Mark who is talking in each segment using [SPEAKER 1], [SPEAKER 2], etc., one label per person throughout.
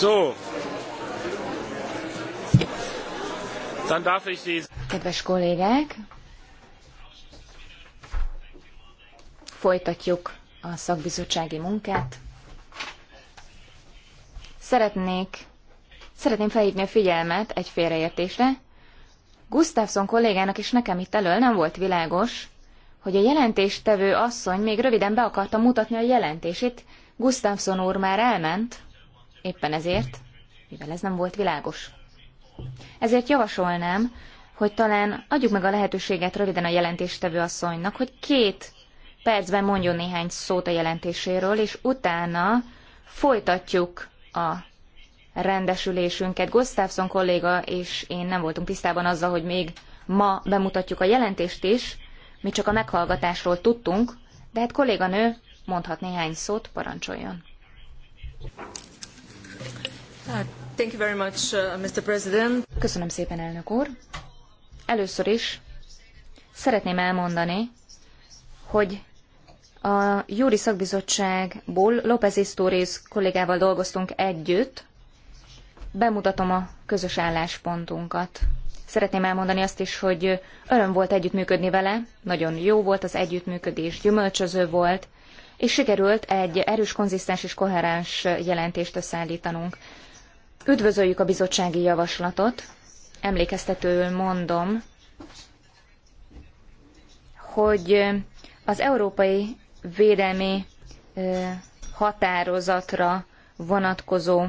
[SPEAKER 1] So. Dann darf ich Sie...
[SPEAKER 2] Kedves kollégák, folytatjuk a szakbizottsági munkát. Szeretnék, szeretném felhívni a figyelmet egy félreértésre. Gustafsson kollégának és nekem itt elől nem volt világos, hogy a jelentéstevő asszony még röviden be akarta mutatni a jelentését. Gustafsson úr már elment, Éppen ezért, mivel ez nem volt világos. Ezért javasolnám, hogy talán adjuk meg a lehetőséget röviden a jelentéstevő asszonynak, hogy két percben mondjon néhány szót a jelentéséről, és utána folytatjuk a rendesülésünket. Gustafsson kolléga és én nem voltunk tisztában azzal, hogy még ma bemutatjuk a jelentést is, mi csak a meghallgatásról tudtunk, de hát kolléganő mondhat néhány szót, parancsoljon.
[SPEAKER 3] Uh, thank you very much, uh, Mr. President.
[SPEAKER 2] Köszönöm szépen, elnök úr. Először is szeretném elmondani, hogy a Júri Szakbizottságból López Istórész kollégával dolgoztunk együtt. Bemutatom a közös álláspontunkat. Szeretném elmondani azt is, hogy öröm volt együttműködni vele, nagyon jó volt az együttműködés, gyümölcsöző volt, és sikerült egy erős, konzisztens és koherens jelentést összeállítanunk. Üdvözöljük a bizottsági javaslatot. Emlékeztetőül mondom, hogy az európai védelmi határozatra vonatkozó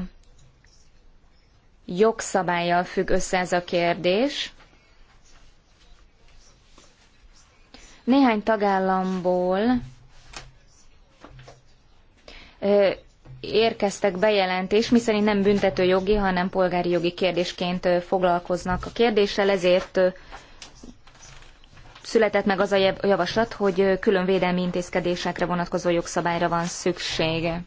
[SPEAKER 2] jogszabályjal függ össze ez a kérdés. Néhány tagállamból érkeztek bejelentés, miszerint nem büntető jogi, hanem polgári jogi kérdésként foglalkoznak a kérdéssel, ezért született meg az a javaslat, hogy külön védelmi intézkedésekre vonatkozó jogszabályra van szüksége.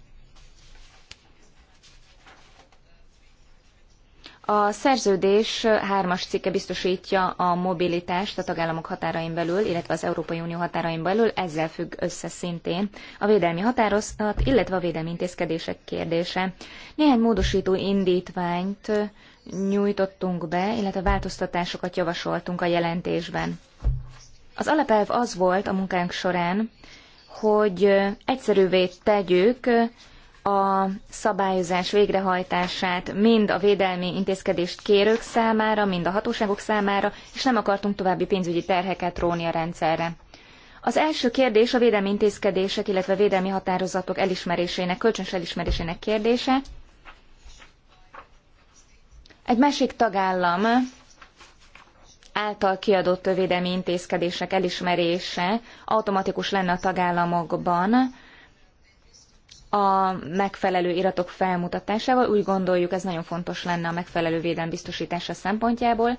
[SPEAKER 2] A szerződés hármas cikke biztosítja a mobilitást a tagállamok határain belül, illetve az Európai Unió határain belül, ezzel függ össze szintén a védelmi határozat, illetve a védelmi intézkedések kérdése. Néhány módosító indítványt nyújtottunk be, illetve változtatásokat javasoltunk a jelentésben. Az alapelv az volt a munkánk során, hogy egyszerűvé tegyük a szabályozás végrehajtását mind a védelmi intézkedést kérők számára, mind a hatóságok számára, és nem akartunk további pénzügyi terheket róni a rendszerre. Az első kérdés a védelmi intézkedések, illetve védelmi határozatok elismerésének, kölcsönös elismerésének kérdése. Egy másik tagállam által kiadott védelmi intézkedések elismerése automatikus lenne a tagállamokban, a megfelelő iratok felmutatásával. Úgy gondoljuk, ez nagyon fontos lenne a megfelelő védelem biztosítása szempontjából.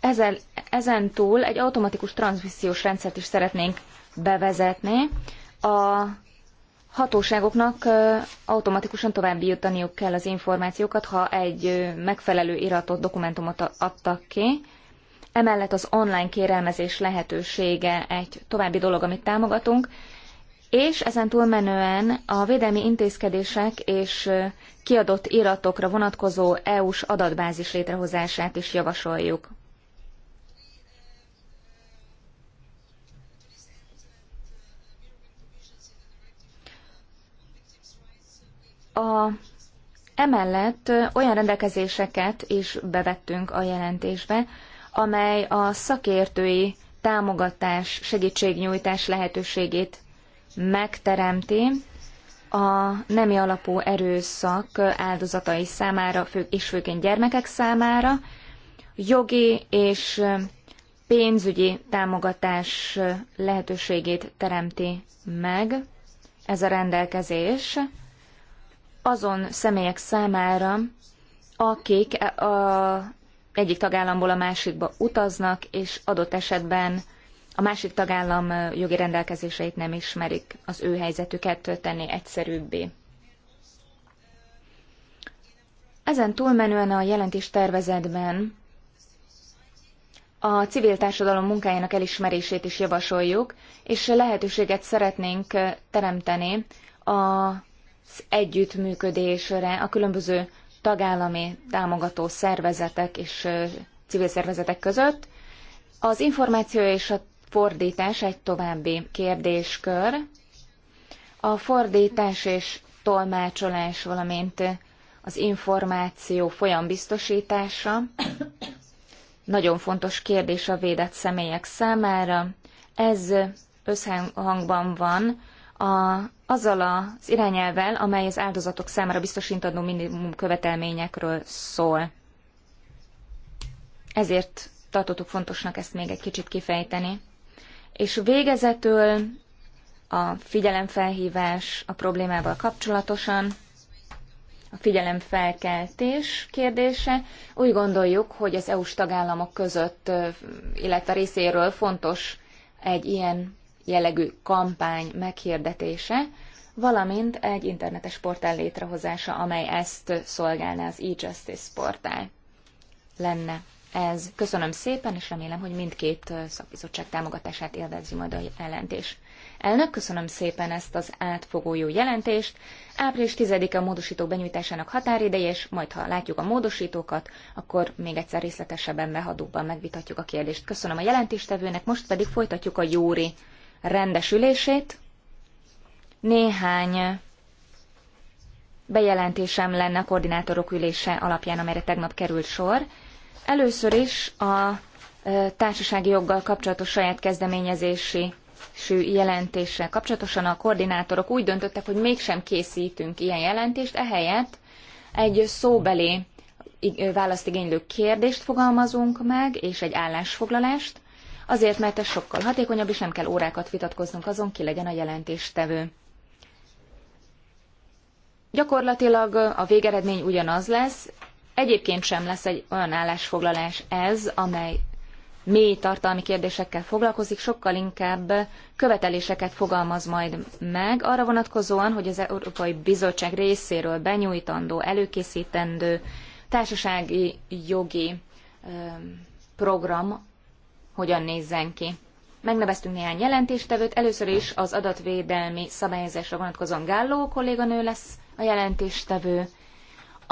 [SPEAKER 2] Ezen, ezen túl egy automatikus transmissziós rendszert is szeretnénk bevezetni. A hatóságoknak automatikusan további jutaniuk kell az információkat, ha egy megfelelő iratot, dokumentumot adtak ki. Emellett az online kérelmezés lehetősége egy további dolog, amit támogatunk és ezen túlmenően a védelmi intézkedések és kiadott iratokra vonatkozó EU-s adatbázis létrehozását is javasoljuk. A, emellett olyan rendelkezéseket is bevettünk a jelentésbe, amely a szakértői támogatás, segítségnyújtás lehetőségét megteremti a nemi alapú erőszak áldozatai számára, és főként gyermekek számára, jogi és pénzügyi támogatás lehetőségét teremti meg ez a rendelkezés azon személyek számára, akik a, egyik tagállamból a másikba utaznak, és adott esetben a másik tagállam jogi rendelkezéseit nem ismerik, az ő helyzetüket tenni egyszerűbbé. Ezen túlmenően a jelentés tervezetben a civil társadalom munkájának elismerését is javasoljuk, és lehetőséget szeretnénk teremteni az együttműködésre a különböző tagállami támogató szervezetek és civil szervezetek között. Az információ és a fordítás egy további kérdéskör. A fordítás és tolmácsolás, valamint az információ folyam biztosítása nagyon fontos kérdés a védett személyek számára. Ez összhangban van a, azzal az irányelvel, amely az áldozatok számára biztosítandó minimum követelményekről szól. Ezért tartottuk fontosnak ezt még egy kicsit kifejteni. És végezetül a figyelemfelhívás a problémával kapcsolatosan, a figyelemfelkeltés kérdése. Úgy gondoljuk, hogy az EU-s tagállamok között, illetve részéről fontos egy ilyen jellegű kampány meghirdetése, valamint egy internetes portál létrehozása, amely ezt szolgálná az e-justice portál lenne ez. Köszönöm szépen, és remélem, hogy mindkét szakbizottság támogatását élvezi majd a jelentés. Elnök, köszönöm szépen ezt az átfogó jó jelentést. Április 10-e a módosítók benyújtásának határideje, és majd ha látjuk a módosítókat, akkor még egyszer részletesebben, behadóban megvitatjuk a kérdést. Köszönöm a jelentéstevőnek, most pedig folytatjuk a Jóri rendesülését. Néhány bejelentésem lenne a koordinátorok ülése alapján, amelyre tegnap került sor. Először is a e, társasági joggal kapcsolatos saját kezdeményezési jelentéssel kapcsolatosan a koordinátorok úgy döntöttek, hogy mégsem készítünk ilyen jelentést, ehelyett egy szóbeli e, választigénylő kérdést fogalmazunk meg, és egy állásfoglalást, azért, mert ez sokkal hatékonyabb, és nem kell órákat vitatkoznunk azon, ki legyen a jelentéstevő. Gyakorlatilag a végeredmény ugyanaz lesz, Egyébként sem lesz egy olyan állásfoglalás ez, amely mély tartalmi kérdésekkel foglalkozik, sokkal inkább követeléseket fogalmaz majd meg arra vonatkozóan, hogy az Európai Bizottság részéről benyújtandó, előkészítendő társasági jogi program hogyan nézzen ki. Megneveztünk néhány jelentéstevőt, először is az adatvédelmi szabályozásra vonatkozóan Gálló kolléganő lesz a jelentéstevő,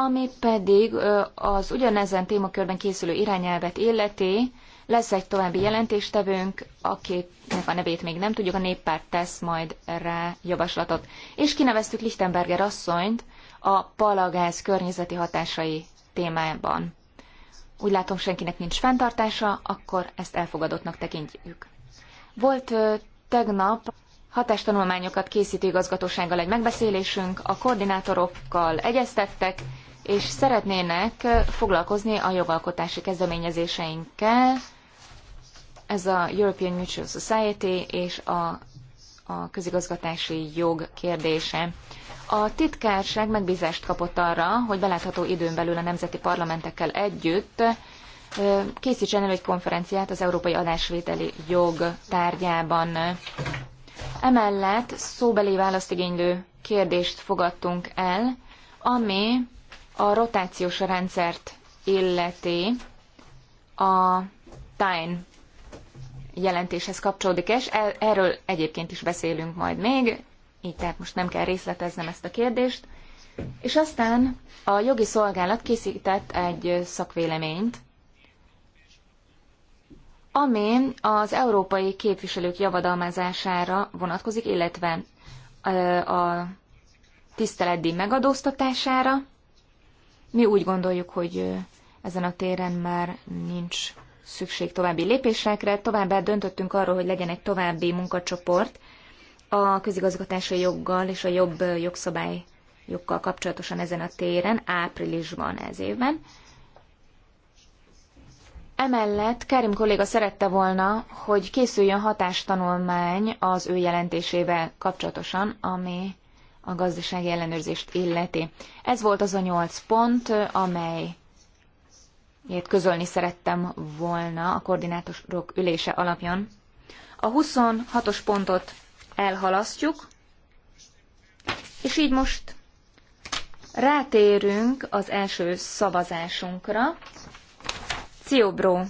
[SPEAKER 2] ami pedig az ugyanezen témakörben készülő irányelvet illeti, lesz egy további jelentéstevőnk, akinek a nevét még nem tudjuk, a néppárt tesz majd rá javaslatot. És kineveztük Lichtenberger asszonyt a palagáz környezeti hatásai témájában. Úgy látom, senkinek nincs fenntartása, akkor ezt elfogadottnak tekintjük. Volt tegnap hatástanulmányokat készítő igazgatósággal egy megbeszélésünk, a koordinátorokkal egyeztettek, és szeretnének foglalkozni a jogalkotási kezdeményezéseinkkel. Ez a European Mutual Society és a, a közigazgatási jog kérdése. A titkárság megbízást kapott arra, hogy belátható időn belül a nemzeti parlamentekkel együtt készítsen el egy konferenciát az európai adásvételi jog tárgyában. Emellett szóbeli választigénylő kérdést fogadtunk el, ami a rotációs rendszert illeti a Time jelentéshez kapcsolódik, és e- erről egyébként is beszélünk majd még, így tehát most nem kell részleteznem ezt a kérdést. És aztán a jogi szolgálat készített egy szakvéleményt, ami az európai képviselők javadalmazására vonatkozik, illetve a tiszteletdíj megadóztatására, mi úgy gondoljuk, hogy ezen a téren már nincs szükség további lépésekre, továbbá döntöttünk arról, hogy legyen egy további munkacsoport a közigazgatási joggal és a jobb jogszabály jogkal kapcsolatosan ezen a téren, áprilisban ez évben. Emellett Kerim kolléga szerette volna, hogy készüljön hatástanulmány az ő jelentésével kapcsolatosan, ami a gazdasági ellenőrzést illeti. Ez volt az a nyolc pont, amely Ilyet közölni szerettem volna a koordinátorok ülése alapján. A 26-os pontot elhalasztjuk, és így most rátérünk az első szavazásunkra. Ciobró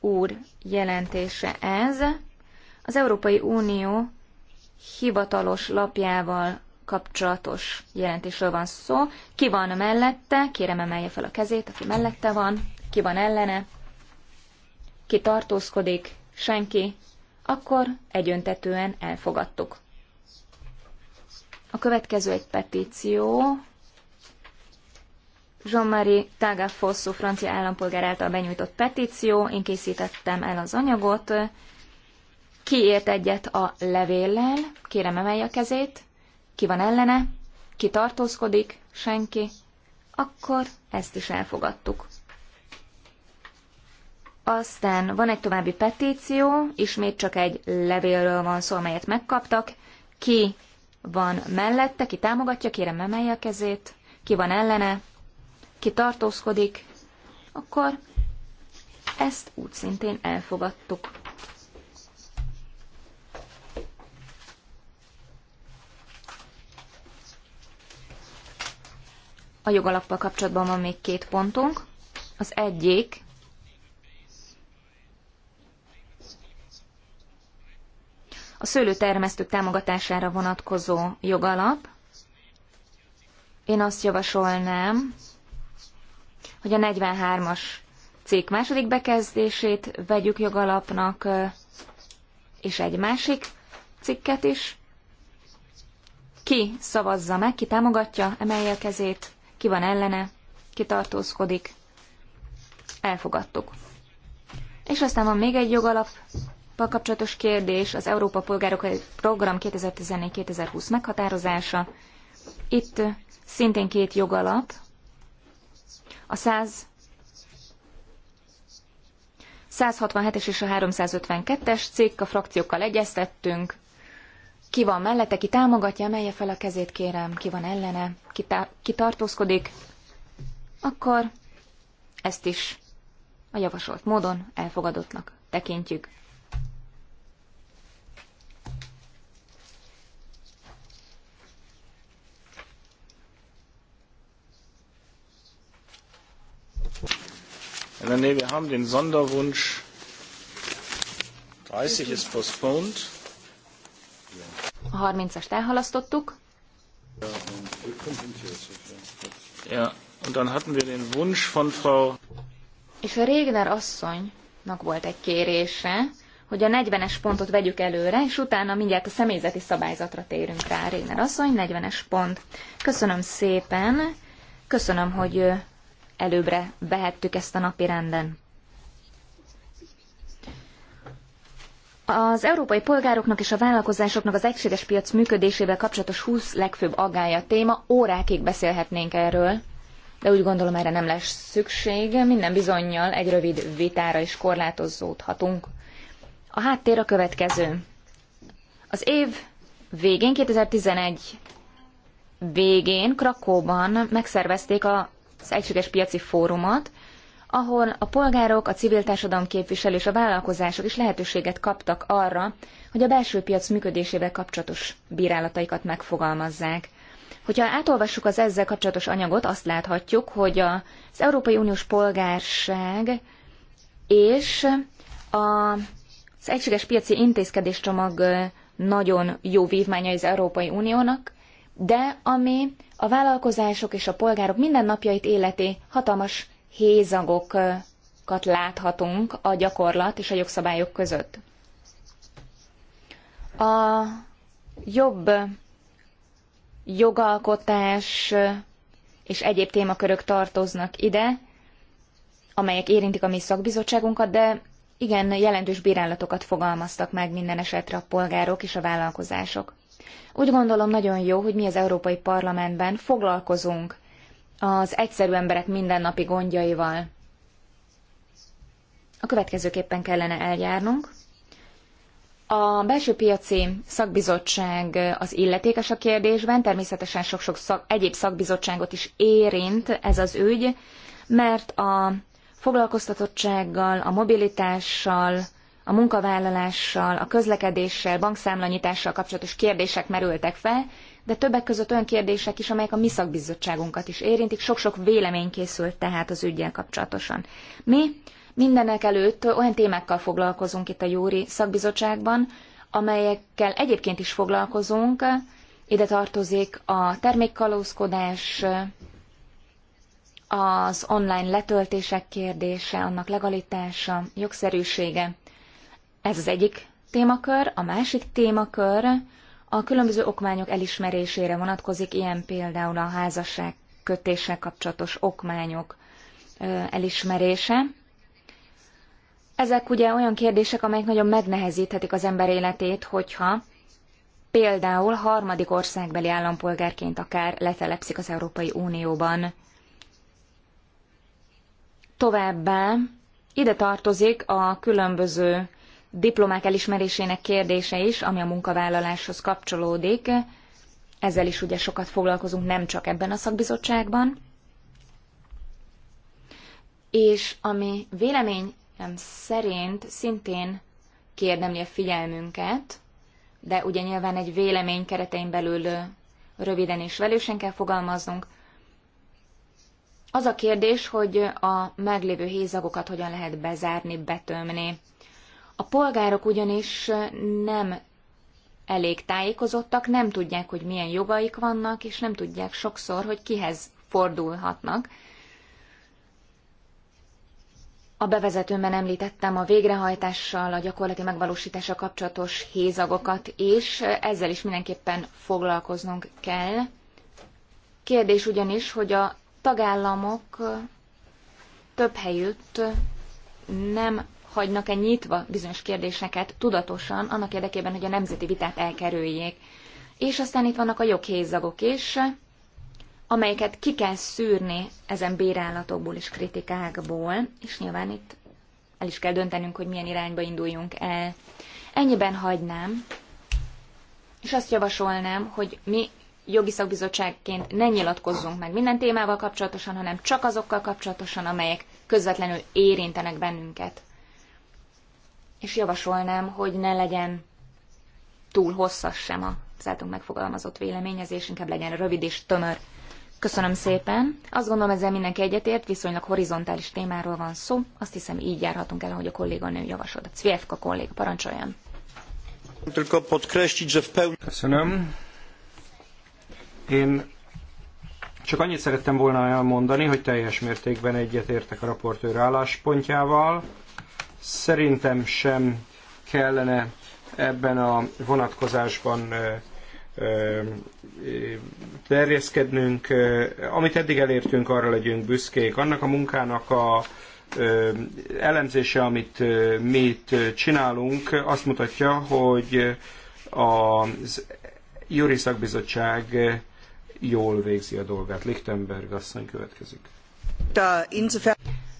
[SPEAKER 2] úr jelentése ez. Az Európai Unió hivatalos lapjával kapcsolatos jelentésről van szó. Ki van mellette? Kérem emelje fel a kezét, aki mellette van. Ki van ellene? Ki tartózkodik? Senki. Akkor egyöntetően elfogadtuk. A következő egy petíció. Jean-Marie Taga francia állampolgár által benyújtott petíció. Én készítettem el az anyagot. Ki ért egyet a levéllel? Kérem emelje a kezét. Ki van ellene? Ki tartózkodik? Senki. Akkor ezt is elfogadtuk. Aztán van egy további petíció, ismét csak egy levélről van szó, amelyet megkaptak. Ki van mellette, ki támogatja, kérem emelje a kezét, ki van ellene, ki tartózkodik, akkor ezt úgy szintén elfogadtuk. A jogalappal kapcsolatban van még két pontunk. Az egyik a szőlőtermesztők támogatására vonatkozó jogalap. Én azt javasolnám, hogy a 43-as cég második bekezdését vegyük jogalapnak, és egy másik cikket is. Ki szavazza meg, ki támogatja, emelje a kezét ki van ellene, ki tartózkodik, elfogadtuk. És aztán van még egy jogalap, kapcsolatos kérdés, az Európa Polgárok Program 2014-2020 meghatározása. Itt szintén két jogalap, a 100 167-es és a 352-es cikk, a frakciókkal egyeztettünk, ki van mellette, ki támogatja, emelje fel a kezét, kérem. Ki van ellene, ki, tá- ki tartózkodik. Akkor ezt is a javasolt módon elfogadottnak tekintjük.
[SPEAKER 1] Wir haben den Sonderwunsch 30 ist postponed.
[SPEAKER 2] A 30-ast elhalasztottuk. Ja, und dann hatten wir den Wunsch von Frau... És a Régner asszonynak volt egy kérése, hogy a 40-es pontot vegyük előre, és utána mindjárt a személyzeti szabályzatra térünk rá. Régner asszony, 40-es pont. Köszönöm szépen, köszönöm, hogy előbbre behettük ezt a napi renden. Az európai polgároknak és a vállalkozásoknak az egységes piac működésével kapcsolatos 20 legfőbb aggája téma, órákig beszélhetnénk erről, de úgy gondolom erre nem lesz szükség, minden bizonyjal, egy rövid vitára is korlátozódhatunk. A háttér a következő. Az év végén, 2011 végén Krakóban megszervezték az Egységes Piaci Fórumot, ahol a polgárok, a civil társadalom képviselő és a vállalkozások is lehetőséget kaptak arra, hogy a belső piac működésével kapcsolatos bírálataikat megfogalmazzák. Hogyha átolvassuk az ezzel kapcsolatos anyagot, azt láthatjuk, hogy az Európai Uniós polgárság és az egységes piaci intézkedéscsomag nagyon jó vívmánya az Európai Uniónak, de ami a vállalkozások és a polgárok mindennapjait életé hatalmas hézagokat láthatunk a gyakorlat és a jogszabályok között. A jobb jogalkotás és egyéb témakörök tartoznak ide, amelyek érintik a mi szakbizottságunkat, de igen, jelentős bírálatokat fogalmaztak meg minden esetre a polgárok és a vállalkozások. Úgy gondolom nagyon jó, hogy mi az Európai Parlamentben foglalkozunk az egyszerű emberek mindennapi gondjaival. A következőképpen kellene eljárnunk. A belső piaci szakbizottság az illetékes a kérdésben, természetesen sok-sok szak, egyéb szakbizottságot is érint ez az ügy, mert a foglalkoztatottsággal, a mobilitással, a munkavállalással, a közlekedéssel, bankszámlanyítással kapcsolatos kérdések merültek fel, de többek között olyan kérdések is, amelyek a mi szakbizottságunkat is érintik. Sok-sok vélemény készült tehát az ügyel kapcsolatosan. Mi mindenek előtt olyan témákkal foglalkozunk itt a Júri szakbizottságban, amelyekkel egyébként is foglalkozunk. Ide tartozik a termékkalózkodás, az online letöltések kérdése, annak legalitása, jogszerűsége. Ez az egyik témakör. A másik témakör a különböző okmányok elismerésére vonatkozik, ilyen például a házasság kötéssel kapcsolatos okmányok elismerése. Ezek ugye olyan kérdések, amelyek nagyon megnehezíthetik az ember életét, hogyha például harmadik országbeli állampolgárként akár letelepszik az Európai Unióban. Továbbá ide tartozik a különböző diplomák elismerésének kérdése is, ami a munkavállaláshoz kapcsolódik. Ezzel is ugye sokat foglalkozunk, nem csak ebben a szakbizottságban. És ami véleményem szerint szintén kérdemli a figyelmünket, de ugye nyilván egy vélemény keretein belül röviden és velősen kell fogalmaznunk. Az a kérdés, hogy a meglévő hézagokat hogyan lehet bezárni, betömni. A polgárok ugyanis nem elég tájékozottak, nem tudják, hogy milyen jogaik vannak, és nem tudják sokszor, hogy kihez fordulhatnak. A bevezetőmben említettem a végrehajtással, a gyakorlati megvalósítása kapcsolatos hézagokat, és ezzel is mindenképpen foglalkoznunk kell. Kérdés ugyanis, hogy a tagállamok több helyütt nem hagynak-e nyitva bizonyos kérdéseket tudatosan, annak érdekében, hogy a nemzeti vitát elkerüljék. És aztán itt vannak a joghézagok is, amelyeket ki kell szűrni ezen bérállatokból és kritikákból, és nyilván itt el is kell döntenünk, hogy milyen irányba induljunk el. Ennyiben hagynám, és azt javasolnám, hogy mi jogi szakbizottságként ne nyilatkozzunk meg minden témával kapcsolatosan, hanem csak azokkal kapcsolatosan, amelyek közvetlenül érintenek bennünket és javasolnám, hogy ne legyen túl hosszas sem a szálltunk megfogalmazott véleményezés, inkább legyen rövid és tömör. Köszönöm szépen. Azt gondolom, ezzel mindenki egyetért, viszonylag horizontális témáról van szó. Azt hiszem, így járhatunk el, ahogy a kolléganő javasolt. A Cvjefka kolléga, parancsoljon.
[SPEAKER 1] Köszönöm. Én csak annyit szerettem volna elmondani, hogy teljes mértékben egyetértek a raportőr álláspontjával. Szerintem sem kellene ebben a vonatkozásban terjeszkednünk. Amit eddig elértünk, arra legyünk büszkék. Annak a munkának a elemzése, amit mi itt csinálunk, azt mutatja, hogy az Juri Szakbizottság jól végzi a dolgát. Lichtenberg asszony következik.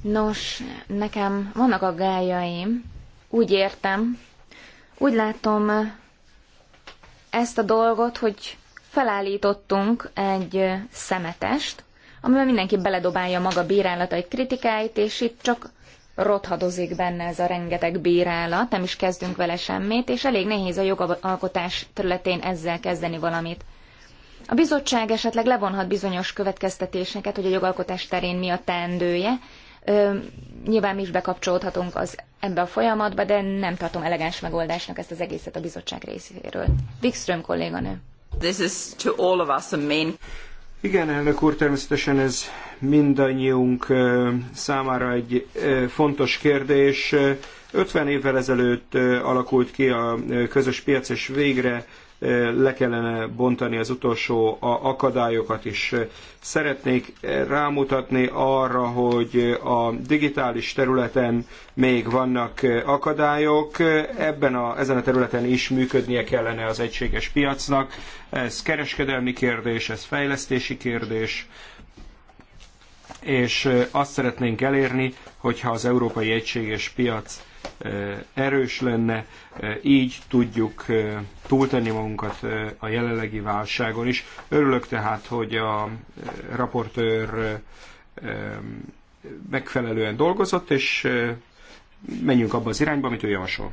[SPEAKER 2] Nos, nekem vannak a gályaim, úgy értem, úgy látom ezt a dolgot, hogy felállítottunk egy szemetest, amiben mindenki beledobálja maga bírálatait, kritikáit, és itt csak rothadozik benne ez a rengeteg bírálat, nem is kezdünk vele semmit, és elég nehéz a jogalkotás területén ezzel kezdeni valamit. A bizottság esetleg levonhat bizonyos következtetéseket, hogy a jogalkotás terén mi a teendője, Nyilván mi is bekapcsolódhatunk az, ebbe a folyamatba, de nem tartom elegáns megoldásnak ezt az egészet a bizottság részéről. Wikström kolléganő.
[SPEAKER 1] This is to all of us a main... Igen, elnök úr, természetesen ez mindannyiunk számára egy fontos kérdés. 50 évvel ezelőtt alakult ki a közös piac, és végre le kellene bontani az utolsó akadályokat is. Szeretnék rámutatni arra, hogy a digitális területen még vannak akadályok, ebben a, ezen a területen is működnie kellene az egységes piacnak. Ez kereskedelmi kérdés, ez fejlesztési kérdés, és azt szeretnénk elérni, hogyha az európai egységes piac erős lenne, így tudjuk túltenni magunkat a jelenlegi válságon is. Örülök tehát, hogy a raportőr megfelelően dolgozott, és menjünk abba az irányba, amit ő javasol.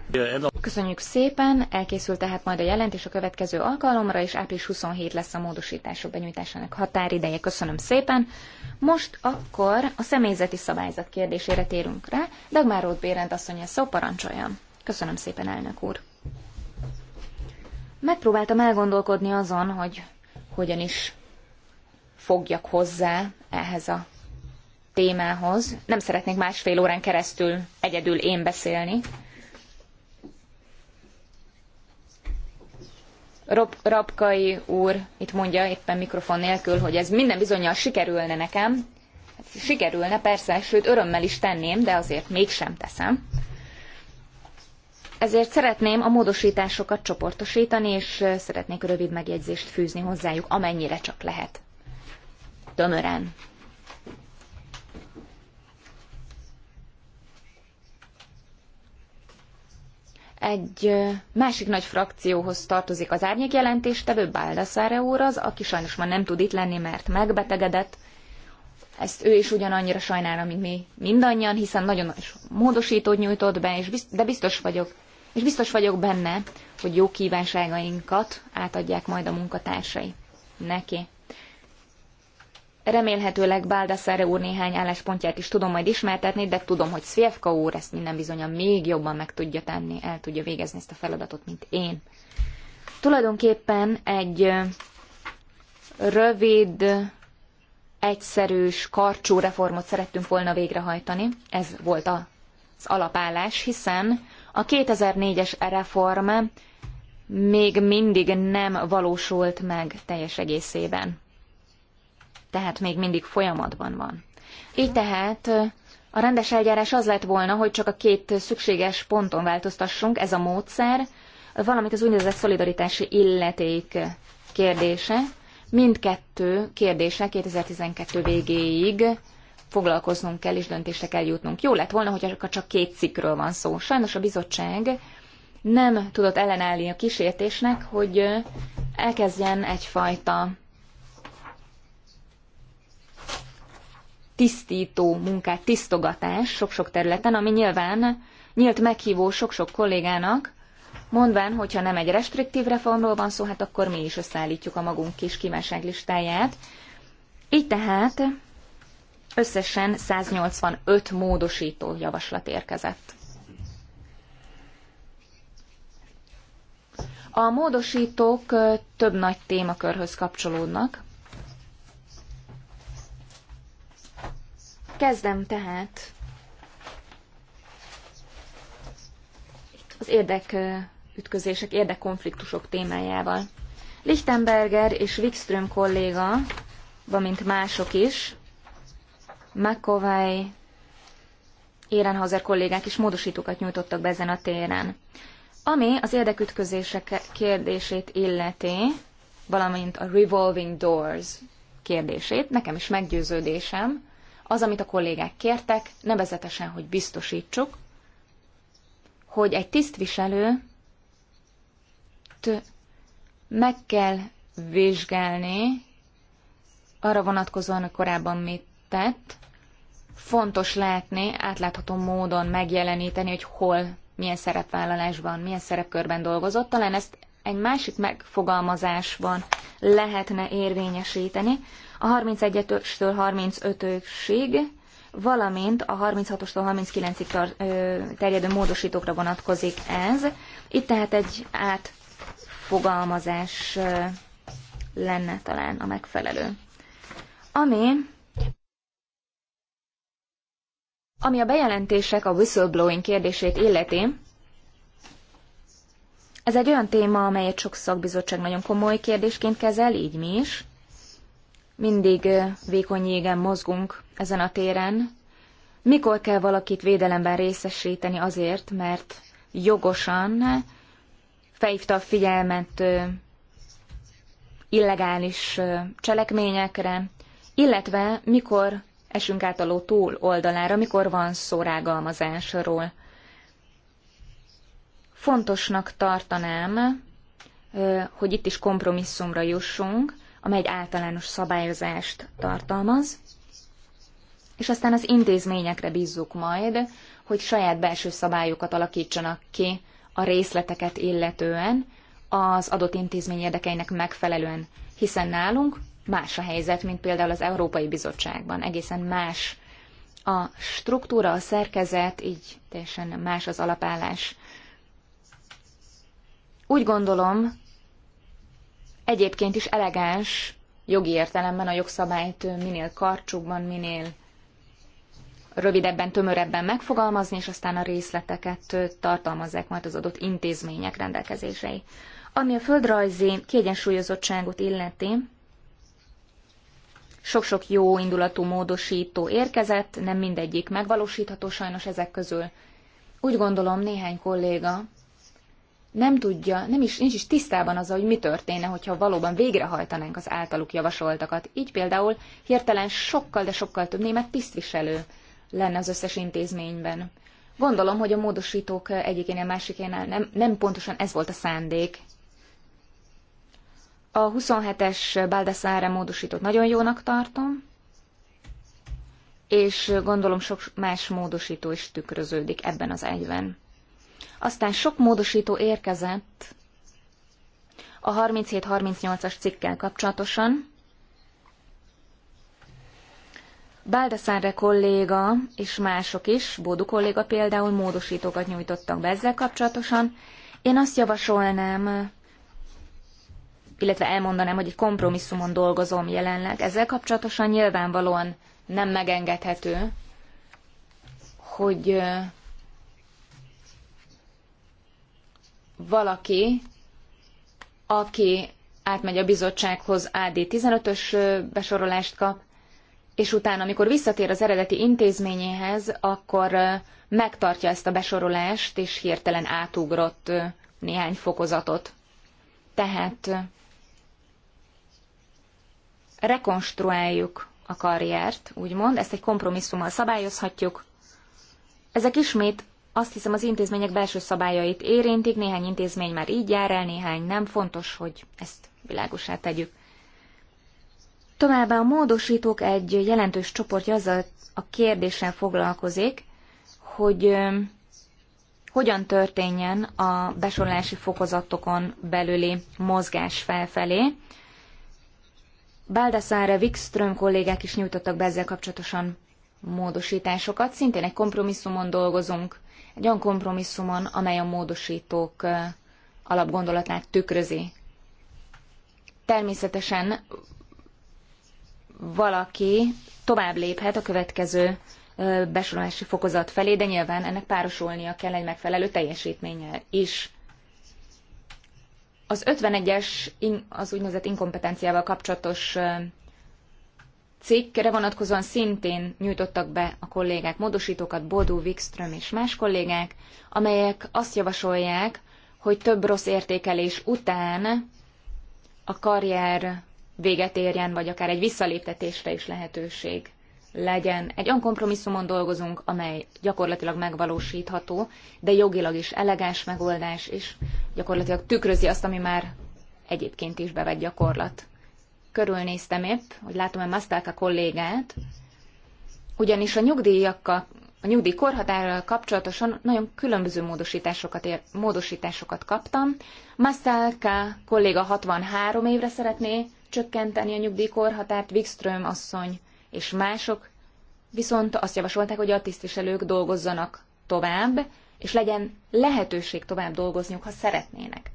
[SPEAKER 2] Köszönjük szépen, elkészült tehát majd a jelentés a következő alkalomra, és április 27 lesz a módosítások benyújtásának határideje. Köszönöm szépen. Most akkor a személyzeti szabályzat kérdésére térünk rá. Dagmár Rót Bérend asszonya szó parancsoljam. Köszönöm szépen, elnök úr. Megpróbáltam elgondolkodni azon, hogy hogyan is fogjak hozzá ehhez a témához. Nem szeretnék másfél órán keresztül egyedül én beszélni. Rob, Rabkai úr itt mondja éppen mikrofon nélkül, hogy ez minden bizonyal sikerülne nekem. Hát sikerülne persze, sőt örömmel is tenném, de azért mégsem teszem. Ezért szeretném a módosításokat csoportosítani, és szeretnék rövid megjegyzést fűzni hozzájuk, amennyire csak lehet. Tömören. egy másik nagy frakcióhoz tartozik az árnyék jelentéstevő, Baldassare úr az, aki sajnos már nem tud itt lenni, mert megbetegedett. Ezt ő is ugyanannyira sajnálom, mint mi mindannyian, hiszen nagyon nagy módosítót nyújtott be, és de biztos vagyok, és biztos vagyok benne, hogy jó kívánságainkat átadják majd a munkatársai neki. Remélhetőleg Baldassare úr néhány álláspontját is tudom majd ismertetni, de tudom, hogy Szvjevka úr ezt minden bizonyan még jobban meg tudja tenni, el tudja végezni ezt a feladatot, mint én. Tulajdonképpen egy rövid, egyszerűs, karcsú reformot szerettünk volna végrehajtani. Ez volt az alapállás, hiszen a 2004-es reform még mindig nem valósult meg teljes egészében tehát még mindig folyamatban van. Így tehát a rendes eljárás az lett volna, hogy csak a két szükséges ponton változtassunk, ez a módszer, valamint az úgynevezett szolidaritási illeték kérdése. Mindkettő kérdése 2012 végéig foglalkoznunk kell és döntésre kell jutnunk. Jó lett volna, hogy csak két cikkről van szó. Sajnos a bizottság nem tudott ellenállni a kísértésnek, hogy elkezdjen egyfajta tisztító munkát, tisztogatás sok-sok területen, ami nyilván nyílt meghívó sok-sok kollégának, mondván, hogyha nem egy restriktív reformról van szó, hát akkor mi is összeállítjuk a magunk kis listáját. Így tehát összesen 185 módosító javaslat érkezett. A módosítók több nagy témakörhöz kapcsolódnak. Kezdem tehát az érdekütközések, érdekkonfliktusok témájával. Lichtenberger és Wikström kolléga, valamint mások is, McCovey, Érenhauser kollégák is módosítókat nyújtottak be ezen a téren. Ami az érdekütközések kérdését illeti, valamint a revolving doors kérdését, nekem is meggyőződésem, az, amit a kollégák kértek, nevezetesen, hogy biztosítsuk, hogy egy tisztviselő meg kell vizsgálni arra vonatkozóan, hogy korábban mit tett, fontos látni, átlátható módon megjeleníteni, hogy hol, milyen szerepvállalásban, milyen szerepkörben dolgozott. Talán ezt egy másik megfogalmazásban lehetne érvényesíteni, a 31-től 35-ösig, valamint a 36-ostól 39-ig terjedő módosítókra vonatkozik ez. Itt tehát egy átfogalmazás lenne talán a megfelelő. Ami ami a bejelentések, a whistleblowing kérdését illeti, ez egy olyan téma, amelyet sok szakbizottság nagyon komoly kérdésként kezel, így mi is mindig vékony jégen mozgunk ezen a téren. Mikor kell valakit védelemben részesíteni azért, mert jogosan felhívta a figyelmet illegális cselekményekre, illetve mikor esünk át a ló túl oldalára, mikor van szó rágalmazásról. Fontosnak tartanám, hogy itt is kompromisszumra jussunk, amely egy általános szabályozást tartalmaz, és aztán az intézményekre bízzuk majd, hogy saját belső szabályokat alakítsanak ki a részleteket illetően, az adott intézmény érdekeinek megfelelően, hiszen nálunk más a helyzet, mint például az Európai Bizottságban. Egészen más a struktúra, a szerkezet, így teljesen más az alapállás. Úgy gondolom, egyébként is elegáns jogi értelemben a jogszabályt minél karcsúbban, minél rövidebben, tömörebben megfogalmazni, és aztán a részleteket tartalmazzák majd az adott intézmények rendelkezései. Ami a földrajzi kiegyensúlyozottságot illeti, sok-sok jó indulatú módosító érkezett, nem mindegyik megvalósítható sajnos ezek közül. Úgy gondolom néhány kolléga nem tudja, nem is, nincs is tisztában azzal, hogy mi történne, hogyha valóban végrehajtanánk az általuk javasoltakat. Így például hirtelen sokkal, de sokkal több német tisztviselő lenne az összes intézményben. Gondolom, hogy a módosítók egyikénél másikénál nem, nem pontosan ez volt a szándék. A 27-es Baldassare módosítót nagyon jónak tartom, és gondolom sok más módosító is tükröződik ebben az egyben. Aztán sok módosító érkezett a 37-38-as cikkkel kapcsolatosan. Báldeszáre kolléga és mások is, Bódu kolléga például módosítókat nyújtottak be ezzel kapcsolatosan. Én azt javasolnám, illetve elmondanám, hogy egy kompromisszumon dolgozom jelenleg. Ezzel kapcsolatosan nyilvánvalóan nem megengedhető, hogy valaki, aki átmegy a bizottsághoz, AD15-ös besorolást kap, és utána, amikor visszatér az eredeti intézményéhez, akkor megtartja ezt a besorolást, és hirtelen átugrott néhány fokozatot. Tehát rekonstruáljuk a karriert, úgymond, ezt egy kompromisszummal szabályozhatjuk. Ezek ismét azt hiszem az intézmények belső szabályait érintik, néhány intézmény már így jár el, néhány nem, fontos, hogy ezt világosá tegyük. Továbbá a módosítók egy jelentős csoportja azzal a kérdéssel foglalkozik, hogy hogyan történjen a besorolási fokozatokon belüli mozgás felfelé. Baldassare Wikström kollégák is nyújtottak be ezzel kapcsolatosan módosításokat. Szintén egy kompromisszumon dolgozunk egy olyan kompromisszumon, amely a módosítók alapgondolatát tükrözi. Természetesen valaki tovább léphet a következő besorolási fokozat felé, de nyilván ennek párosulnia kell egy megfelelő teljesítménnyel is. Az 51-es, az úgynevezett inkompetenciával kapcsolatos cikkre vonatkozóan szintén nyújtottak be a kollégák módosítókat, Bodó, Wikström és más kollégák, amelyek azt javasolják, hogy több rossz értékelés után a karrier véget érjen, vagy akár egy visszaléptetésre is lehetőség legyen. Egy olyan kompromisszumon dolgozunk, amely gyakorlatilag megvalósítható, de jogilag is elegáns megoldás, és gyakorlatilag tükrözi azt, ami már egyébként is bevett gyakorlat körülnéztem épp, hogy látom-e Masztálka kollégát, ugyanis a nyugdíjakkal, a nyugdíj korhatárral kapcsolatosan nagyon különböző módosításokat, ér, módosításokat kaptam. Masztálka kolléga 63 évre szeretné csökkenteni a nyugdíj korhatárt, Wikström asszony és mások, viszont azt javasolták, hogy a tisztviselők dolgozzanak tovább, és legyen lehetőség tovább dolgozniuk, ha szeretnének.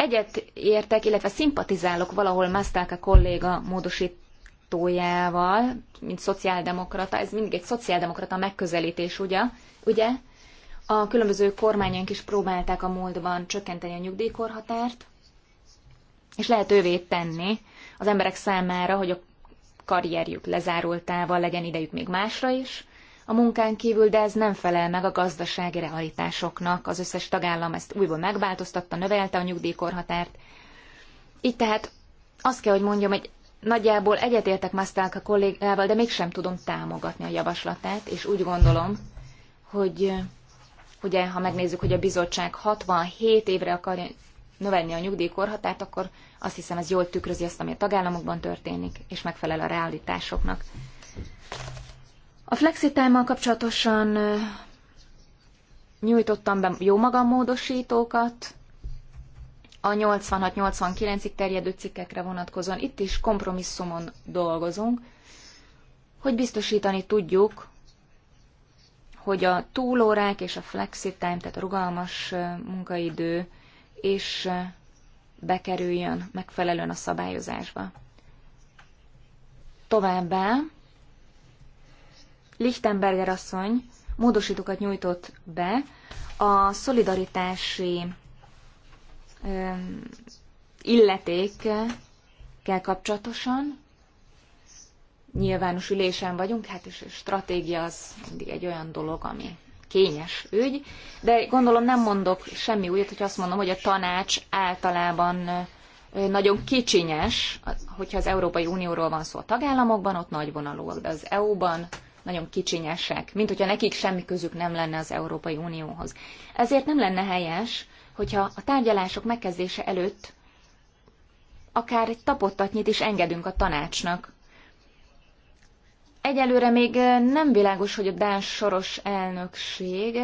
[SPEAKER 2] Egyet értek, illetve szimpatizálok valahol Masztáka kolléga módosítójával, mint szociáldemokrata, ez mindig egy szociáldemokrata megközelítés, ugye? ugye? A különböző kormányok is próbálták a múltban csökkenteni a nyugdíjkorhatárt, és lehetővé tenni az emberek számára, hogy a karrierjük lezárultával legyen idejük még másra is, a munkán kívül, de ez nem felel meg a gazdasági realitásoknak. Az összes tagállam ezt újból megváltoztatta, növelte a nyugdíjkorhatárt. Így tehát azt kell, hogy mondjam, hogy nagyjából egyetértek Masztálka kollégával, de mégsem tudom támogatni a javaslatát, és úgy gondolom, hogy ugye, ha megnézzük, hogy a bizottság 67 évre akarja növelni a nyugdíjkorhatárt, akkor azt hiszem ez jól tükrözi azt, ami a tagállamokban történik, és megfelel a realitásoknak. A flexitámmal kapcsolatosan nyújtottam be jó magam a 86-89-ig terjedő cikkekre vonatkozóan itt is kompromisszumon dolgozunk, hogy biztosítani tudjuk, hogy a túlórák és a flexitime, tehát a rugalmas munkaidő és bekerüljön megfelelően a szabályozásba. Továbbá Lichtenberger asszony módosítókat nyújtott be a szolidaritási illetékkel kapcsolatosan. Nyilvános ülésen vagyunk, hát és a stratégia az mindig egy olyan dolog, ami kényes ügy, de gondolom nem mondok semmi újat, hogy azt mondom, hogy a tanács általában nagyon kicsinyes, hogyha az Európai Unióról van szó a tagállamokban, ott nagyvonalúak, de az EU-ban nagyon kicsinyesek, mint hogyha nekik semmi közük nem lenne az Európai Unióhoz. Ezért nem lenne helyes, hogyha a tárgyalások megkezdése előtt akár egy tapottatnyit is engedünk a tanácsnak. Egyelőre még nem világos, hogy a Dán soros elnökség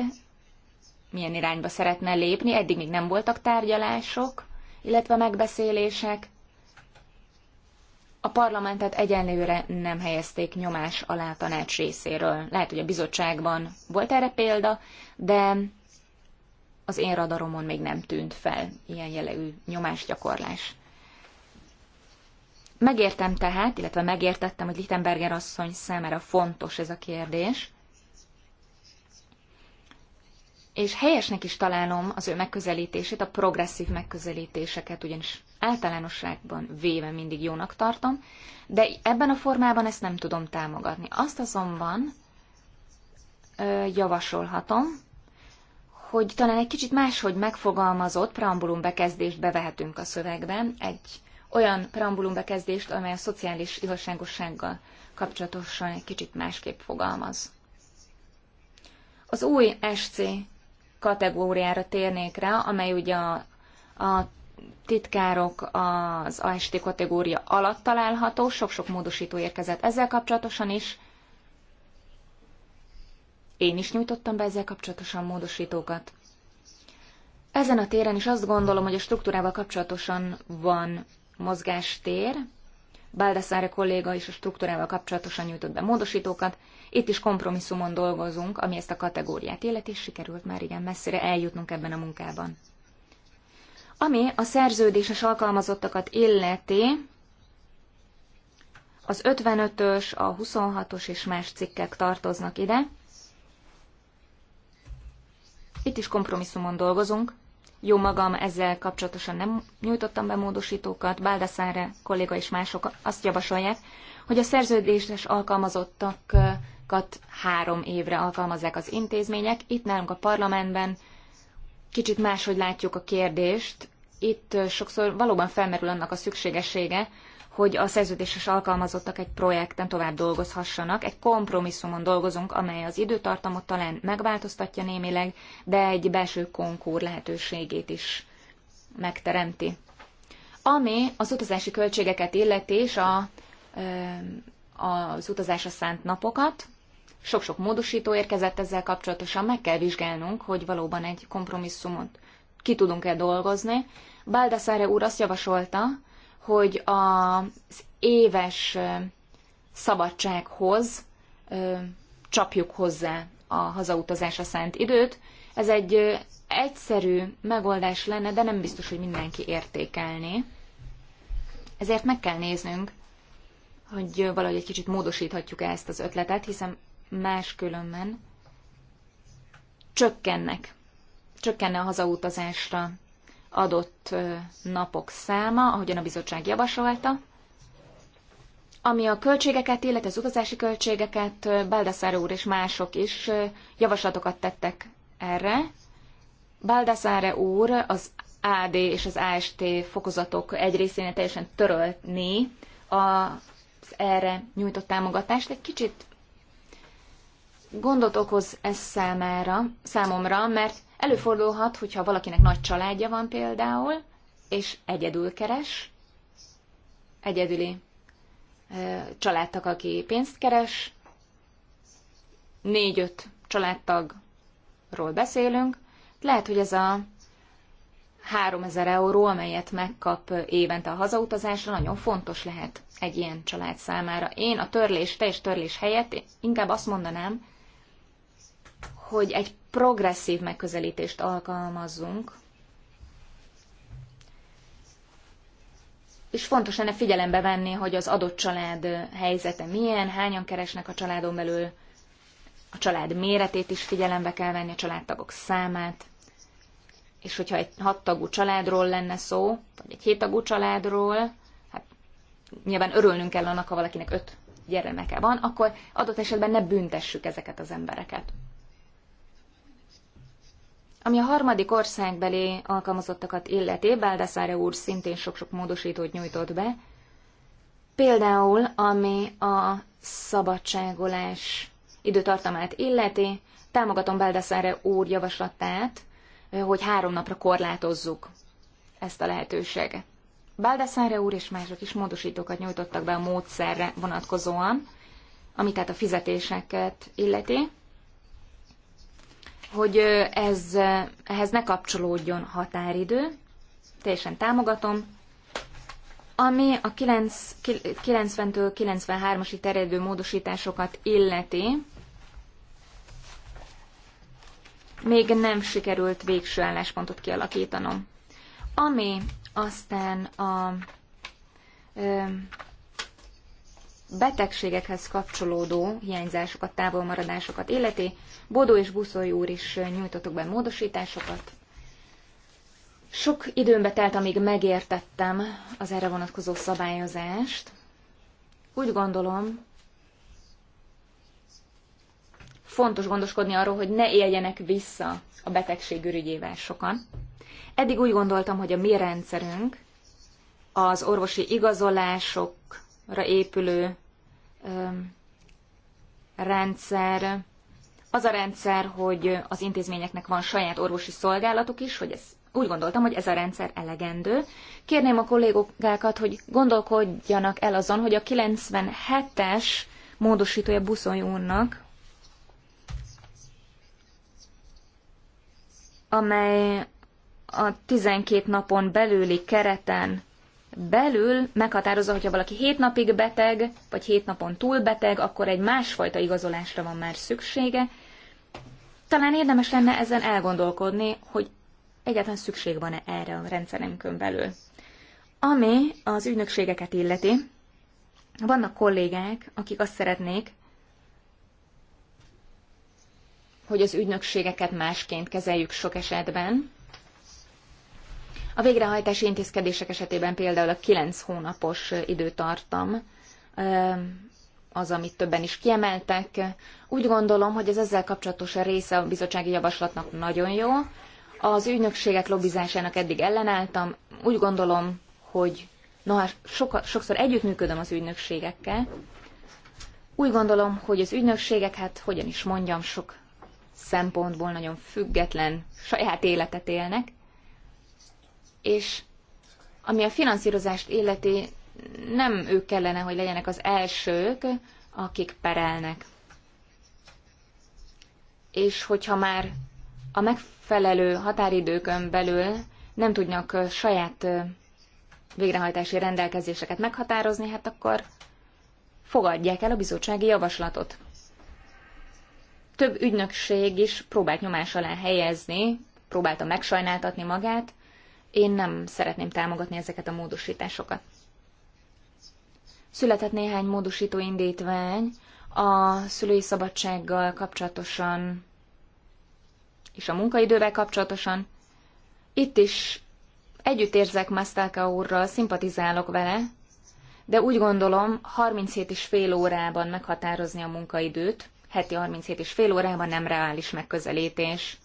[SPEAKER 2] milyen irányba szeretne lépni, eddig még nem voltak tárgyalások, illetve megbeszélések a parlamentet egyenlőre nem helyezték nyomás alá a tanács részéről. Lehet, hogy a bizottságban volt erre példa, de az én radaromon még nem tűnt fel ilyen jellegű nyomásgyakorlás. Megértem tehát, illetve megértettem, hogy Lichtenberger asszony számára fontos ez a kérdés, és helyesnek is találom az ő megközelítését, a progresszív megközelítéseket, ugyanis általánosságban véve mindig jónak tartom, de ebben a formában ezt nem tudom támogatni. Azt azonban ö, javasolhatom, hogy talán egy kicsit máshogy megfogalmazott preambulum bekezdést bevehetünk a szövegben, egy olyan preambulum bekezdést, amely a szociális igazságossággal kapcsolatosan egy kicsit másképp fogalmaz. Az új SC kategóriára térnék rá, amely ugye a, a titkárok az AST kategória alatt található, sok-sok módosító érkezett ezzel kapcsolatosan is. Én is nyújtottam be ezzel kapcsolatosan módosítókat. Ezen a téren is azt gondolom, hogy a struktúrával kapcsolatosan van mozgástér. Baldassare kolléga is a struktúrával kapcsolatosan nyújtott be módosítókat. Itt is kompromisszumon dolgozunk, ami ezt a kategóriát illeti, és sikerült már igen messzire eljutnunk ebben a munkában. Ami a szerződéses alkalmazottakat illeti, az 55-ös, a 26-os és más cikkek tartoznak ide. Itt is kompromisszumon dolgozunk. Jó magam, ezzel kapcsolatosan nem nyújtottam be módosítókat. Báldaszára kolléga és mások azt javasolják, hogy a szerződéses alkalmazottak kat három évre alkalmazzák az intézmények. Itt nálunk a parlamentben kicsit máshogy látjuk a kérdést. Itt sokszor valóban felmerül annak a szükségessége, hogy a szerződéses alkalmazottak egy projekten tovább dolgozhassanak. Egy kompromisszumon dolgozunk, amely az időtartamot talán megváltoztatja némileg, de egy belső konkúr lehetőségét is megteremti. Ami az utazási költségeket illeti, és a, az utazásra szánt napokat, sok-sok módosító érkezett ezzel kapcsolatosan, meg kell vizsgálnunk, hogy valóban egy kompromisszumot ki tudunk-e dolgozni. Baldassare úr azt javasolta, hogy az éves szabadsághoz ö, csapjuk hozzá a hazautazásra szánt időt. Ez egy ö, egyszerű megoldás lenne, de nem biztos, hogy mindenki értékelné. Ezért meg kell néznünk, hogy valahogy egy kicsit módosíthatjuk -e ezt az ötletet, hiszen máskülönben csökkennek, csökkenne a hazautazásra adott napok száma, ahogyan a bizottság javasolta. Ami a költségeket, illetve az utazási költségeket, Baldassar úr és mások is javaslatokat tettek erre. Baldassare úr az AD és az AST fokozatok egy részén teljesen törölni az erre nyújtott támogatást. Egy kicsit gondot okoz ez számára, számomra, mert előfordulhat, hogyha valakinek nagy családja van például, és egyedül keres, egyedüli családtag, aki pénzt keres, négy-öt családtagról beszélünk, lehet, hogy ez a 3000 euró, amelyet megkap évente a hazautazásra, nagyon fontos lehet egy ilyen család számára. Én a törlés, teljes törlés helyett inkább azt mondanám, hogy egy progresszív megközelítést alkalmazzunk, és fontos lenne figyelembe venni, hogy az adott család helyzete milyen, hányan keresnek a családon belül, a család méretét is figyelembe kell venni, a családtagok számát, és hogyha egy hattagú családról lenne szó, vagy egy héttagú családról, hát nyilván örülnünk kell annak, ha valakinek öt gyermeke van, akkor adott esetben ne büntessük ezeket az embereket. Ami a harmadik országbeli alkalmazottakat illeti, Báldászára úr szintén sok-sok módosítót nyújtott be, például ami a szabadságolás időtartamát illeti, támogatom Báldászára úr javaslatát, hogy három napra korlátozzuk ezt a lehetőséget. Baldassare úr és mások is módosítókat nyújtottak be a módszerre vonatkozóan, ami tehát a fizetéseket illeti hogy ez, ehhez ne kapcsolódjon határidő. Teljesen támogatom. Ami a 90-től 93-asig terjedő módosításokat illeti, még nem sikerült végső álláspontot kialakítanom. Ami aztán a betegségekhez kapcsolódó hiányzásokat, távolmaradásokat illeti. Bodó és Buszoly úr is nyújtottak be módosításokat. Sok időmbe telt, amíg megértettem az erre vonatkozó szabályozást. Úgy gondolom, fontos gondoskodni arról, hogy ne éljenek vissza a betegség ürügyével sokan. Eddig úgy gondoltam, hogy a mi rendszerünk az orvosi igazolások épülő rendszer, az a rendszer, hogy az intézményeknek van saját orvosi szolgálatuk is, hogy ez úgy gondoltam, hogy ez a rendszer elegendő. Kérném a kollégokákat, hogy gondolkodjanak el azon, hogy a 97-es módosítója Buszony úrnak, amely a 12 napon belüli kereten belül meghatározza, hogyha valaki hét napig beteg, vagy hét napon túl beteg, akkor egy másfajta igazolásra van már szüksége. Talán érdemes lenne ezen elgondolkodni, hogy egyáltalán szükség van-e erre a rendszerünkön belül. Ami az ügynökségeket illeti, vannak kollégák, akik azt szeretnék, hogy az ügynökségeket másként kezeljük sok esetben, a végrehajtási intézkedések esetében például a 9 hónapos időtartam az, amit többen is kiemeltek. Úgy gondolom, hogy az ezzel kapcsolatos része a bizottsági javaslatnak nagyon jó. Az ügynökségek lobbizásának eddig ellenálltam. Úgy gondolom, hogy noha soka, sokszor együttműködöm az ügynökségekkel, úgy gondolom, hogy az ügynökségek, hát hogyan is mondjam, sok szempontból nagyon független saját életet élnek, és ami a finanszírozást illeti, nem ők kellene, hogy legyenek az elsők, akik perelnek. És hogyha már a megfelelő határidőkön belül nem tudnak saját végrehajtási rendelkezéseket meghatározni, hát akkor fogadják el a bizottsági javaslatot. Több ügynökség is próbált nyomás alá helyezni, próbálta megsajnáltatni magát, én nem szeretném támogatni ezeket a módosításokat. Született néhány módosító indítvány a szülői szabadsággal kapcsolatosan és a munkaidővel kapcsolatosan. Itt is együtt érzek Masztáka úrral, szimpatizálok vele, de úgy gondolom, 37 és fél órában meghatározni a munkaidőt, heti 37 és fél órában nem reális megközelítés.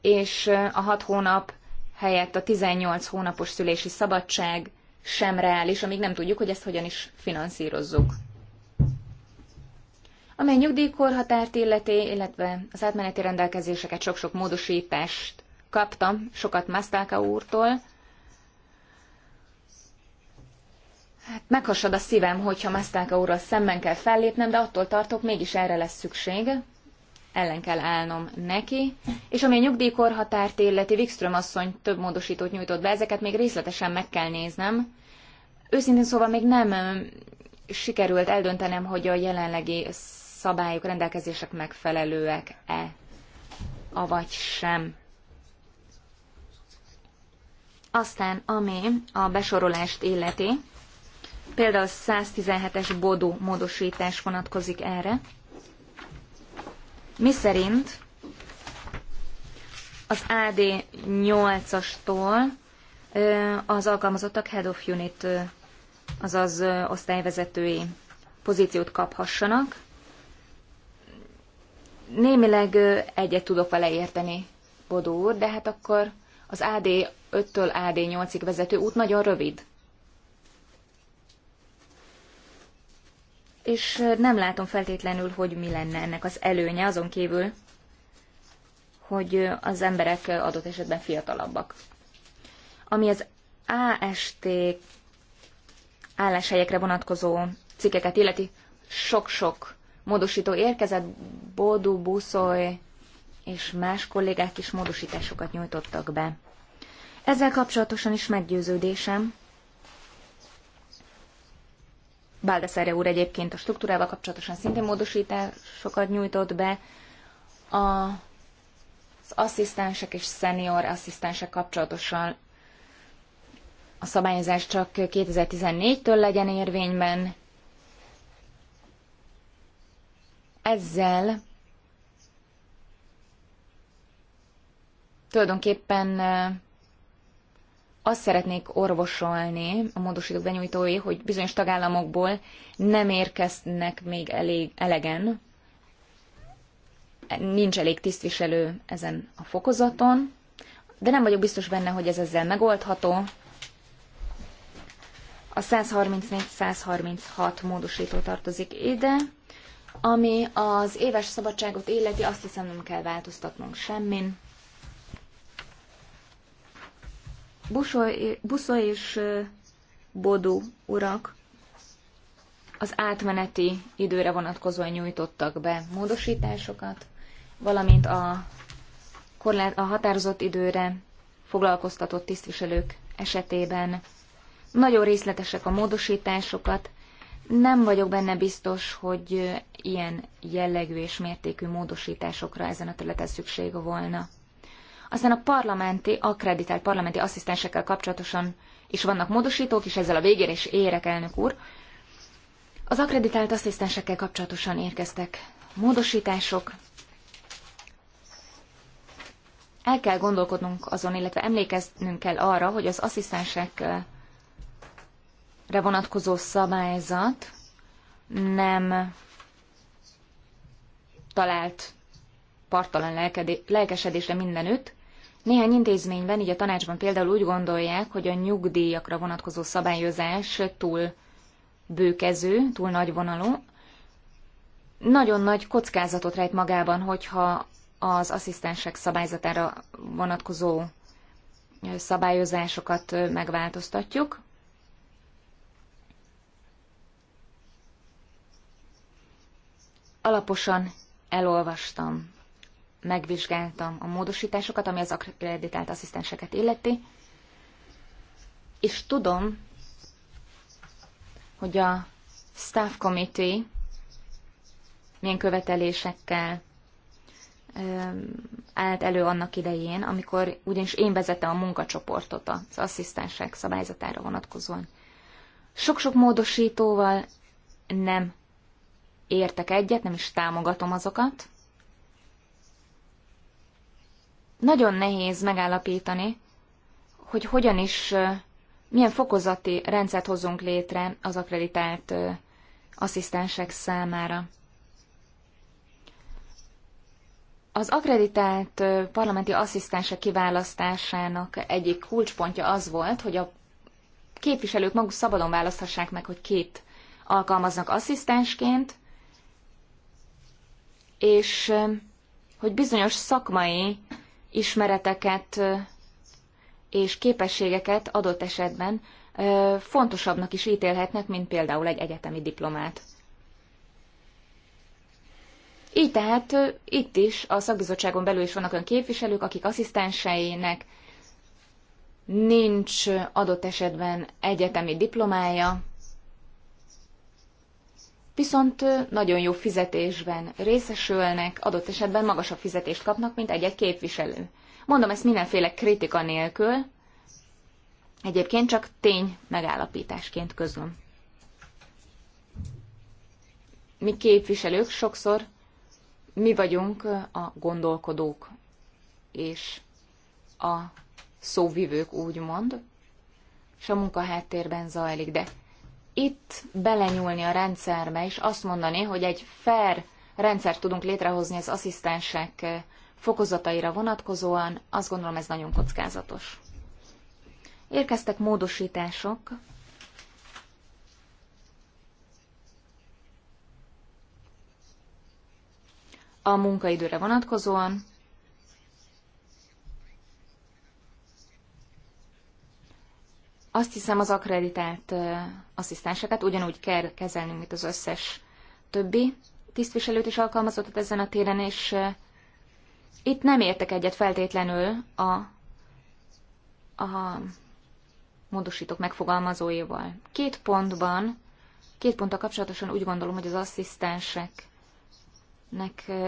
[SPEAKER 2] És a hat hónap helyett a 18 hónapos szülési szabadság sem reális, amíg nem tudjuk, hogy ezt hogyan is finanszírozzuk. Amely nyugdíjkorhatárt illeti, illetve az átmeneti rendelkezéseket sok-sok módosítást kaptam, sokat Masztáka úrtól. Hát meghassad a szívem, hogyha Masztáka úrral szemben kell fellépnem, de attól tartok, mégis erre lesz szükség, ellen kell állnom neki, és ami a nyugdíjkorhatárt illeti, Wikström asszony több módosítót nyújtott be, ezeket még részletesen meg kell néznem. Őszintén szóval még nem sikerült eldöntenem, hogy a jelenlegi szabályok, rendelkezések megfelelőek-e, avagy sem. Aztán, ami a besorolást illeti, például 117-es bodó módosítás vonatkozik erre, miszerint az AD 8-astól az alkalmazottak Head of Unit, azaz osztályvezetői pozíciót kaphassanak. Némileg egyet tudok vele érteni, Bodó úr, de hát akkor az AD 5-től AD 8-ig vezető út nagyon rövid. és nem látom feltétlenül, hogy mi lenne ennek az előnye, azon kívül, hogy az emberek adott esetben fiatalabbak. Ami az AST álláshelyekre vonatkozó cikkeket illeti, sok-sok módosító érkezett, Bodu, Buszoly és más kollégák is módosításokat nyújtottak be. Ezzel kapcsolatosan is meggyőződésem, Baldassare úr egyébként a struktúrával kapcsolatosan szintén módosításokat nyújtott be. A, az asszisztensek és szenior asszisztensek kapcsolatosan a szabályozás csak 2014-től legyen érvényben. Ezzel tulajdonképpen azt szeretnék orvosolni a módosítók benyújtói, hogy bizonyos tagállamokból nem érkeznek még elég, elegen, nincs elég tisztviselő ezen a fokozaton, de nem vagyok biztos benne, hogy ez ezzel megoldható. A 134-136 módosító tartozik ide, ami az éves szabadságot illeti, azt hiszem nem kell változtatnunk semmin. Buszó és Bodó urak az átmeneti időre vonatkozóan nyújtottak be módosításokat, valamint a, korlát, a határozott időre foglalkoztatott tisztviselők esetében. Nagyon részletesek a módosításokat, nem vagyok benne biztos, hogy ilyen jellegű és mértékű módosításokra ezen a területen szükség volna. Aztán a parlamenti, akreditált parlamenti asszisztensekkel kapcsolatosan is vannak módosítók, és ezzel a végére is érek, elnök úr. Az akreditált asszisztensekkel kapcsolatosan érkeztek módosítások. El kell gondolkodnunk azon, illetve emlékeznünk kell arra, hogy az asszisztensekre vonatkozó szabályzat nem talált partalan lelkesedésre mindenütt, néhány intézményben, így a tanácsban például úgy gondolják, hogy a nyugdíjakra vonatkozó szabályozás túl bőkező, túl nagyvonalú. Nagyon nagy kockázatot rejt magában, hogyha az asszisztensek szabályzatára vonatkozó szabályozásokat megváltoztatjuk. Alaposan elolvastam megvizsgáltam a módosításokat, ami az akreditált asszisztenseket illeti, és tudom, hogy a staff committee milyen követelésekkel állt elő annak idején, amikor ugyanis én vezettem a munkacsoportot az asszisztensek szabályzatára vonatkozóan. Sok-sok módosítóval nem értek egyet, nem is támogatom azokat, nagyon nehéz megállapítani, hogy hogyan is, milyen fokozati rendszert hozunk létre az akreditált asszisztensek számára. Az akreditált parlamenti asszisztensek kiválasztásának egyik kulcspontja az volt, hogy a képviselők maguk szabadon választhassák meg, hogy két alkalmaznak asszisztensként, és hogy bizonyos szakmai ismereteket és képességeket adott esetben fontosabbnak is ítélhetnek, mint például egy egyetemi diplomát. Így tehát itt is a szakbizottságon belül is vannak olyan képviselők, akik asszisztenseinek nincs adott esetben egyetemi diplomája, viszont nagyon jó fizetésben részesülnek, adott esetben magasabb fizetést kapnak, mint egy-egy képviselő. Mondom ezt mindenféle kritika nélkül, egyébként csak tény megállapításként közlöm. Mi képviselők sokszor mi vagyunk a gondolkodók és a szóvivők, úgymond, és a munkaháttérben zajlik, de itt belenyúlni a rendszerbe, és azt mondani, hogy egy fair rendszert tudunk létrehozni az asszisztensek fokozataira vonatkozóan, azt gondolom ez nagyon kockázatos. Érkeztek módosítások. A munkaidőre vonatkozóan, azt hiszem az akreditált asszisztenseket, ugyanúgy kell kezelnünk, mint az összes többi tisztviselőt is alkalmazottat ezen a téren, és itt nem értek egyet feltétlenül a, a módosítók megfogalmazóival. Két pontban, két ponttal kapcsolatosan úgy gondolom, hogy az asszisztenseknek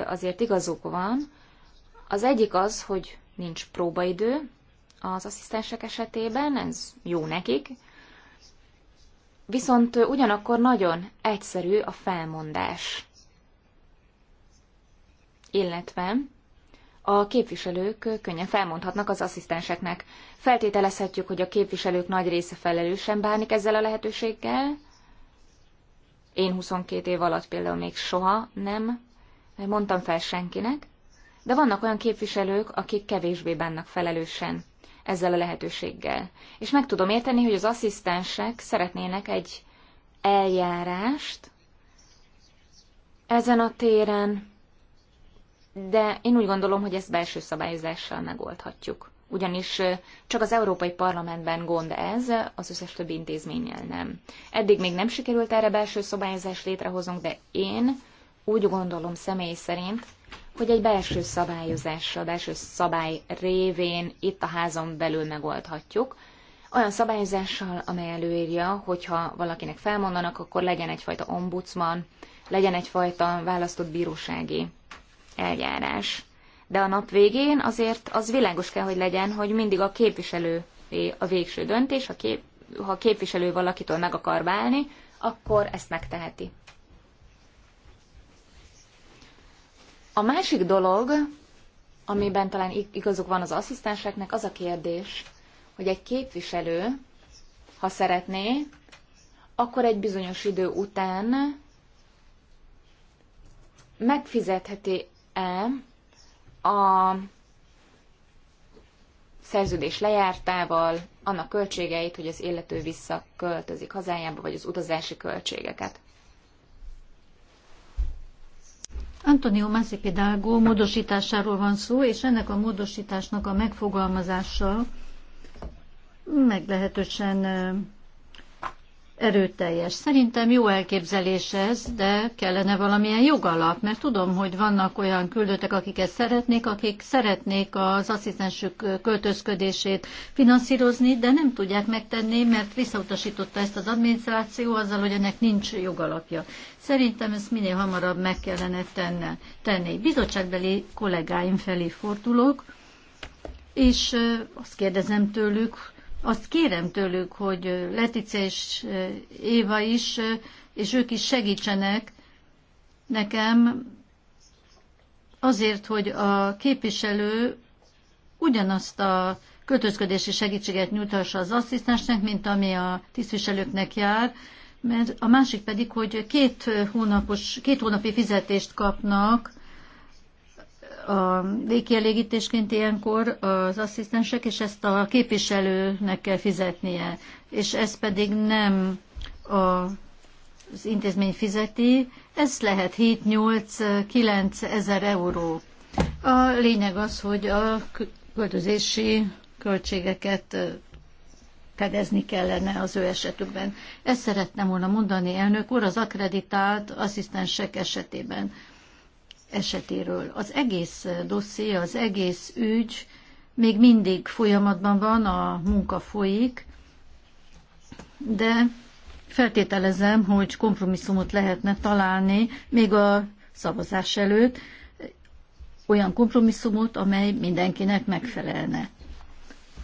[SPEAKER 2] azért igazuk van. Az egyik az, hogy nincs próbaidő az asszisztensek esetében, ez jó nekik, Viszont ugyanakkor nagyon egyszerű a felmondás. Illetve a képviselők könnyen felmondhatnak az asszisztenseknek. Feltételezhetjük, hogy a képviselők nagy része felelősen bánik ezzel a lehetőséggel. Én 22 év alatt például még soha nem mondtam fel senkinek, de vannak olyan képviselők, akik kevésbé bánnak felelősen ezzel a lehetőséggel. És meg tudom érteni, hogy az asszisztensek szeretnének egy eljárást ezen a téren, de én úgy gondolom, hogy ezt belső szabályozással megoldhatjuk. Ugyanis csak az Európai Parlamentben gond ez, az összes többi intézménnyel nem. Eddig még nem sikerült erre belső szabályozást létrehozunk, de én úgy gondolom személy szerint, hogy egy belső szabályozással, belső szabály révén itt a házon belül megoldhatjuk. Olyan szabályozással, amely előírja, hogyha valakinek felmondanak, akkor legyen egyfajta ombudsman, legyen egyfajta választott bírósági eljárás. De a nap végén azért az világos kell, hogy legyen, hogy mindig a képviselő a végső döntés, ha, kép, ha a képviselő valakitől meg akar válni, akkor ezt megteheti. A másik dolog, amiben talán igazuk van az asszisztenseknek, az a kérdés, hogy egy képviselő, ha szeretné, akkor egy bizonyos idő után megfizetheti-e a szerződés lejártával annak költségeit, hogy az illető visszaköltözik hazájába, vagy az utazási költségeket.
[SPEAKER 3] Antonio Massi Pedágó módosításáról van szó, és ennek a módosításnak a megfogalmazása meglehetősen erőteljes. Szerintem jó elképzelés ez, de kellene valamilyen jogalap, mert tudom, hogy vannak olyan küldöttek, akiket szeretnék, akik szeretnék az asszisztensük költözködését finanszírozni, de nem tudják megtenni, mert visszautasította ezt az adminisztráció azzal, hogy ennek nincs jogalapja. Szerintem ezt minél hamarabb meg kellene tenne, tenni. Bizottságbeli kollégáim felé fordulok, és azt kérdezem tőlük, azt kérem tőlük, hogy Letice és Éva is, és ők is segítsenek nekem azért, hogy a képviselő ugyanazt a kötözködési segítséget nyújtassa az asszisztensnek, mint ami a tisztviselőknek jár, mert a másik pedig, hogy két, hónapos, két hónapi fizetést kapnak a végkielégítésként ilyenkor az asszisztensek, és ezt a képviselőnek kell fizetnie. És ez pedig nem a, az intézmény fizeti, ez lehet 7-8-9 ezer euró. A lényeg az, hogy a költözési költségeket fedezni kellene az ő esetükben. Ezt szerettem volna mondani, elnök úr, az akreditált asszisztensek esetében esetéről. Az egész dosszé, az egész ügy még mindig folyamatban van, a munka folyik, de feltételezem, hogy kompromisszumot lehetne találni még a szavazás előtt, olyan kompromisszumot, amely mindenkinek megfelelne.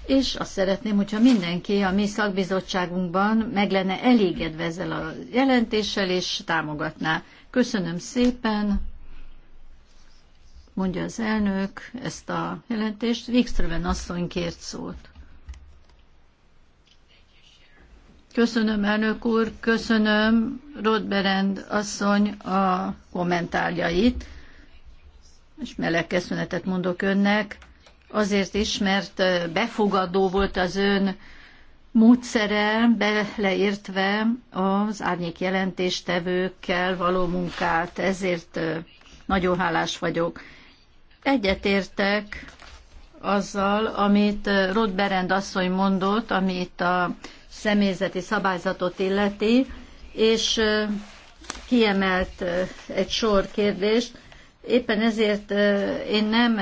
[SPEAKER 3] És azt szeretném, hogyha mindenki a mi szakbizottságunkban meg lenne elégedve ezzel a jelentéssel, és támogatná. Köszönöm szépen! mondja az elnök ezt a jelentést. Wikströmen asszony kért szót. Köszönöm, elnök úr, köszönöm Rodberend asszony a kommentárjait, és meleg köszönetet mondok önnek, azért is, mert befogadó volt az ön módszere, beleértve az árnyék jelentéstevőkkel való munkát, ezért nagyon hálás vagyok. Egyetértek azzal, amit eh, Rod Berend asszony mondott, amit a személyzeti szabályzatot illeti, és eh, kiemelt eh, egy sor kérdést. Éppen ezért én nem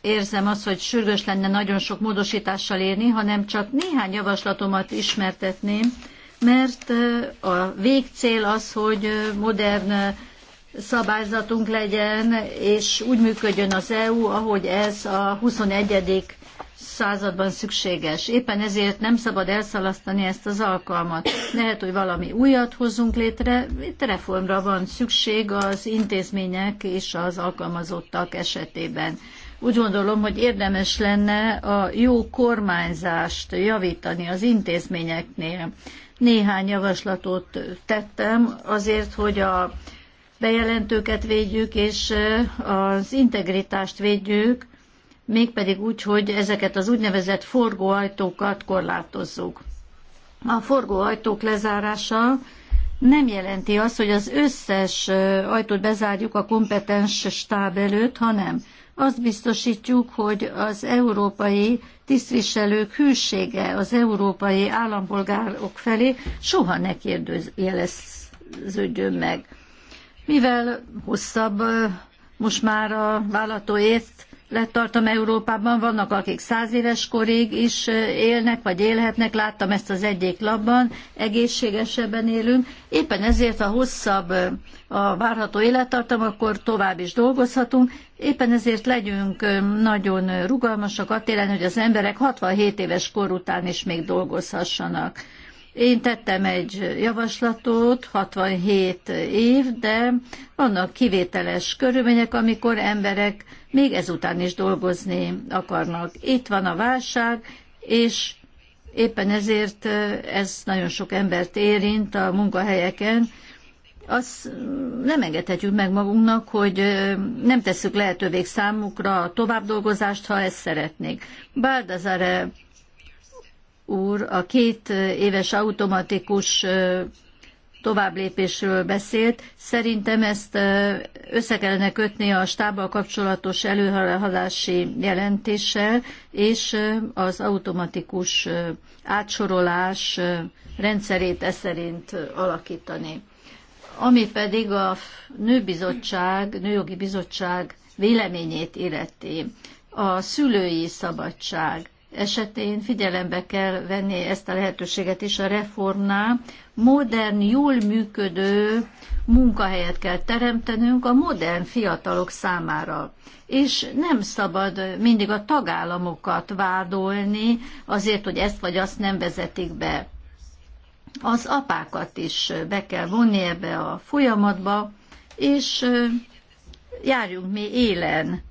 [SPEAKER 3] érzem azt, hogy sürgős lenne nagyon sok módosítással érni, hanem csak néhány javaslatomat ismertetném, mert a végcél az, hogy modern szabályzatunk legyen, és úgy működjön az EU, ahogy ez a 21. században szükséges. Éppen ezért nem szabad elszalasztani ezt az alkalmat. Lehet, hogy valami újat hozzunk létre, itt reformra van szükség az intézmények és az alkalmazottak esetében. Úgy gondolom, hogy érdemes lenne a jó kormányzást javítani az intézményeknél. Néhány javaslatot tettem azért, hogy a bejelentőket védjük, és az integritást védjük, mégpedig úgy, hogy ezeket az úgynevezett forgóajtókat korlátozzuk. A forgóajtók lezárása nem jelenti azt, hogy az összes ajtót bezárjuk a kompetens stáb előtt, hanem azt biztosítjuk, hogy az európai tisztviselők hűsége az európai állampolgárok felé soha ne kérdőjeleződjön meg. Mivel hosszabb most már a vállatóért tartom Európában, vannak akik száz éves korig is élnek, vagy élhetnek, láttam ezt az egyik labban, egészségesebben élünk. Éppen ezért, ha hosszabb a várható élettartam, akkor tovább is dolgozhatunk. Éppen ezért legyünk nagyon rugalmasak, attélen, hogy az emberek 67 éves kor után is még dolgozhassanak. Én tettem egy javaslatot, 67 év, de vannak kivételes körülmények, amikor emberek még ezután is dolgozni akarnak. Itt van a válság, és éppen ezért ez nagyon sok embert érint a munkahelyeken, azt nem engedhetjük meg magunknak, hogy nem tesszük lehetővé számukra a dolgozást, ha ezt szeretnék. Báldazare úr a két éves automatikus továbblépésről beszélt. Szerintem ezt össze kellene kötni a stábbal kapcsolatos előhalási jelentéssel, és az automatikus átsorolás rendszerét e szerint alakítani. Ami pedig a nőbizottság, nőjogi bizottság véleményét illeti, a szülői szabadság esetén figyelembe kell venni ezt a lehetőséget is a reformnál. Modern, jól működő munkahelyet kell teremtenünk a modern fiatalok számára. És nem szabad mindig a tagállamokat vádolni azért, hogy ezt vagy azt nem vezetik be. Az apákat is be kell vonni ebbe a folyamatba, és járjunk mi élen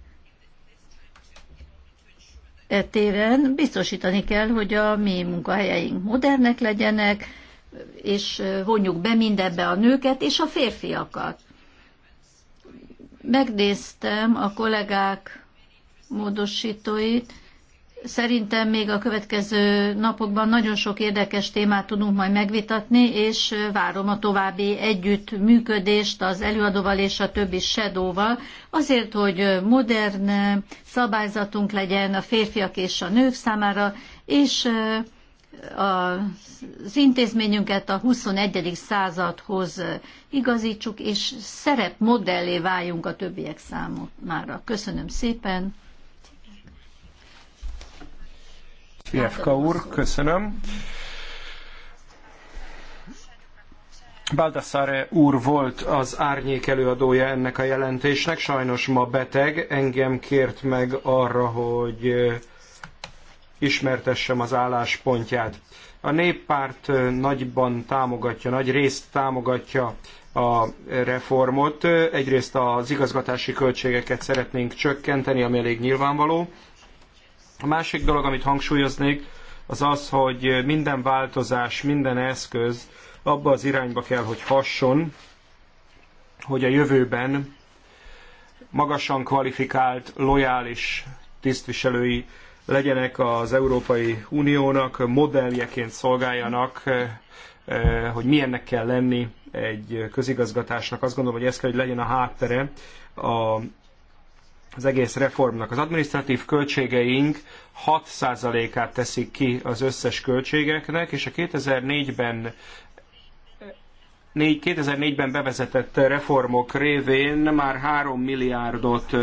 [SPEAKER 3] téren biztosítani kell, hogy a mi munkahelyeink modernek legyenek, és vonjuk be mindebbe a nőket és a férfiakat. Megnéztem a kollégák módosítóit, Szerintem még a következő napokban nagyon sok érdekes témát tudunk majd megvitatni, és várom a további együttműködést az előadóval és a többi sedóval, azért, hogy modern szabályzatunk legyen a férfiak és a nők számára, és az intézményünket a 21. századhoz igazítsuk, és szerepmodellé váljunk a többiek számára. Köszönöm szépen!
[SPEAKER 1] Jefka úr, köszönöm. Baldassare úr volt az árnyék előadója ennek a jelentésnek, sajnos ma beteg, engem kért meg arra, hogy ismertessem az álláspontját. A néppárt nagyban támogatja, nagy részt támogatja a reformot. Egyrészt az igazgatási költségeket szeretnénk csökkenteni, ami elég nyilvánvaló. A másik dolog, amit hangsúlyoznék, az az, hogy minden változás, minden eszköz abba az irányba kell, hogy hasson, hogy a jövőben magasan kvalifikált, lojális tisztviselői legyenek az Európai Uniónak, modelljeként szolgáljanak, eh, eh, hogy milyennek kell lenni egy közigazgatásnak. Azt gondolom, hogy ez kell, hogy legyen a háttere a az egész reformnak. Az adminisztratív költségeink 6%-át teszik ki az összes költségeknek, és a 2004-ben 2004-ben bevezetett reformok révén már 3 milliárdot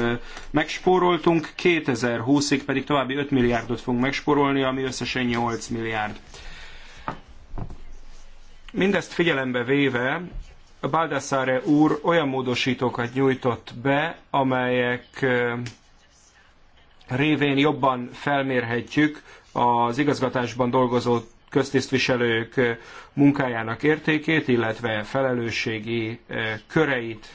[SPEAKER 1] megspóroltunk, 2020-ig pedig további 5 milliárdot fogunk megspórolni, ami összesen 8 milliárd. Mindezt figyelembe véve Baldassare úr olyan módosítókat nyújtott be, amelyek révén jobban felmérhetjük az igazgatásban dolgozó köztisztviselők munkájának értékét, illetve felelősségi köreit.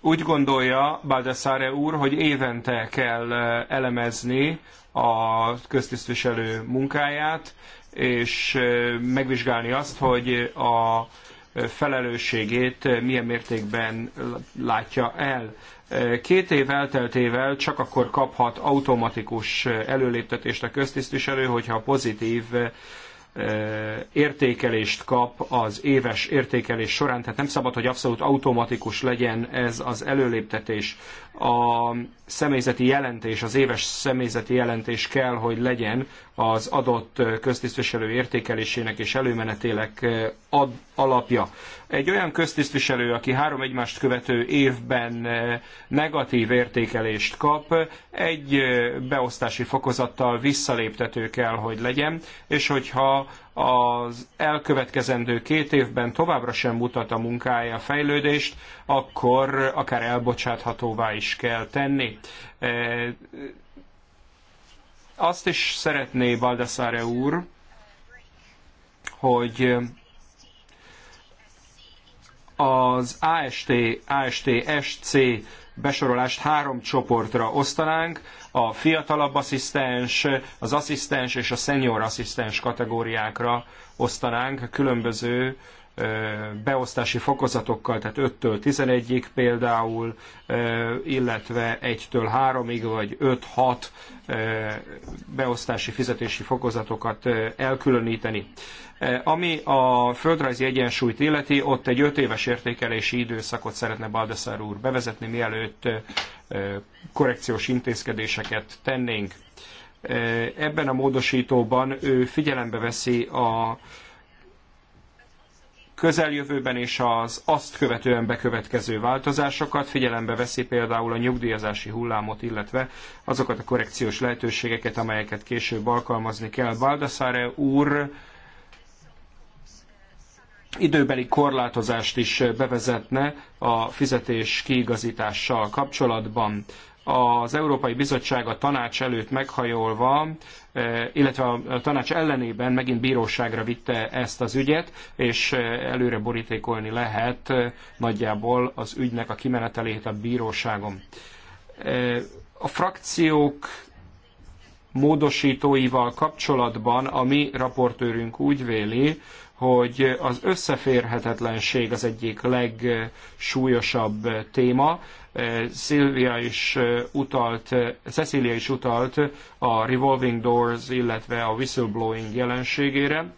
[SPEAKER 1] Úgy gondolja Baldassare úr, hogy évente kell elemezni a köztisztviselő munkáját, és megvizsgálni azt, hogy a felelősségét milyen mértékben látja el. Két év elteltével csak akkor kaphat automatikus előléptetést a köztisztviselő, hogyha pozitív értékelést kap az éves értékelés során, tehát nem szabad, hogy abszolút automatikus legyen ez az előléptetés. A személyzeti jelentés, az éves személyzeti jelentés kell, hogy legyen az adott köztisztviselő értékelésének és előmenetélek ad, alapja. Egy olyan köztisztviselő, aki három egymást követő évben negatív értékelést kap, egy beosztási fokozattal visszaléptető kell, hogy legyen, és hogyha az elkövetkezendő két évben továbbra sem mutat a munkája fejlődést, akkor akár elbocsáthatóvá is kell tenni. E, azt is szeretné Baldassare úr, hogy az AST, AST, SC besorolást három csoportra osztanánk, a fiatalabb asszisztens, az asszisztens és a senior asszisztens kategóriákra osztanánk a különböző beosztási fokozatokkal, tehát 5-től 11-ig például, illetve 1-től 3-ig, vagy 5-6 beosztási fizetési fokozatokat elkülöníteni. Ami a földrajzi egyensúlyt illeti, ott egy 5 éves értékelési időszakot szeretne Baldassar úr bevezetni, mielőtt korrekciós intézkedéseket tennénk. Ebben a módosítóban ő figyelembe veszi a közeljövőben és az azt követően bekövetkező változásokat, figyelembe veszi például a nyugdíjazási hullámot, illetve azokat a korrekciós lehetőségeket, amelyeket később alkalmazni kell. Baldassare úr időbeli korlátozást is bevezetne a fizetés kiigazítással kapcsolatban. Az Európai Bizottság a tanács előtt meghajolva Eh, illetve a tanács ellenében megint bíróságra vitte ezt az ügyet, és eh, előre borítékolni lehet eh, nagyjából az ügynek a kimenetelét a bíróságon. A frakciók módosítóival kapcsolatban a mi raportőrünk úgy véli, hogy az összeférhetetlenség az egyik legsúlyosabb téma. Szilvia is eh, utalt, eh, Cecilia is utalt a revolving doors, illetve a whistleblowing jelenségére,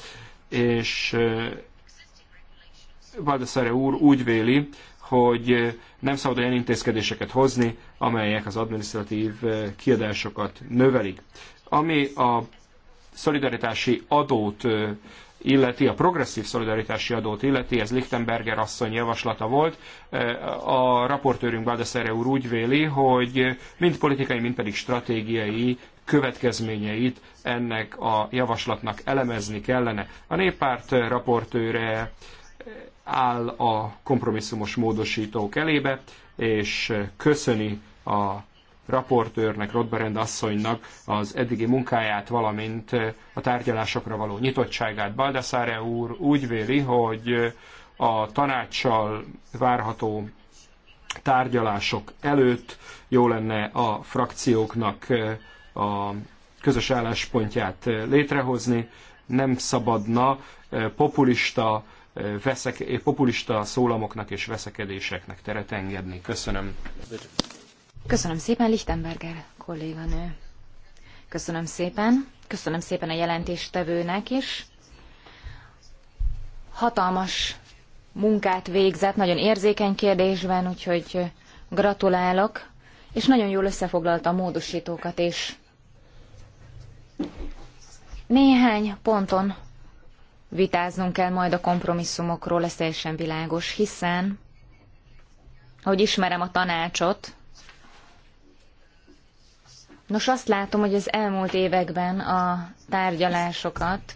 [SPEAKER 1] és Valdeszere eh, úr úgy véli, hogy nem szabad olyan intézkedéseket hozni, amelyek az administratív kiadásokat növelik. Ami a szolidaritási adót illeti, a progresszív szolidaritási adót illeti, ez Lichtenberger asszony javaslata volt. E, a raportőrünk Baldeszere úr úgy véli, hogy mind politikai, mind pedig stratégiai következményeit ennek a javaslatnak elemezni kellene. A néppárt raportőre áll a kompromisszumos módosítók elébe, és köszöni a raportőrnek, Rodberend asszonynak az eddigi munkáját, valamint a tárgyalásokra való nyitottságát. Baldassare úr úgy véli, hogy a tanácssal várható tárgyalások előtt jó lenne a frakcióknak a közös álláspontját létrehozni. Nem szabadna populista, veszek, populista szólamoknak és veszekedéseknek teret engedni. Köszönöm.
[SPEAKER 2] Köszönöm szépen, Lichtenberger kolléganő. Köszönöm szépen. Köszönöm szépen a jelentéstevőnek is. Hatalmas munkát végzett, nagyon érzékeny kérdésben, úgyhogy gratulálok, és nagyon jól összefoglalta a módosítókat is. Néhány ponton vitáznunk kell majd a kompromisszumokról, ez teljesen világos, hiszen, hogy ismerem a tanácsot, Nos, azt látom, hogy az elmúlt években a tárgyalásokat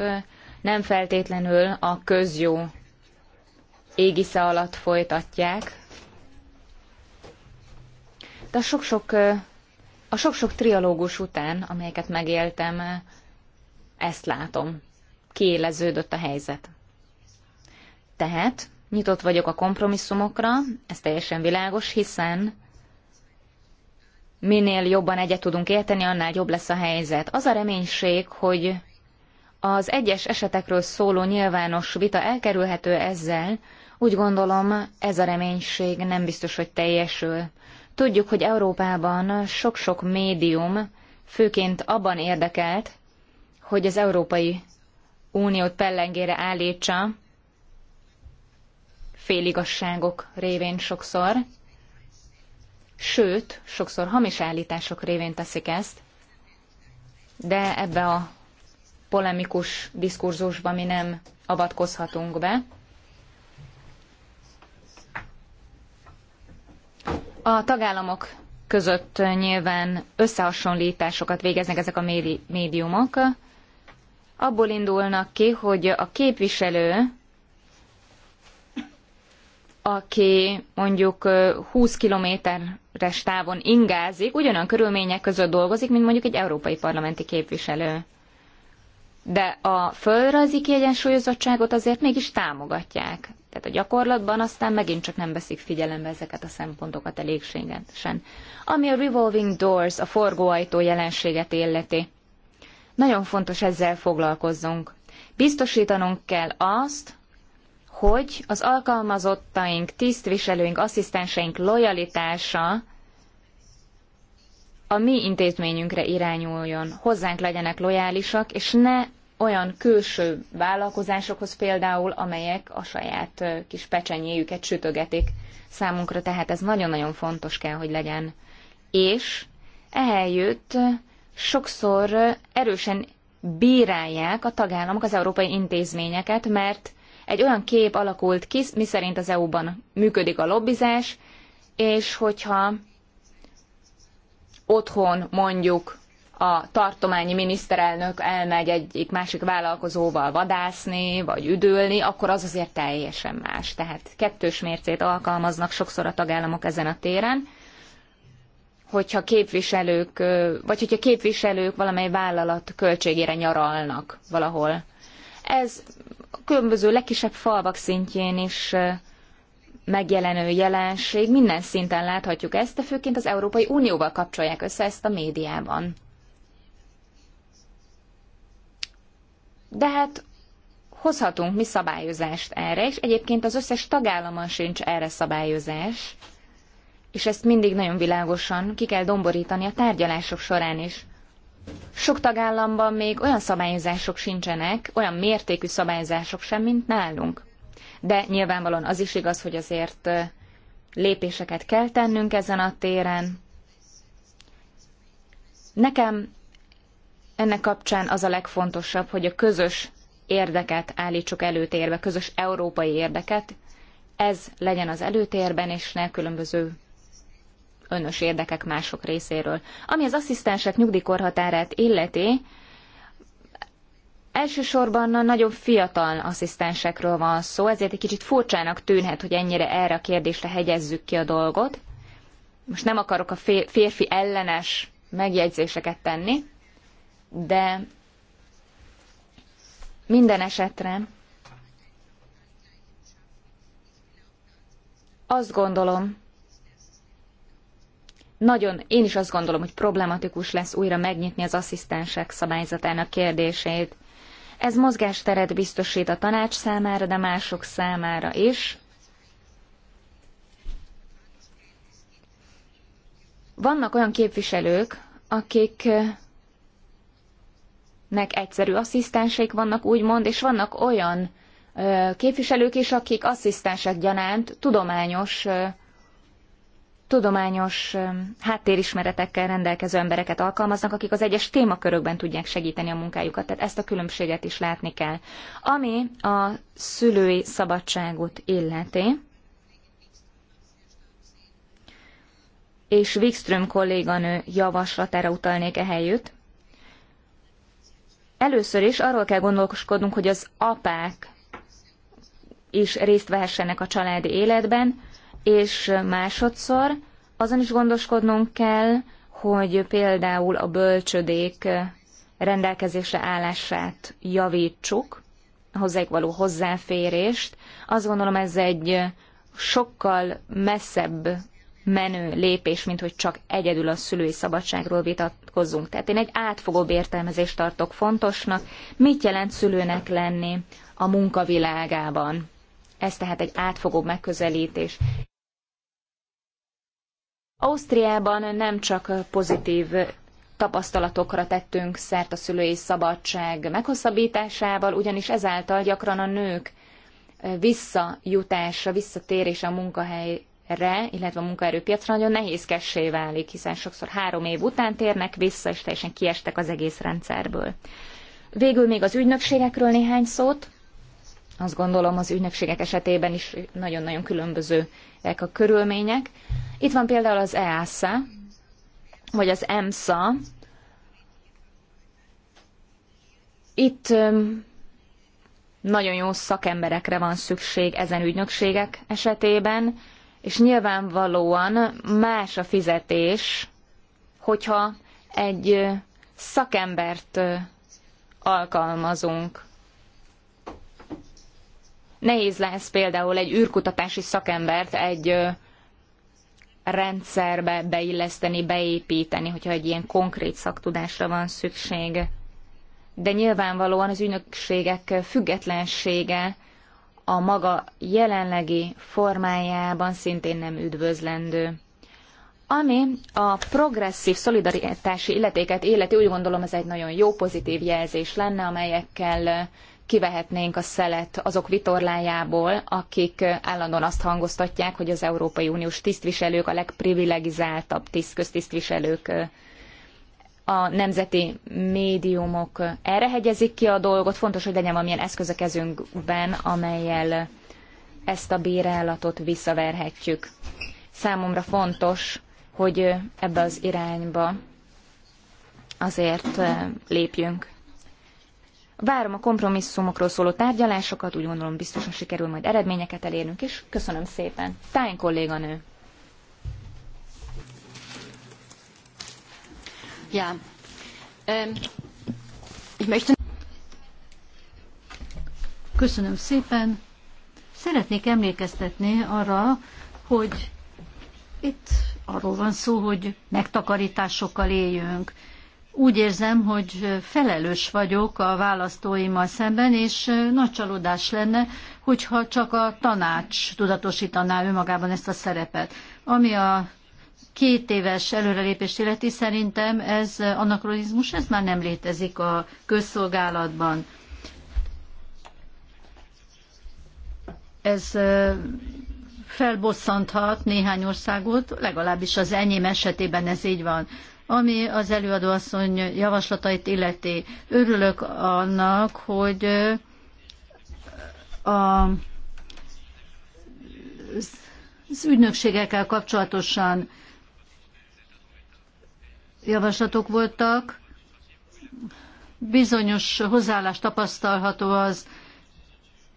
[SPEAKER 2] nem feltétlenül a közjó égisze alatt folytatják, de a sok-sok, a sok-sok trialógus után, amelyeket megéltem, ezt látom. Kiéleződött a helyzet. Tehát nyitott vagyok a kompromisszumokra, ez teljesen világos, hiszen minél jobban egyet tudunk érteni, annál jobb lesz a helyzet. Az a reménység, hogy az egyes esetekről szóló nyilvános vita elkerülhető ezzel, úgy gondolom, ez a reménység nem biztos, hogy teljesül. Tudjuk, hogy Európában sok-sok médium főként abban érdekelt, hogy az Európai Uniót pellengére állítsa, féligasságok révén sokszor, sőt, sokszor hamis állítások révén teszik ezt, de ebbe a polemikus diskurzusba mi nem avatkozhatunk be. A tagállamok között nyilván összehasonlításokat végeznek ezek a médiumok. Abból indulnak ki, hogy a képviselő aki mondjuk 20 kilométeres távon ingázik, ugyanolyan körülmények között dolgozik, mint mondjuk egy európai parlamenti képviselő. De a földrajzi kiegyensúlyozottságot azért mégis támogatják. Tehát a gyakorlatban aztán megint csak nem veszik figyelembe ezeket a szempontokat elégségesen. Ami a revolving doors, a forgóajtó jelenséget illeti. Nagyon fontos ezzel foglalkozzunk. Biztosítanunk kell azt, hogy az alkalmazottaink, tisztviselőink, asszisztenseink lojalitása a mi intézményünkre irányuljon, hozzánk legyenek lojálisak, és ne olyan külső vállalkozásokhoz például, amelyek a saját kis pecsenyéjüket sütögetik. Számunkra tehát ez nagyon-nagyon fontos kell, hogy legyen. És ehelyütt sokszor erősen bírálják a tagállamok az európai intézményeket, mert egy olyan kép alakult ki, miszerint az EU-ban működik a lobbizás, és hogyha otthon mondjuk a tartományi miniszterelnök elmegy egyik másik vállalkozóval vadászni, vagy üdülni, akkor az azért teljesen más. Tehát kettős mércét alkalmaznak sokszor a tagállamok ezen a téren. Hogyha képviselők, vagy hogyha képviselők valamely vállalat költségére nyaralnak valahol. Ez a különböző legkisebb falvak szintjén is megjelenő jelenség, minden szinten láthatjuk ezt, de főként az Európai Unióval kapcsolják össze ezt a médiában. De hát hozhatunk mi szabályozást erre, és egyébként az összes tagállamon sincs erre szabályozás, és ezt mindig nagyon világosan ki kell domborítani a tárgyalások során is. Sok tagállamban még olyan szabályozások sincsenek, olyan mértékű szabályozások sem, mint nálunk. De nyilvánvalóan az is igaz, hogy azért lépéseket kell tennünk ezen a téren. Nekem ennek kapcsán az a legfontosabb, hogy a közös érdeket állítsuk előtérbe, közös európai érdeket, ez legyen az előtérben, és ne különböző önös érdekek mások részéről. Ami az asszisztensek nyugdíjkorhatárát illeti, Elsősorban a nagyon fiatal asszisztensekről van szó, ezért egy kicsit furcsának tűnhet, hogy ennyire erre a kérdésre hegyezzük ki a dolgot. Most nem akarok a férfi ellenes megjegyzéseket tenni, de minden esetre azt gondolom, nagyon, én is azt gondolom, hogy problematikus lesz újra megnyitni az asszisztensek szabályzatának kérdését. Ez mozgásteret biztosít a tanács számára, de mások számára is. Vannak olyan képviselők, akiknek egyszerű asszisztenseik vannak, úgymond, és vannak olyan képviselők is, akik asszisztensek gyanánt tudományos tudományos háttérismeretekkel rendelkező embereket alkalmaznak, akik az egyes témakörökben tudják segíteni a munkájukat. Tehát ezt a különbséget is látni kell. Ami a szülői szabadságot illeti, és Wikström kolléganő javaslatára utalnék ehelyütt. Először is arról kell gondolkodnunk, hogy az apák is részt vehessenek a családi életben, és másodszor azon is gondoskodnunk kell, hogy például a bölcsödék rendelkezésre állását javítsuk, hozzájuk való hozzáférést. Azt gondolom ez egy sokkal messzebb menő lépés, mint hogy csak egyedül a szülői szabadságról vitatkozzunk. Tehát én egy átfogóbb értelmezést tartok fontosnak, mit jelent szülőnek lenni a munkavilágában. Ez tehát egy átfogóbb megközelítés. Ausztriában nem csak pozitív tapasztalatokra tettünk szert a szülői szabadság meghosszabbításával, ugyanis ezáltal gyakran a nők visszajutása, visszatérése a munkahelyre, illetve a munkaerőpiacra nagyon nehézkessé válik, hiszen sokszor három év után térnek vissza, és teljesen kiestek az egész rendszerből. Végül még az ügynökségekről néhány szót. Azt gondolom az ügynökségek esetében is nagyon-nagyon különbözőek a körülmények. Itt van például az EASA, vagy az EMSA. Itt nagyon jó szakemberekre van szükség ezen ügynökségek esetében, és nyilvánvalóan más a fizetés, hogyha egy szakembert alkalmazunk Nehéz lesz például egy űrkutatási szakembert egy rendszerbe beilleszteni, beépíteni, hogyha egy ilyen konkrét szaktudásra van szükség. De nyilvánvalóan az ügynökségek függetlensége a maga jelenlegi formájában szintén nem üdvözlendő. Ami a progresszív szolidaritási illetéket illeti, úgy gondolom ez egy nagyon jó pozitív jelzés lenne, amelyekkel kivehetnénk a szelet azok vitorlájából, akik állandóan azt hangoztatják, hogy az Európai Uniós tisztviselők a legprivilegizáltabb tiszt, köztisztviselők a nemzeti médiumok erre hegyezik ki a dolgot. Fontos, hogy legyen valamilyen eszköz a kezünkben, amelyel ezt a bírálatot visszaverhetjük. Számomra fontos, hogy ebbe az irányba azért lépjünk. Várom a kompromisszumokról szóló tárgyalásokat, úgy gondolom biztosan sikerül majd eredményeket elérnünk, és köszönöm szépen. Tány kolléganő. Ja. Ähm, ich
[SPEAKER 3] Köszönöm szépen. Szeretnék emlékeztetni arra, hogy itt arról van szó, hogy megtakarításokkal éljünk úgy érzem, hogy felelős vagyok a választóimmal szemben, és nagy csalódás lenne, hogyha csak a tanács tudatosítaná önmagában ezt a szerepet. Ami a két éves előrelépést illeti, szerintem ez anakronizmus, ez már nem létezik a közszolgálatban. Ez felbosszanthat néhány országot, legalábbis az enyém esetében ez így van. Ami az előadóasszony javaslatait illeti, örülök annak, hogy a az ügynökségekkel kapcsolatosan javaslatok voltak. Bizonyos hozzáállás tapasztalható az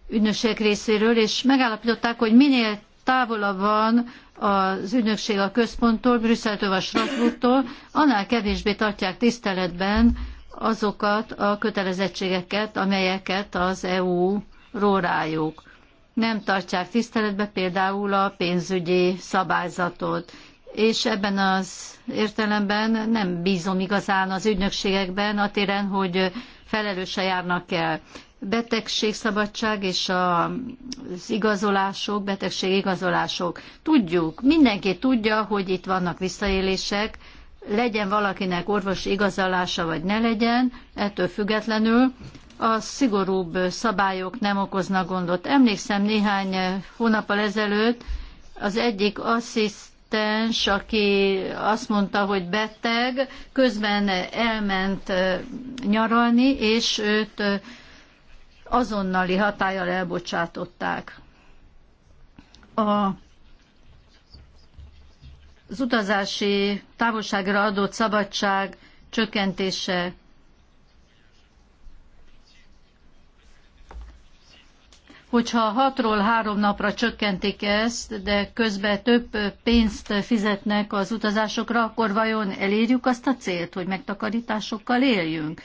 [SPEAKER 3] ügynökség részéről, és megállapították, hogy minél távolabb van az ügynökség a központtól, Brüsszeltől vagy Strasbourgtól, annál kevésbé tartják tiszteletben azokat a kötelezettségeket, amelyeket az EU rórájuk. Nem tartják tiszteletbe például a pénzügyi szabályzatot, és ebben az értelemben nem bízom igazán az ügynökségekben a téren, hogy felelőse járnak el betegségszabadság és az igazolások, betegségigazolások. Tudjuk, mindenki tudja, hogy itt vannak visszaélések, legyen valakinek orvosi igazolása, vagy ne legyen, ettől függetlenül a szigorúbb szabályok nem okoznak gondot. Emlékszem néhány hónappal ezelőtt az egyik asszisztens, aki azt mondta, hogy beteg, közben elment nyaralni, és őt azonnali hatállyal elbocsátották. A az utazási távolságra adott szabadság csökkentése hogyha hatról három napra csökkentik ezt, de közben több pénzt fizetnek az utazásokra, akkor vajon elérjük azt a célt, hogy megtakarításokkal éljünk?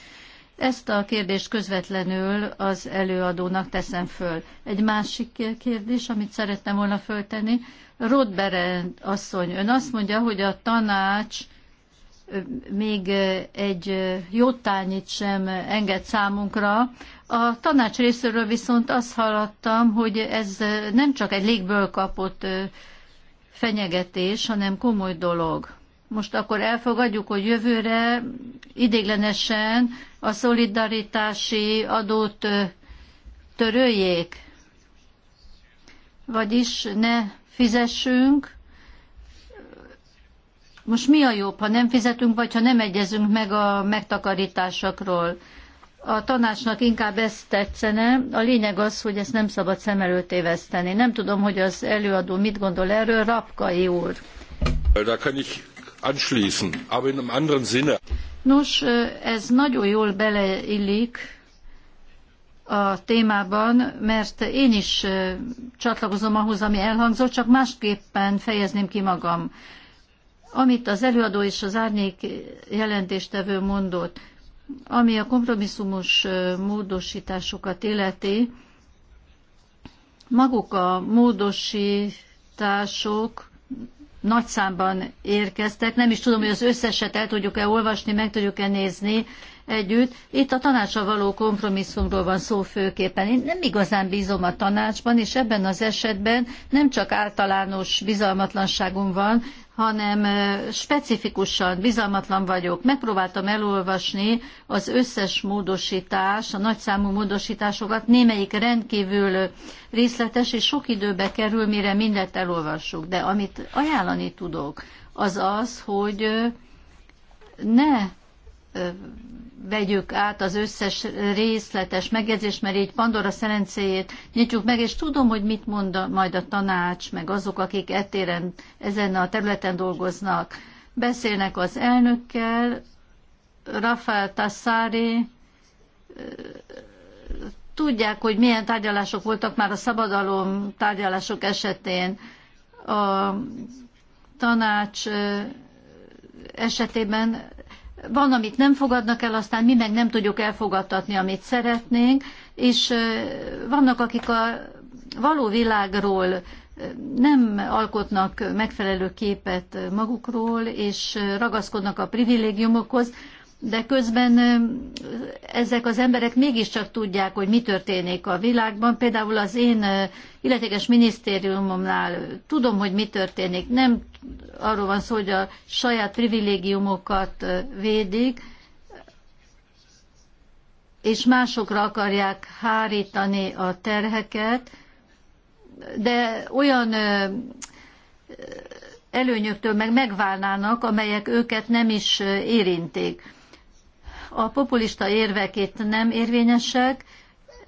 [SPEAKER 3] Ezt a kérdést közvetlenül az előadónak teszem föl. Egy másik kérdés, amit szerettem volna föltenni. Rodberen asszony, ön azt mondja, hogy a tanács még egy jótányit sem enged számunkra. A tanács részéről viszont azt hallottam, hogy ez nem csak egy légből kapott fenyegetés, hanem komoly dolog most akkor elfogadjuk, hogy jövőre idéglenesen a szolidaritási adót töröljék, vagyis ne fizessünk. Most mi a jobb, ha nem fizetünk, vagy ha nem egyezünk meg a megtakarításokról? A tanácsnak inkább ezt tetszene. A lényeg az, hogy ezt nem szabad szem előtt éveszteni. Nem tudom, hogy az előadó mit gondol erről, Rapkai úr.
[SPEAKER 1] Da kann ich anschließen, aber in einem anderen Sinne.
[SPEAKER 3] Nos, ez nagyon jól beleillik a témában, mert én is csatlakozom ahhoz, ami elhangzott, csak másképpen fejezném ki magam. Amit az előadó és az árnyék jelentéstevő mondott, ami a kompromisszumos módosításokat illeti, maguk a módosítások nagy számban érkeztek, nem is tudom, hogy az összeset el tudjuk-e olvasni, meg tudjuk-e nézni együtt. Itt a tanácsa való kompromisszumról van szó főképpen. Én nem igazán bízom a tanácsban, és ebben az esetben nem csak általános bizalmatlanságunk van, hanem specifikusan bizalmatlan vagyok. Megpróbáltam elolvasni az összes módosítás, a nagyszámú módosításokat, némelyik rendkívül részletes, és sok időbe kerül, mire mindent elolvassuk. De amit ajánlani tudok, az az, hogy ne vegyük át az összes részletes megjegyzést, mert így Pandora szerencéjét nyitjuk meg, és tudom, hogy mit mond majd a tanács, meg azok, akik etéren ezen a területen dolgoznak. Beszélnek az elnökkel, Rafael Tassari, tudják, hogy milyen tárgyalások voltak már a szabadalom tárgyalások esetén. A tanács esetében van, amit nem fogadnak el, aztán mi meg nem tudjuk elfogadtatni, amit szeretnénk, és vannak, akik a való világról nem alkotnak megfelelő képet magukról, és ragaszkodnak a privilégiumokhoz, de közben ezek az emberek mégiscsak tudják, hogy mi történik a világban. Például az én illetékes minisztériumomnál tudom, hogy mi történik. Nem arról van szó, hogy a saját privilégiumokat védik, és másokra akarják hárítani a terheket, de olyan előnyöktől meg megválnának, amelyek őket nem is érintik a populista érvek itt nem érvényesek.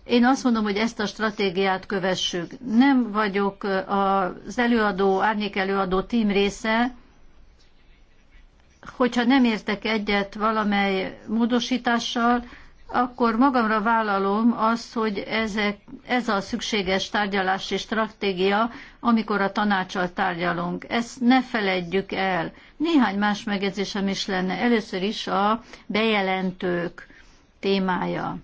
[SPEAKER 3] Én azt mondom, hogy ezt a stratégiát kövessük. Nem vagyok eh, az előadó, árnyék előadó tím része, hogyha nem értek egyet valamely módosítással, akkor magamra vállalom azt, hogy ezek, ez a szükséges tárgyalási stratégia, amikor a tanácsal tárgyalunk. Ezt ne feledjük el. Néhány más megjegyzésem is lenne. Először is a bejelentők témája.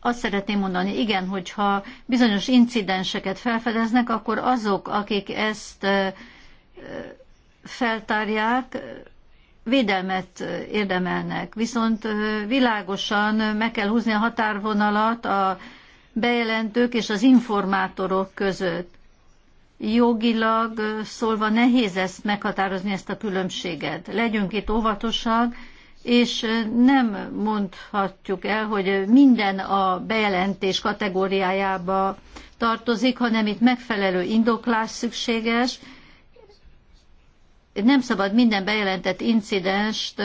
[SPEAKER 3] Azt szeretném mondani, igen, hogyha bizonyos incidenseket felfedeznek, akkor azok, akik ezt feltárják, védelmet érdemelnek. Viszont világosan meg kell húzni a határvonalat a bejelentők és az informátorok között. Jogilag szólva nehéz ezt meghatározni, ezt a különbséget. Legyünk itt óvatosak, és nem mondhatjuk el, hogy minden a bejelentés kategóriájába tartozik, hanem itt megfelelő indoklás szükséges, nem szabad minden bejelentett incidenst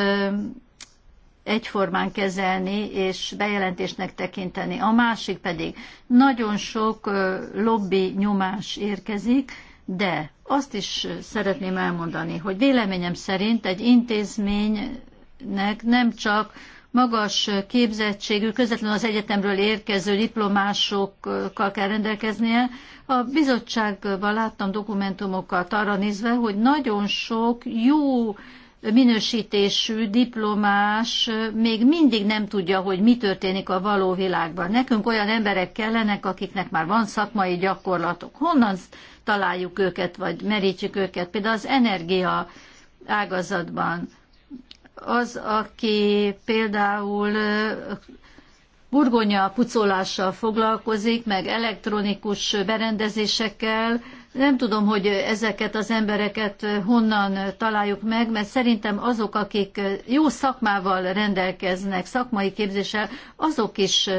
[SPEAKER 3] egyformán kezelni és bejelentésnek tekinteni. A másik pedig nagyon sok lobby nyomás érkezik, de azt is szeretném elmondani, hogy véleményem szerint egy intézménynek nem csak magas képzettségű, közvetlenül az egyetemről érkező diplomásokkal kell rendelkeznie. A bizottságban láttam dokumentumokat arra nézve, hogy nagyon sok jó minősítésű diplomás még mindig nem tudja, hogy mi történik a való világban. Nekünk olyan emberek kellenek, akiknek már van szakmai gyakorlatok. Honnan találjuk őket, vagy merítjük őket? Például az energia ágazatban az, aki például burgonya pucolással foglalkozik, meg elektronikus berendezésekkel. Nem tudom, hogy ezeket az embereket honnan találjuk meg, mert szerintem azok, akik jó szakmával rendelkeznek, szakmai képzéssel, azok is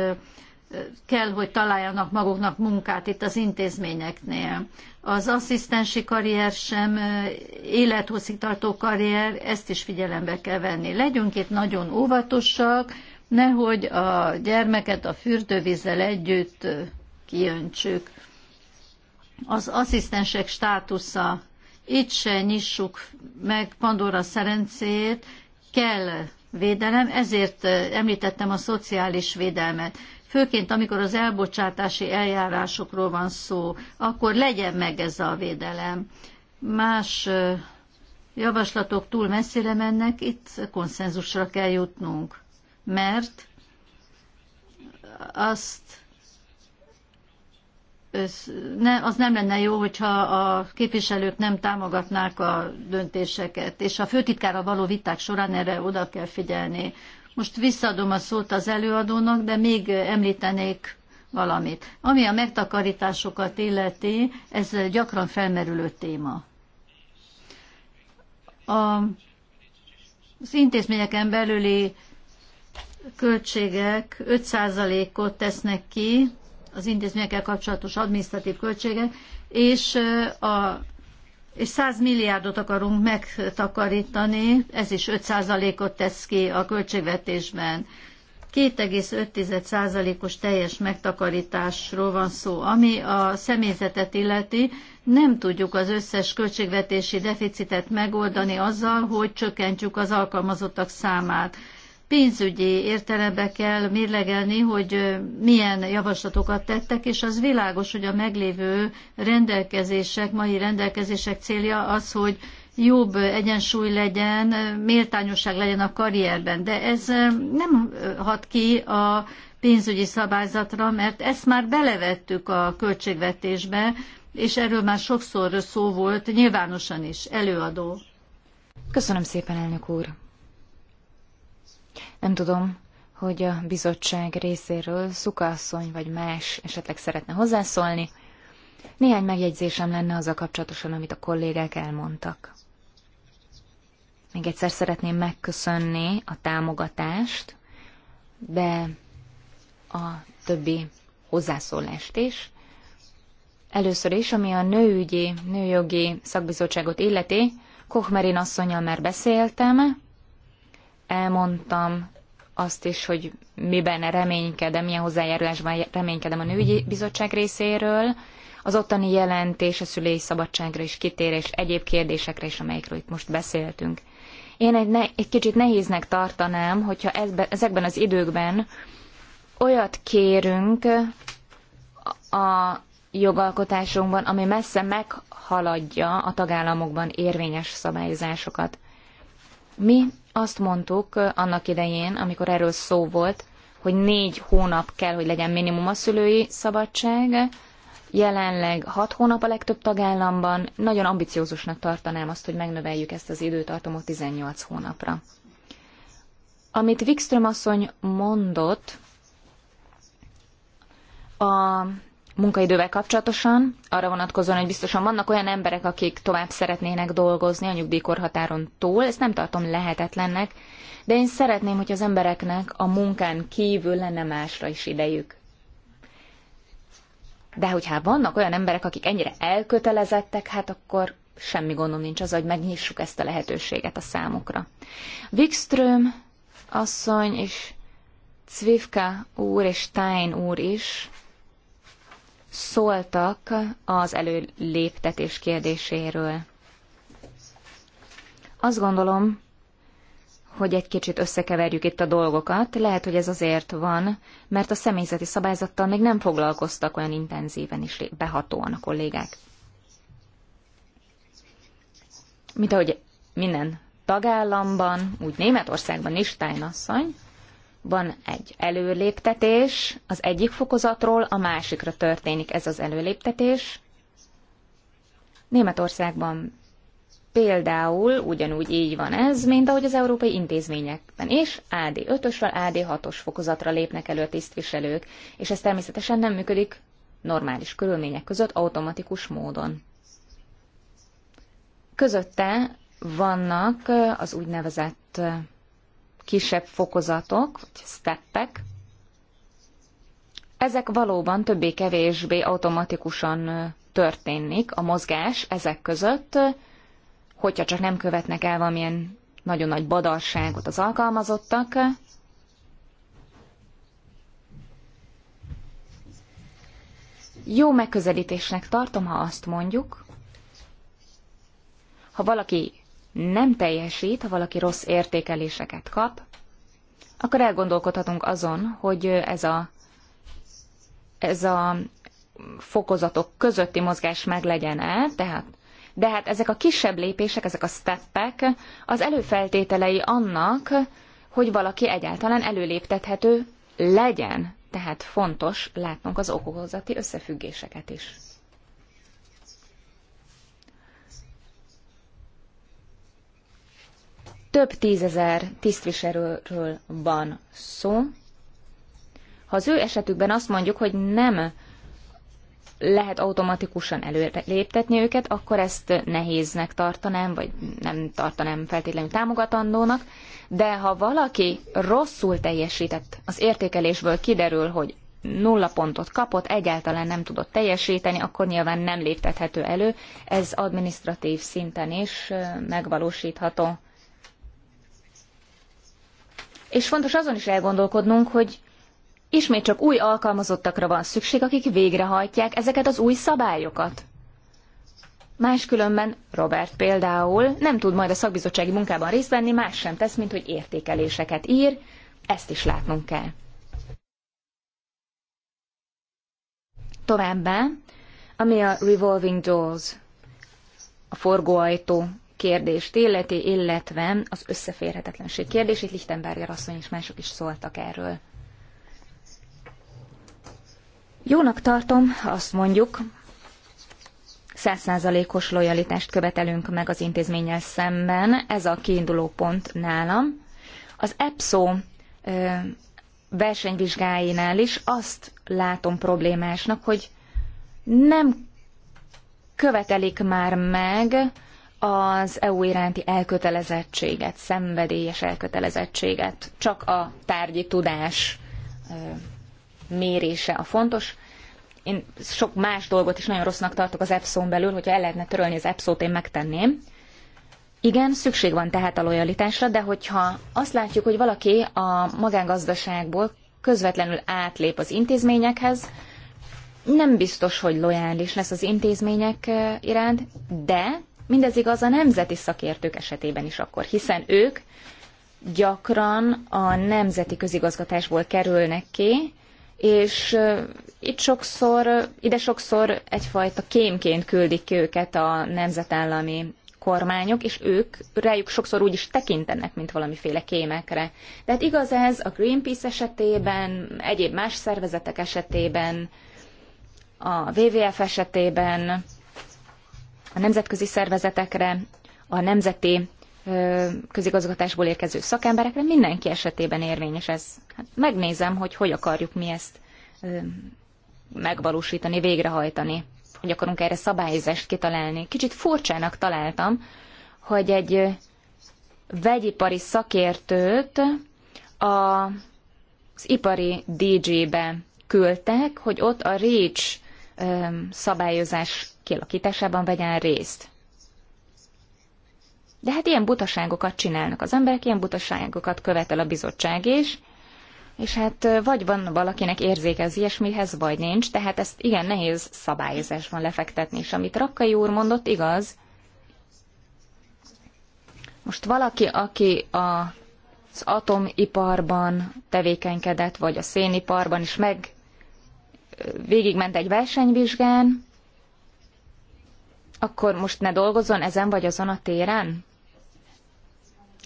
[SPEAKER 3] kell, hogy találjanak maguknak munkát itt az intézményeknél. Az asszisztensi karrier sem élethosszígtartó karrier, ezt is figyelembe kell venni. Legyünk itt nagyon óvatosak, nehogy a gyermeket a fürdővízzel együtt kijöntsük. Az asszisztensek státusza. Itt se nyissuk meg Pandora szerencét, kell védelem, ezért említettem a szociális védelmet főként amikor az elbocsátási eljárásokról van szó, akkor legyen meg ez a védelem. Más javaslatok túl messzire mennek, itt konszenzusra kell jutnunk, mert azt ne, az nem lenne jó, hogyha a képviselők nem támogatnák a döntéseket, és a főtitkára való viták során erre oda kell figyelni. Most visszadom a szót az előadónak, de még említenék valamit. Ami a megtakarításokat illeti, ez gyakran felmerülő téma. A, az intézményeken belüli költségek 5%-ot tesznek ki, az intézményekkel kapcsolatos adminisztratív költségek, és a és 100 milliárdot akarunk megtakarítani, ez is 5%-ot tesz ki a költségvetésben. 2,5%-os teljes megtakarításról van szó, ami a személyzetet illeti. Nem tudjuk az összes költségvetési deficitet megoldani azzal, hogy csökkentjük az alkalmazottak számát pénzügyi értelembe kell mérlegelni, hogy milyen javaslatokat tettek, és az világos, hogy a meglévő rendelkezések, mai rendelkezések célja az, hogy jobb egyensúly legyen, méltányosság legyen a karrierben. De ez nem hat ki a pénzügyi szabályzatra, mert ezt már belevettük a költségvetésbe, és erről már sokszor szó volt, nyilvánosan is, előadó.
[SPEAKER 2] Köszönöm szépen, elnök úr! Nem tudom, hogy a bizottság részéről Szukasszony vagy más esetleg szeretne hozzászólni. Néhány megjegyzésem lenne az a kapcsolatosan, amit a kollégák elmondtak. Még egyszer szeretném megköszönni a támogatást, de a többi hozzászólást is. Először is, ami a nőügyi, nőjogi szakbizottságot illeti, Kochmerin asszonyjal már beszéltem, elmondtam azt is, hogy miben reménykedem, milyen hozzájárulásban reménykedem a nőügyi bizottság részéről. Az ottani jelentés a szülés szabadságra is kitér, és egyéb kérdésekre is, amelyekről itt most beszéltünk. Én egy, ne, egy kicsit nehéznek tartanám, hogyha ezbe, ezekben az időkben olyat kérünk a jogalkotásunkban, ami messze meghaladja a tagállamokban érvényes szabályozásokat. Mi azt mondtuk annak idején, amikor erről szó volt, hogy négy hónap kell, hogy legyen minimum a szülői szabadság, jelenleg hat hónap a legtöbb tagállamban, nagyon ambiciózusnak tartanám azt, hogy megnöveljük ezt az időtartamot 18 hónapra. Amit Wikström asszony mondott, a munkaidővel kapcsolatosan, arra vonatkozóan, hogy biztosan vannak olyan emberek, akik tovább szeretnének dolgozni a nyugdíjkorhatáron túl, ezt nem tartom lehetetlennek, de én szeretném, hogy az embereknek a munkán kívül lenne másra is idejük. De hogyha vannak olyan emberek, akik ennyire elkötelezettek, hát akkor semmi gondom nincs az, hogy megnyissuk ezt a lehetőséget a számukra. Wikström asszony és Zwifka úr és Stein úr is szóltak az előléptetés kérdéséről. Azt gondolom, hogy egy kicsit összekeverjük itt a dolgokat. Lehet, hogy ez azért van, mert a személyzeti szabályzattal még nem foglalkoztak olyan intenzíven is, behatóan a kollégák. Mint ahogy minden tagállamban, úgy Németországban is, Tájnasszony, van egy előléptetés, az egyik fokozatról a másikra történik ez az előléptetés. Németországban például ugyanúgy így van ez, mint ahogy az európai intézményekben is AD 5-ösről AD 6-os fokozatra lépnek elő a tisztviselők, és ez természetesen nem működik normális körülmények között automatikus módon. Közötte vannak az úgynevezett kisebb fokozatok, vagy steppek, ezek valóban többé-kevésbé automatikusan történik, a mozgás ezek között, hogyha csak nem követnek el valamilyen nagyon nagy badarságot az alkalmazottak, Jó megközelítésnek tartom, ha azt mondjuk, ha valaki nem teljesít, ha valaki rossz értékeléseket kap, akkor elgondolkodhatunk azon, hogy ez a, ez a fokozatok közötti mozgás meg legyen-e, tehát de hát ezek a kisebb lépések, ezek a steppek az előfeltételei annak, hogy valaki egyáltalán előléptethető legyen. Tehát fontos látnunk az okozati összefüggéseket is. Több tízezer tisztviselőről van szó. Ha az ő esetükben azt mondjuk, hogy nem lehet automatikusan előléptetni őket, akkor ezt nehéznek tartanám, vagy nem tartanám feltétlenül támogatandónak, de ha valaki rosszul teljesített, az értékelésből kiderül, hogy nulla pontot kapott, egyáltalán nem tudott teljesíteni, akkor nyilván nem léptethető elő. Ez administratív szinten is megvalósítható és fontos azon is elgondolkodnunk, hogy ismét csak új alkalmazottakra van szükség, akik végrehajtják ezeket az új szabályokat. Máskülönben Robert például nem tud majd a szakbizottsági munkában részt venni, más sem tesz, mint hogy értékeléseket ír, ezt is látnunk kell. Továbbá, ami a revolving doors, a forgóajtó kérdést illeti, illetve az összeférhetetlenség kérdését. Lichtenberger asszony és mások is szóltak erről. Jónak tartom, ha azt mondjuk, százszázalékos lojalitást követelünk meg az intézménnyel szemben, ez a kiinduló pont nálam. Az EPSO ö, versenyvizsgáinál is azt látom problémásnak, hogy nem követelik már meg az EU iránti elkötelezettséget, szenvedélyes elkötelezettséget. Csak a tárgyi tudás mérése a fontos. Én sok más dolgot is nagyon rossznak tartok az EPSZ-on belül, hogyha el lehetne törölni az epsz t én megtenném. Igen, szükség van tehát a lojalitásra, de hogyha azt látjuk, hogy valaki a magángazdaságból közvetlenül átlép az intézményekhez, nem biztos, hogy lojális lesz az intézmények iránt, de mindez igaz a nemzeti szakértők esetében is akkor, hiszen ők gyakran a nemzeti közigazgatásból kerülnek ki, és itt sokszor, ide sokszor egyfajta kémként küldik ki őket a nemzetállami kormányok, és ők rájuk sokszor úgy is tekintenek, mint valamiféle kémekre. Tehát igaz ez a Greenpeace esetében, egyéb más szervezetek esetében, a WWF esetében, a nemzetközi szervezetekre, a nemzeti közigazgatásból érkező szakemberekre, mindenki esetében érvényes ez. Hát megnézem, hogy hogy akarjuk mi ezt megvalósítani, végrehajtani, hogy akarunk erre szabályozást kitalálni. Kicsit furcsának találtam, hogy egy vegyipari szakértőt a, az ipari DJ-be küldtek, hogy ott a REACH szabályozás kialakításában vegyen részt. De hát ilyen butaságokat csinálnak az emberek, ilyen butaságokat követel a bizottság is, és hát vagy van valakinek érzéke az ilyesmihez, vagy nincs, tehát ezt igen nehéz szabályozásban lefektetni. És amit Rakkai úr mondott, igaz. Most valaki, aki a, az atomiparban tevékenykedett, vagy a széniparban is meg végigment egy versenyvizsgán, akkor most ne dolgozzon ezen vagy azon a téren?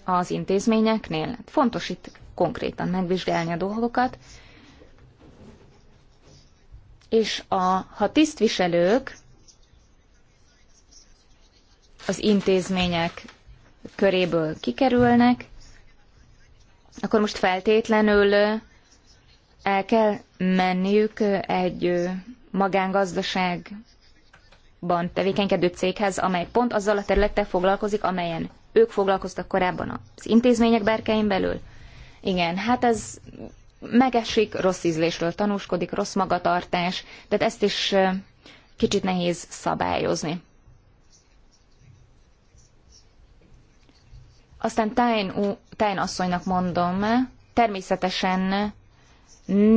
[SPEAKER 2] Az intézményeknél? Hát fontos itt konkrétan megvizsgálni a dolgokat. És a, ha tisztviselők az intézmények köréből kikerülnek, akkor most feltétlenül el kell menniük egy magángazdaság ban tevékenykedő céghez, amely pont azzal a területtel foglalkozik, amelyen ők foglalkoztak korábban az intézmények berkein belül? Igen, hát ez megesik, rossz ízlésről tanúskodik, rossz magatartás, tehát ezt is kicsit nehéz szabályozni. Aztán Tájn, Tájn asszonynak mondom, természetesen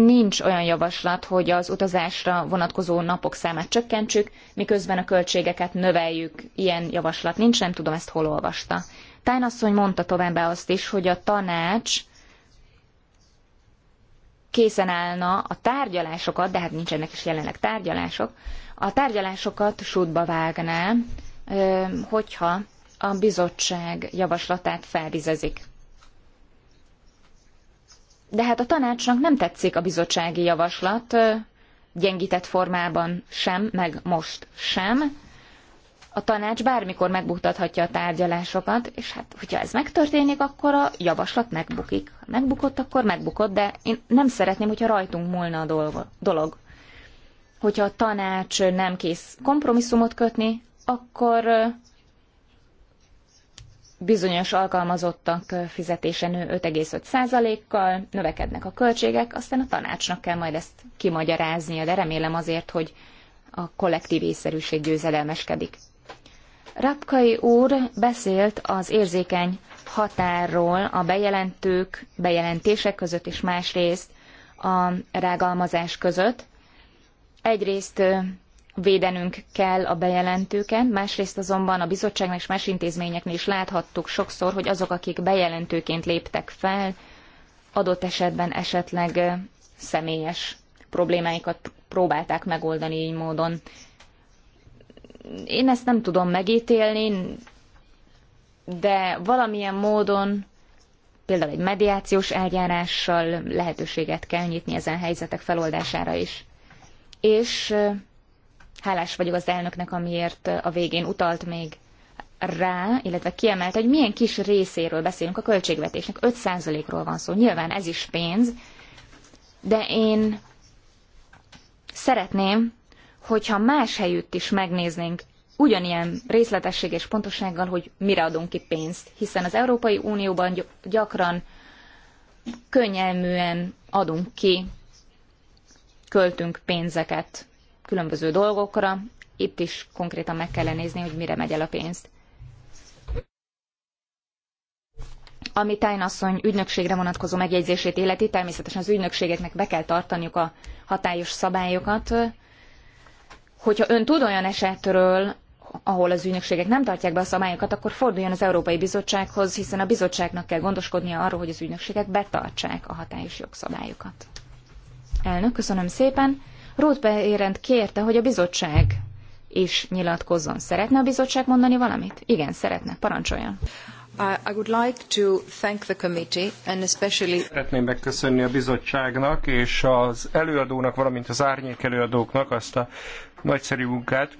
[SPEAKER 2] nincs olyan javaslat, hogy az utazásra vonatkozó napok számát csökkentsük, miközben a költségeket növeljük. Ilyen javaslat nincs, nem tudom, ezt hol olvasta. Tán asszony mondta továbbá azt is, hogy a tanács készen állna a tárgyalásokat, de hát nincsenek is jelenleg tárgyalások, a tárgyalásokat sútba vágná, hogyha a bizottság javaslatát felvizezik de hát a tanácsnak nem tetszik a bizottsági javaslat, gyengített formában sem, meg most sem. A tanács bármikor megbuktathatja a tárgyalásokat, és hát, hogyha ez megtörténik, akkor a javaslat megbukik. Ha megbukott, akkor megbukott, de én nem szeretném, hogyha rajtunk múlna a dolog. Hogyha a tanács nem kész kompromisszumot kötni, akkor bizonyos alkalmazottak fizetése nő 5,5%-kal, növekednek a költségek, aztán a tanácsnak kell majd ezt kimagyaráznia, de remélem azért, hogy a kollektív észszerűség győzedelmeskedik. Rapkai úr beszélt az érzékeny határról a bejelentők, bejelentések között és másrészt a rágalmazás között. Egyrészt védenünk kell a bejelentőket, másrészt azonban a bizottságnak és más intézményeknél is láthattuk sokszor, hogy azok, akik bejelentőként léptek fel, adott esetben esetleg személyes problémáikat próbálták megoldani így módon. Én ezt nem tudom megítélni, de valamilyen módon, például egy mediációs eljárással lehetőséget kell nyitni ezen helyzetek feloldására is. És Hálás vagyok az elnöknek, amiért a végén utalt még rá, illetve kiemelte, hogy milyen kis részéről beszélünk a költségvetésnek. 5%-ról van szó. Nyilván ez is pénz, de én szeretném, hogyha más helyütt is megnéznénk ugyanilyen részletesség és pontosággal, hogy mire adunk ki pénzt, hiszen az Európai Unióban gyakran könnyelműen adunk ki, költünk pénzeket különböző dolgokra. Itt is konkrétan meg kellene nézni, hogy mire megy el a pénzt. Ami Tájnasszony ügynökségre vonatkozó megjegyzését illeti, természetesen az ügynökségeknek be kell tartaniuk a hatályos szabályokat. Hogyha ön tud olyan esetről, ahol az ügynökségek nem tartják be a szabályokat, akkor forduljon az Európai Bizottsághoz, hiszen a bizottságnak kell gondoskodnia arról, hogy az ügynökségek betartsák a hatályos jogszabályokat. Elnök, köszönöm szépen. Ruth Beérend kérte, hogy a bizottság is nyilatkozzon. Szeretne a bizottság mondani valamit? Igen, szeretne. Parancsoljon. I would like
[SPEAKER 1] to thank the committee and especially... Szeretném megköszönni a bizottságnak és az előadónak, valamint az árnyék előadóknak azt a nagyszerű munkát,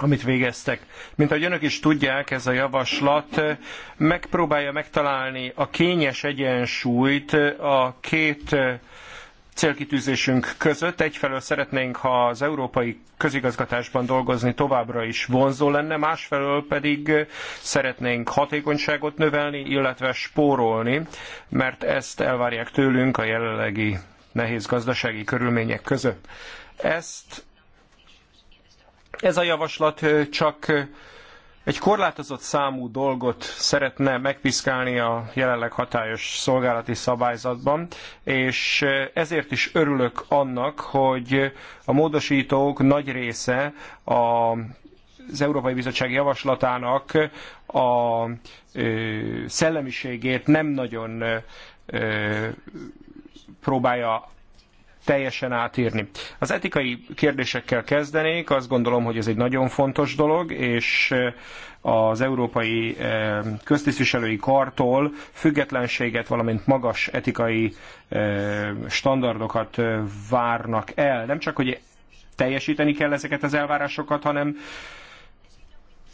[SPEAKER 1] amit végeztek. Mint ahogy önök is tudják, ez a javaslat eh, megpróbálja megtalálni a kényes egyensúlyt eh, a két eh, célkitűzésünk között. Egyfelől szeretnénk, ha az európai közigazgatásban dolgozni továbbra is vonzó lenne, másfelől pedig szeretnénk hatékonyságot növelni, illetve spórolni, mert ezt elvárják tőlünk a jelenlegi nehéz gazdasági körülmények között. Ezt ez a javaslat csak egy korlátozott számú dolgot szeretne megpiszkálni a jelenleg hatályos szolgálati szabályzatban, és ezért is örülök annak, hogy a módosítók nagy része a az Európai Bizottság javaslatának a ö, szellemiségét nem nagyon ö, próbálja teljesen átírni. Az etikai kérdésekkel kezdenék, azt gondolom, hogy ez egy nagyon fontos dolog, és eh, az európai eh, köztisztviselői kartól függetlenséget, valamint magas etikai eh, standardokat várnak el. Nem csak, hogy teljesíteni kell ezeket az elvárásokat, hanem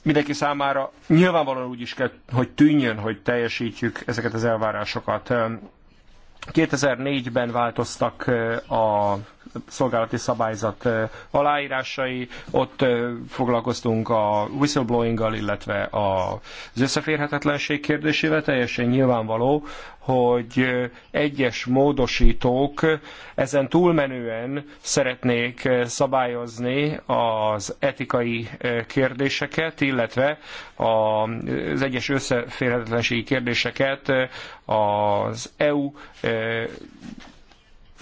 [SPEAKER 1] mindenki számára nyilvánvalóan úgy is kell, hogy tűnjön, hogy teljesítjük ezeket az elvárásokat. 2004-ben változtak a szolgálati szabályzat aláírásai, ott foglalkoztunk a whistleblowing-gal, illetve az összeférhetetlenség kérdésével, teljesen nyilvánvaló, hogy egyes módosítók ezen túlmenően szeretnék szabályozni az etikai kérdéseket, illetve az egyes összeférhetetlenségi kérdéseket az EU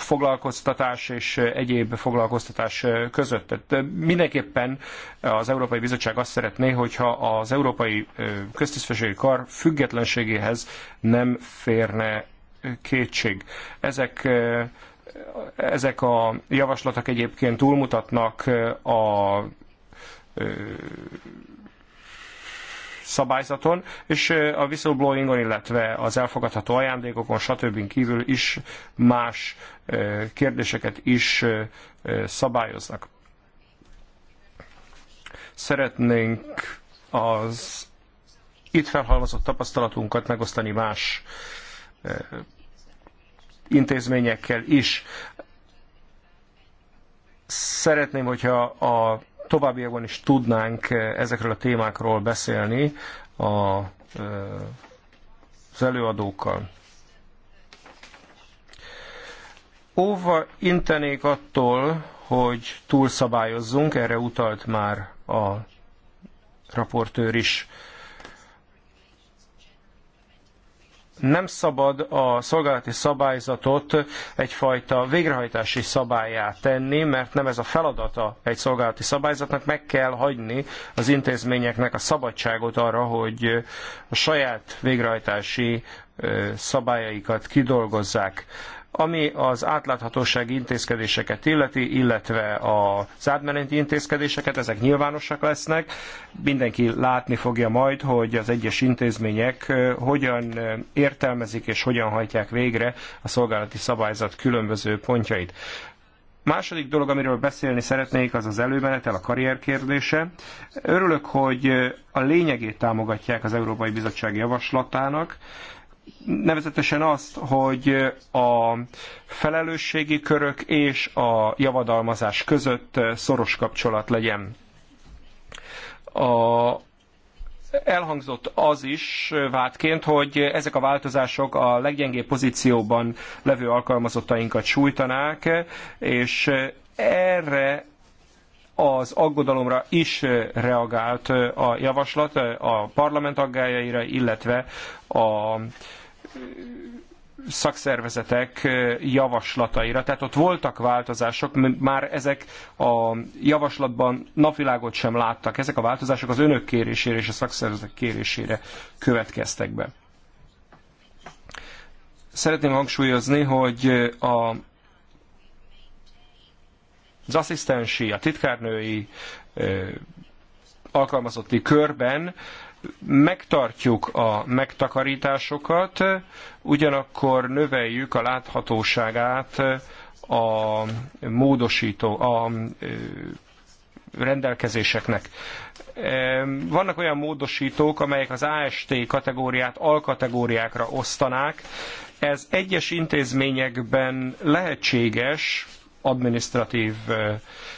[SPEAKER 1] foglalkoztatás és egyéb foglalkoztatás között. Tehát mindenképpen az Európai Bizottság azt szeretné, hogyha az Európai Köztisztviselői Kar függetlenségéhez nem férne kétség. Ezek ezek a javaslatok egyébként túlmutatnak a szabályzaton, és a whistleblowingon, illetve az elfogadható ajándékokon, stb. kívül is más kérdéseket is szabályoznak. Szeretnénk az itt felhalmozott tapasztalatunkat megosztani más intézményekkel is. Szeretném, hogyha a továbbiakban is tudnánk eh, ezekről a témákról beszélni a, eh, az előadókkal. Óva intenék attól, hogy túlszabályozzunk, erre utalt már a raportőr is. nem szabad a szolgálati szabályzatot egyfajta végrehajtási szabályá tenni, mert nem ez a feladata egy szolgálati szabályzatnak, meg kell hagyni az intézményeknek a szabadságot arra, hogy a saját végrehajtási szabályaikat kidolgozzák. Ami az átláthatósági intézkedéseket illeti, illetve az átmeneti intézkedéseket, ezek nyilvánosak lesznek. Mindenki látni fogja majd, hogy az egyes intézmények hogyan értelmezik és hogyan hajtják végre a szolgálati szabályzat különböző pontjait. Második dolog, amiről beszélni szeretnék, az az előmenetel, a karrier kérdése. Örülök, hogy a lényegét támogatják az Európai Bizottság javaslatának nevezetesen azt, hogy a felelősségi körök és a javadalmazás között szoros kapcsolat legyen. A, elhangzott az is vádként, hogy ezek a változások a leggyengébb pozícióban levő alkalmazottainkat sújtanák, és erre az aggodalomra is eh, reagált eh, a javaslat, eh, a parlament aggájaira, illetve a szakszervezetek javaslataira. Tehát ott voltak változások, már ezek a javaslatban napvilágot sem láttak. Ezek a változások az önök kérésére és a szakszervezetek kérésére következtek be. Szeretném hangsúlyozni, hogy a az asszisztensi, a titkárnői alkalmazotti körben megtartjuk a megtakarításokat, ugyanakkor növeljük a láthatóságát a módosító, a rendelkezéseknek. Vannak olyan módosítók, amelyek az AST kategóriát alkategóriákra osztanák. Ez egyes intézményekben lehetséges, administratív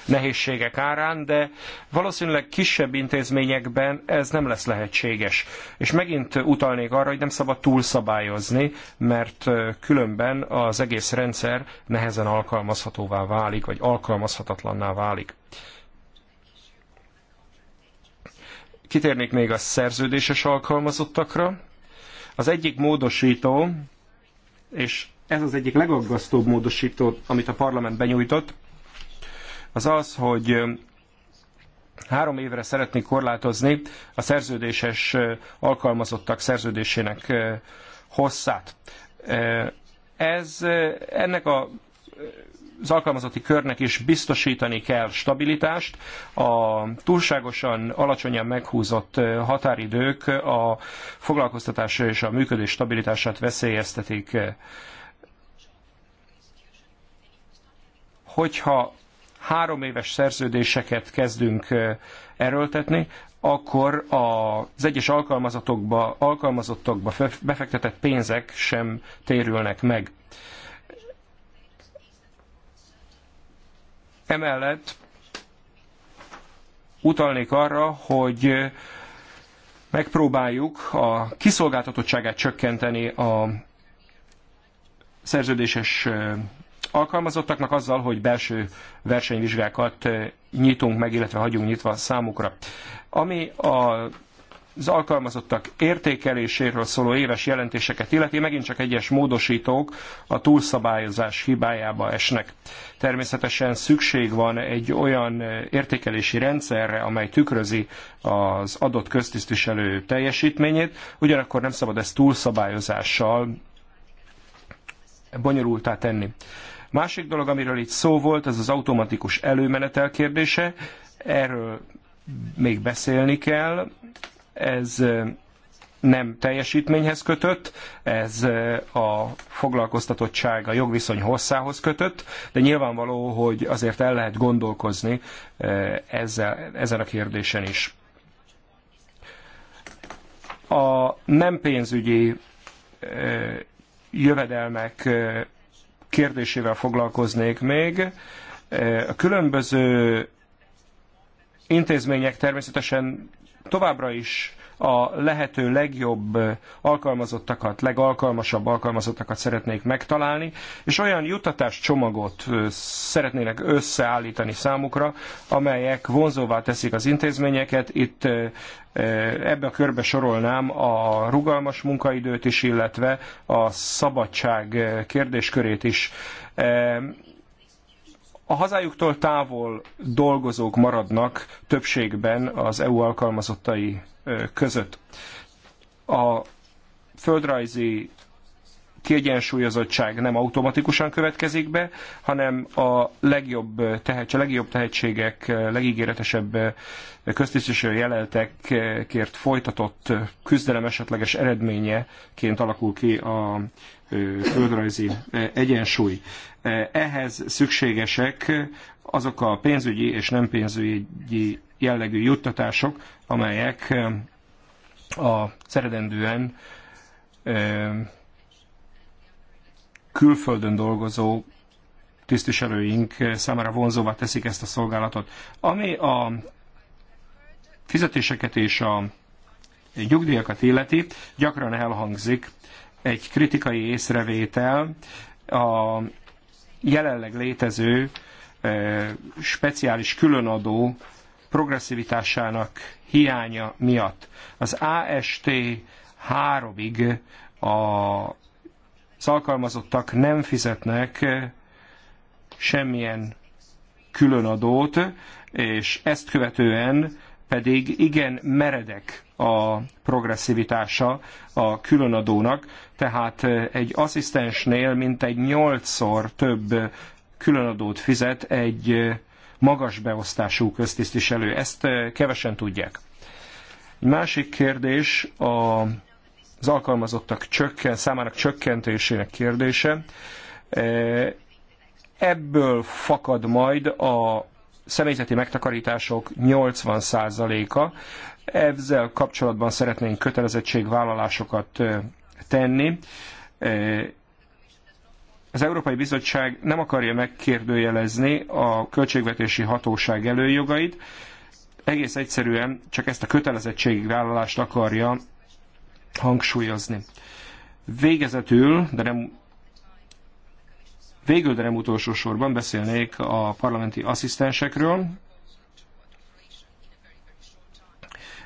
[SPEAKER 1] nehézségek árán, de valószínűleg kisebb intézményekben ez nem lesz lehetséges. És megint utalnék arra, hogy nem szabad túlszabályozni, mert különben az egész rendszer nehezen alkalmazhatóvá válik, vagy alkalmazhatatlanná válik. Kitérnék még a szerződéses alkalmazottakra. Az egyik módosító, és ez az egyik legaggasztóbb módosító, amit a parlament benyújtott, az az, hogy három évre szeretné korlátozni a szerződéses alkalmazottak szerződésének hosszát. Ez ennek a az alkalmazotti körnek is biztosítani kell stabilitást. A túlságosan alacsonyan meghúzott határidők a foglalkoztatás és a működés stabilitását veszélyeztetik. hogyha három éves szerződéseket kezdünk erőltetni, akkor az egyes alkalmazatokba, alkalmazottokba befektetett pénzek sem térülnek meg. Emellett utalnék arra, hogy megpróbáljuk a kiszolgáltatottságát csökkenteni a szerződéses alkalmazottaknak azzal, hogy belső versenyvizsgákat eh, nyitunk meg, illetve hagyunk nyitva számukra. Ami a az alkalmazottak értékeléséről szóló éves jelentéseket illeti, megint csak egyes módosítók a túlszabályozás hibájába esnek. Természetesen szükség van egy olyan eh, értékelési rendszerre, amely tükrözi az adott köztisztviselő teljesítményét, ugyanakkor nem szabad ezt túlszabályozással bonyolultá tenni. Másik dolog, amiről itt szó volt, ez az automatikus előmenetel kérdése. Erről még beszélni kell. Ez nem teljesítményhez kötött, ez a foglalkoztatottság a jogviszony hosszához kötött, de nyilvánvaló, hogy azért el lehet gondolkozni ezzel, ezen a kérdésen is. A nem pénzügyi jövedelmek kérdésével foglalkoznék még. E, a különböző intézmények természetesen továbbra is a lehető legjobb alkalmazottakat, legalkalmasabb alkalmazottakat szeretnék megtalálni, és olyan juttatás csomagot szeretnének összeállítani számukra, amelyek vonzóvá teszik az intézményeket. Itt ebbe a körbe sorolnám a rugalmas munkaidőt is, illetve a szabadság kérdéskörét is a hazájuktól távol dolgozók maradnak többségben az EU alkalmazottai között. A földrajzi kiegyensúlyozottság nem automatikusan következik be, hanem a legjobb, tehetség, legjobb tehetségek, legígéretesebb köztisztviselő jelöltekért folytatott küzdelem esetleges eredményeként alakul ki a földrajzi egyensúly. Ehhez szükségesek azok a pénzügyi és nem pénzügyi jellegű juttatások, amelyek a szeredendően külföldön dolgozó tisztviselőink számára vonzóvá teszik ezt a szolgálatot. Ami a fizetéseket és a nyugdíjakat illeti, gyakran elhangzik egy kritikai észrevétel a jelenleg létező speciális különadó progresszivitásának hiánya miatt. Az AST 3-ig a, az alkalmazottak nem fizetnek semmilyen különadót, és ezt követően pedig igen meredek a progresszivitása a különadónak, tehát egy asszisztensnél mintegy nyolcszor több különadót fizet egy magas beosztású köztisztviselő. Ezt kevesen tudják. Egy másik kérdés a, az alkalmazottak csökken, számának csökkentésének kérdése. Ebből fakad majd a személyzeti megtakarítások 80%-a. Ezzel kapcsolatban szeretnénk kötelezettségvállalásokat tenni az Európai Bizottság nem akarja megkérdőjelezni a költségvetési hatóság előjogait, egész egyszerűen csak ezt a kötelezettségvállalást akarja hangsúlyozni. Végezetül, de nem Végül, de nem utolsó sorban beszélnék a parlamenti asszisztensekről.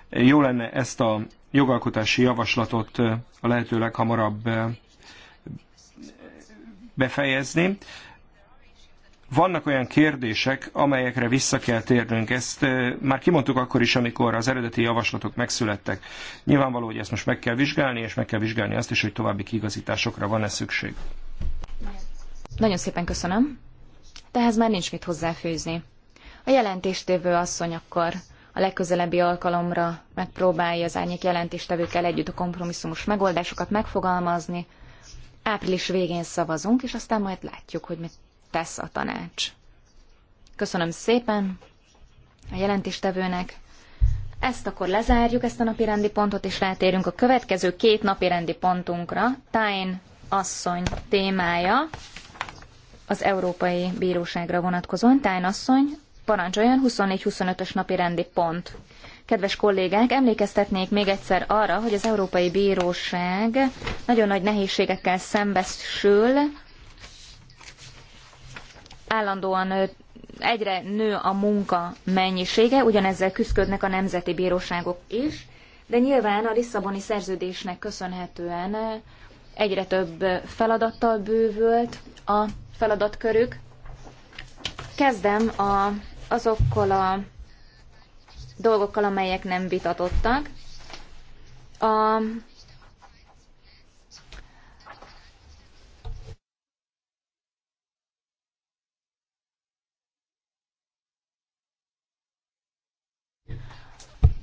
[SPEAKER 1] Jó lenne ezt a jogalkotási javaslatot a lehető leghamarabb befejezni. Vannak olyan kérdések, amelyekre vissza kell térnünk. Ezt már kimondtuk akkor is, amikor az eredeti javaslatok megszülettek. Nyilvánvaló, hogy ezt most meg kell vizsgálni, és meg kell vizsgálni azt is, hogy további kiigazításokra van-e szükség.
[SPEAKER 2] Nagyon szépen köszönöm. Tehez már nincs mit hozzáfőzni. A jelentéstévő asszony akkor a legközelebbi alkalomra megpróbálja az árnyék jelentéstevőkkel együtt a kompromisszumos megoldásokat megfogalmazni, április végén szavazunk, és aztán majd látjuk, hogy mit tesz a tanács. Köszönöm szépen a jelentéstevőnek. Ezt akkor lezárjuk, ezt a napirendi pontot, és rátérünk a következő két napirendi pontunkra. Tájn asszony témája az Európai Bíróságra vonatkozóan. Tájn asszony, parancsoljon 24-25-ös napirendi pont. Kedves kollégák, emlékeztetnék még egyszer arra, hogy az Európai Bíróság nagyon nagy nehézségekkel szembesül, állandóan egyre nő a munka mennyisége, ugyanezzel küzdködnek a nemzeti bíróságok is, de nyilván a Lisszaboni szerződésnek köszönhetően egyre több feladattal bővült a feladatkörük. Kezdem a, azokkal a dolgokkal, amelyek nem vitatottak. A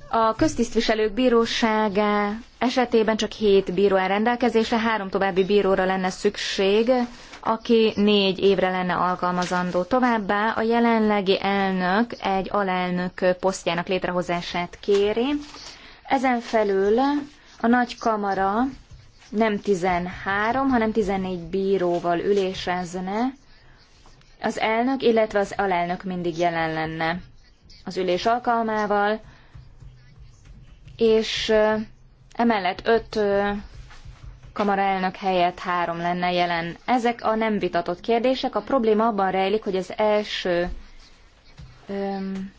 [SPEAKER 2] A köztisztviselők bírósága esetében csak hét bíró áll rendelkezésre, három további bíróra lenne szükség aki négy évre lenne alkalmazandó. Továbbá a jelenlegi elnök egy alelnök posztjának létrehozását kéri. Ezen felül a nagy kamara nem 13, hanem 14 bíróval ülésezne, az elnök, illetve az alelnök mindig jelen lenne az ülés alkalmával, és emellett öt kamaraelnök helyett három lenne jelen. Ezek a nem vitatott kérdések. A probléma abban rejlik, hogy az első öm,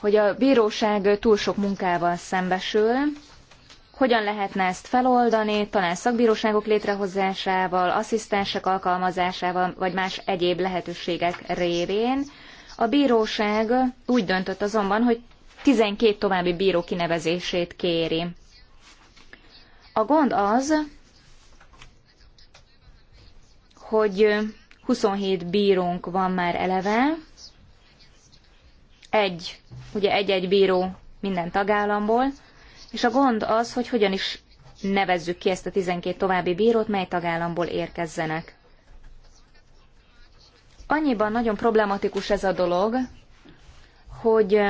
[SPEAKER 2] hogy a bíróság túl sok munkával szembesül, hogyan lehetne ezt feloldani, talán szakbíróságok létrehozásával, asszisztensek alkalmazásával, vagy más egyéb lehetőségek révén. A bíróság úgy döntött azonban, hogy 12 további bíró kinevezését kéri. A gond az, hogy 27 bírónk van már eleve, egy, ugye egy-egy bíró minden tagállamból, és a gond az, hogy hogyan is nevezzük ki ezt a 12 további bírót, mely tagállamból érkezzenek. Annyiban nagyon problematikus ez a dolog, hogy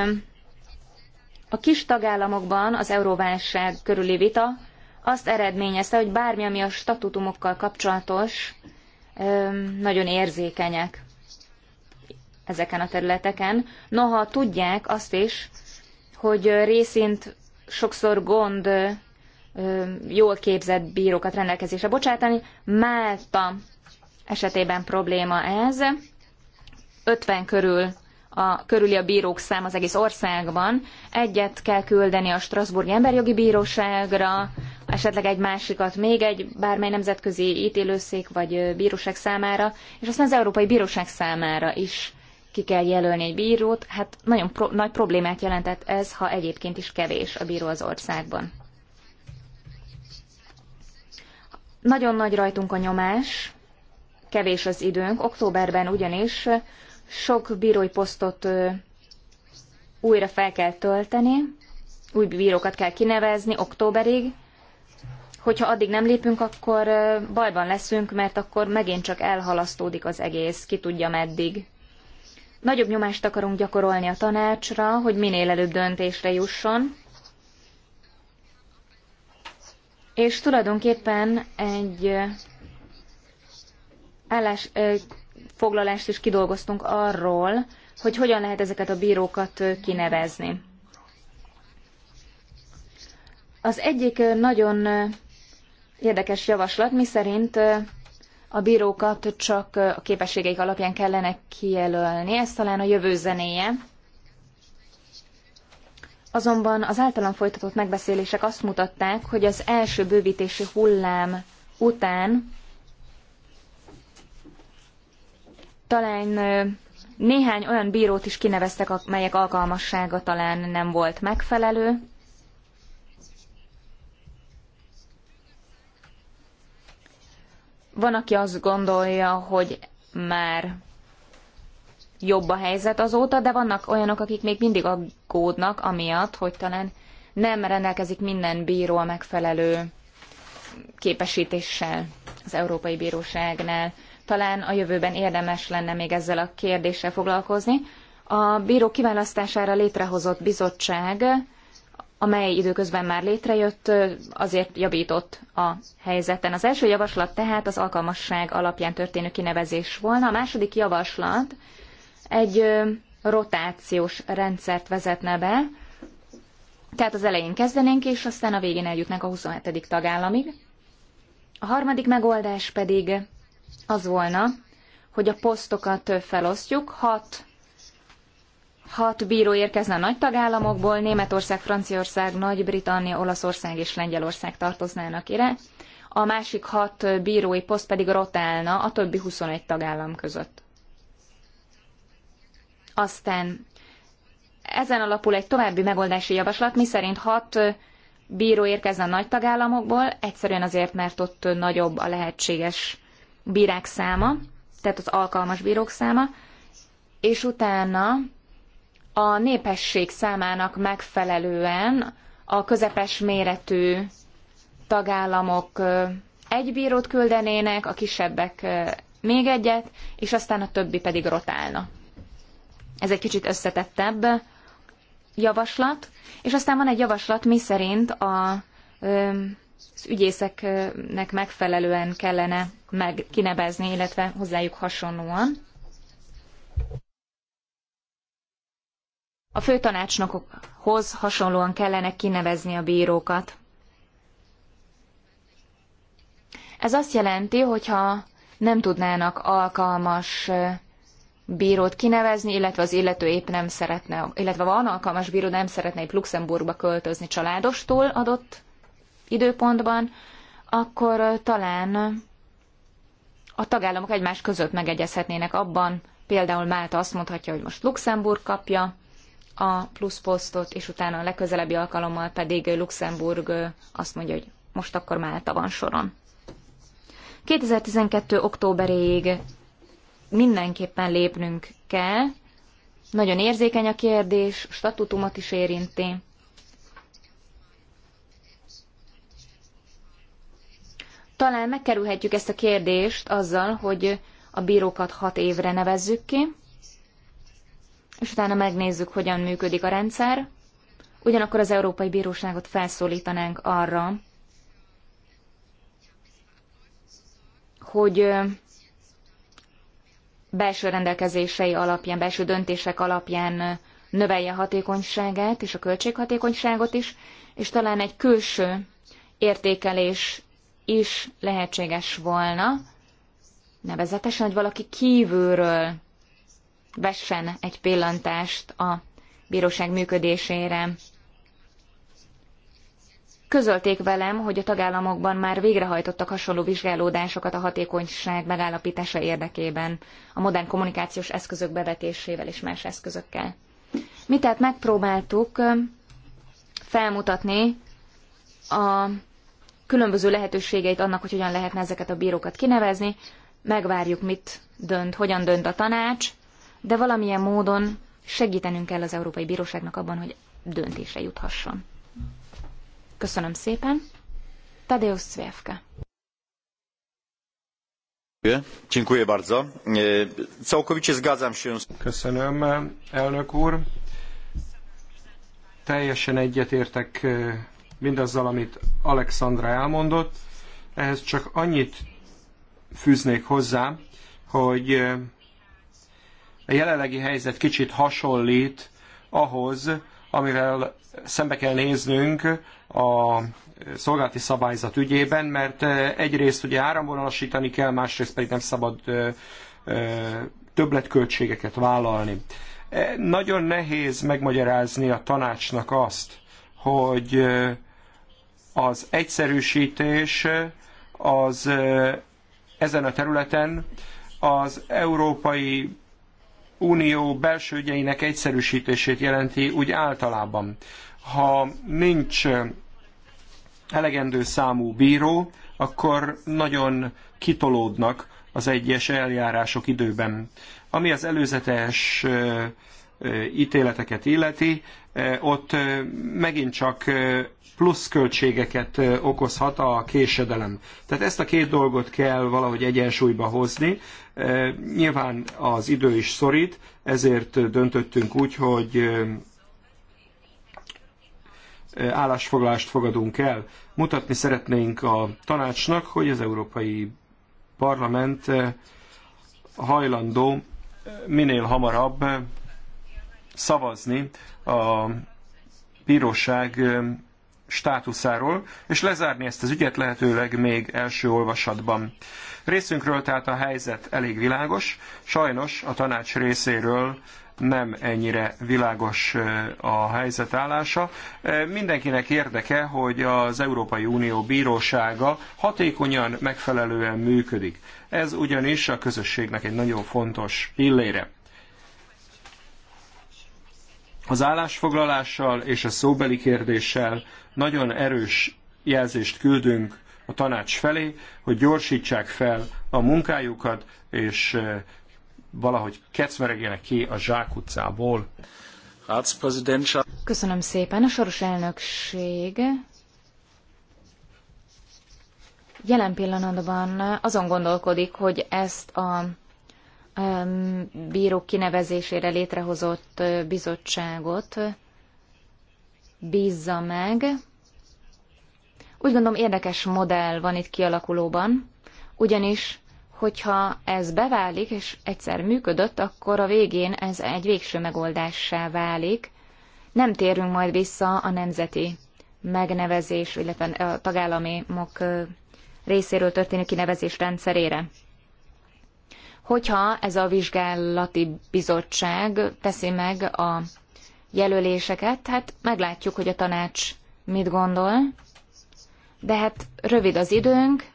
[SPEAKER 2] a kis tagállamokban az euróválság körüli vita azt eredményezte, hogy bármi, ami a statutumokkal kapcsolatos, nagyon érzékenyek ezeken a területeken. Noha tudják azt is, hogy részint sokszor gond jól képzett bírókat rendelkezésre bocsátani. Málta esetében probléma ez. 50 körül a, körüli a bírók szám az egész országban. Egyet kell küldeni a Strasburgi Emberjogi Bíróságra, esetleg egy másikat még egy bármely nemzetközi ítélőszék vagy bíróság számára, és aztán az Európai Bíróság számára is ki kell jelölni egy bírót. Hát nagyon pro nagy problémát jelentett ez, ha egyébként is kevés a bíró az országban. Nagyon nagy rajtunk a nyomás, kevés az időnk. Októberben ugyanis sok bírói posztot újra fel kell tölteni, új bírókat kell kinevezni októberig. Hogyha addig nem lépünk, akkor bajban leszünk, mert akkor megint csak elhalasztódik az egész, ki tudja meddig. Nagyobb nyomást akarunk gyakorolni a tanácsra, hogy minél előbb döntésre jusson. És tulajdonképpen egy állás foglalást is kidolgoztunk arról, hogy hogyan lehet ezeket a bírókat kinevezni. Az egyik nagyon érdekes javaslat, miszerint a bírókat csak a képességeik alapján kellene kijelölni, ez talán a jövő zenéje. Azonban az általam folytatott megbeszélések azt mutatták, hogy az első bővítési hullám után talán néhány olyan bírót is kineveztek, melyek alkalmassága talán nem volt megfelelő. Van, aki azt gondolja, hogy már jobb a helyzet azóta, de vannak olyanok, akik még mindig aggódnak amiatt, hogy talán nem rendelkezik minden bíró a megfelelő képesítéssel az Európai Bíróságnál talán a jövőben érdemes lenne még ezzel a kérdéssel foglalkozni. A bíró kiválasztására létrehozott bizottság, amely időközben már létrejött, azért javított a helyzeten. Az első javaslat tehát az alkalmasság alapján történő kinevezés volna. A második javaslat egy rotációs rendszert vezetne be, tehát az elején kezdenénk, és aztán a végén eljutnánk a 27. tagállamig. A harmadik megoldás pedig az volna, hogy a posztokat felosztjuk, hat, hat bíró érkezne a nagy tagállamokból, Németország, Franciaország, Nagy-Britannia, Olaszország és Lengyelország tartoznának ide, a másik hat bírói poszt pedig rotálna a többi 21 tagállam között. Aztán ezen alapul egy további megoldási javaslat, miszerint hat bíró érkezne a nagy tagállamokból, egyszerűen azért, mert ott nagyobb a lehetséges bírák száma, tehát az alkalmas bírók száma, és utána a népesség számának megfelelően a közepes méretű tagállamok egy bírót küldenének, a kisebbek még egyet, és aztán a többi pedig rotálna. Ez egy kicsit összetettebb javaslat, és aztán van egy javaslat, mi szerint a az ügyészeknek megfelelően kellene meg kinevezni, illetve hozzájuk hasonlóan. A főtanácsnokhoz hasonlóan kellene kinevezni a bírókat. Ez azt jelenti, hogyha nem tudnának alkalmas bírót kinevezni, illetve az illető épp nem szeretne, illetve van alkalmas bíró, nem szeretne épp Luxemburgba költözni családostól adott időpontban, akkor talán a tagállamok egymás között megegyezhetnének abban, például Málta azt mondhatja, hogy most Luxemburg kapja a plusz posztot, és utána a legközelebbi alkalommal pedig Luxemburg azt mondja, hogy most akkor Málta van soron. 2012. októberéig mindenképpen lépnünk kell. Nagyon érzékeny a kérdés, statutumot is érinti. Talán megkerülhetjük ezt a kérdést azzal, hogy a bírókat hat évre nevezzük ki, és utána megnézzük, hogyan működik a rendszer. Ugyanakkor az Európai Bíróságot felszólítanánk arra, hogy belső rendelkezései alapján, belső döntések alapján növelje a hatékonyságát és a költséghatékonyságot is, és talán egy külső értékelés is lehetséges volna, nevezetesen, hogy valaki kívülről vessen egy pillantást a bíróság működésére. Közölték velem, hogy a tagállamokban már végrehajtottak hasonló vizsgálódásokat a hatékonyság megállapítása érdekében, a modern kommunikációs eszközök bevetésével és más eszközökkel. Mi tehát megpróbáltuk felmutatni a különböző lehetőségeit annak, hogy hogyan lehetne ezeket a bírókat kinevezni. Megvárjuk, mit dönt, hogyan dönt a tanács, de valamilyen módon segítenünk kell az Európai Bíróságnak abban, hogy döntésre juthasson. Köszönöm szépen. Tadeusz Cvjevka.
[SPEAKER 1] Dziękuję bardzo. Całkowicie zgadzam się. Köszönöm, elnök úr. Teljesen egyetértek mindazzal, amit Alexandra elmondott. Ehhez csak annyit fűznék hozzá, hogy a jelenlegi helyzet kicsit hasonlít ahhoz, amivel szembe kell néznünk a szolgálati szabályzat ügyében, mert egyrészt ugye áramvonalasítani kell, másrészt pedig nem szabad többletköltségeket vállalni. E, nagyon nehéz megmagyarázni a tanácsnak azt, hogy az egyszerűsítés az ezen a területen az Európai Unió belső ügyeinek egyszerűsítését jelenti úgy általában. Ha nincs elegendő számú bíró, akkor nagyon kitolódnak az egyes eljárások időben. Ami az előzetes ítéleteket illeti, Eh, ott eh, megint csak eh, plusz költségeket okozhat a késedelem. Tehát ezt a két dolgot kell valahogy egyensúlyba hozni. Nyilván az idő is szorít, ezért döntöttünk úgy, hogy állásfoglalást fogadunk el. Mutatni szeretnénk a tanácsnak, hogy az Európai Parlament hajlandó minél hamarabb szavazni a bíróság státuszáról, és lezárni ezt az ügyet lehetőleg még első olvasatban. Részünkről tehát a helyzet elég világos, sajnos a tanács részéről nem ennyire világos a helyzet állása. Mindenkinek érdeke, hogy az Európai Unió bírósága hatékonyan, megfelelően működik. Ez ugyanis a közösségnek egy nagyon fontos pillére. Az állásfoglalással és a szóbeli kérdéssel nagyon erős jelzést küldünk a tanács felé, hogy gyorsítsák fel a munkájukat, és eh, valahogy kecmeregjenek ki a zsákutcából.
[SPEAKER 2] Köszönöm szépen. A soros elnökség jelen pillanatban azon gondolkodik, hogy ezt a bírók kinevezésére létrehozott bizottságot bízza meg. Úgy gondolom érdekes modell van itt kialakulóban, ugyanis hogyha ez beválik, és egyszer működött, akkor a végén ez egy végső megoldássá válik. Nem térünk majd vissza a nemzeti megnevezés, illetve a tagállamok részéről történő kinevezés rendszerére hogyha ez a vizsgálati bizottság teszi meg a jelöléseket, hát meglátjuk, hogy a tanács mit gondol. De hát rövid az időnk,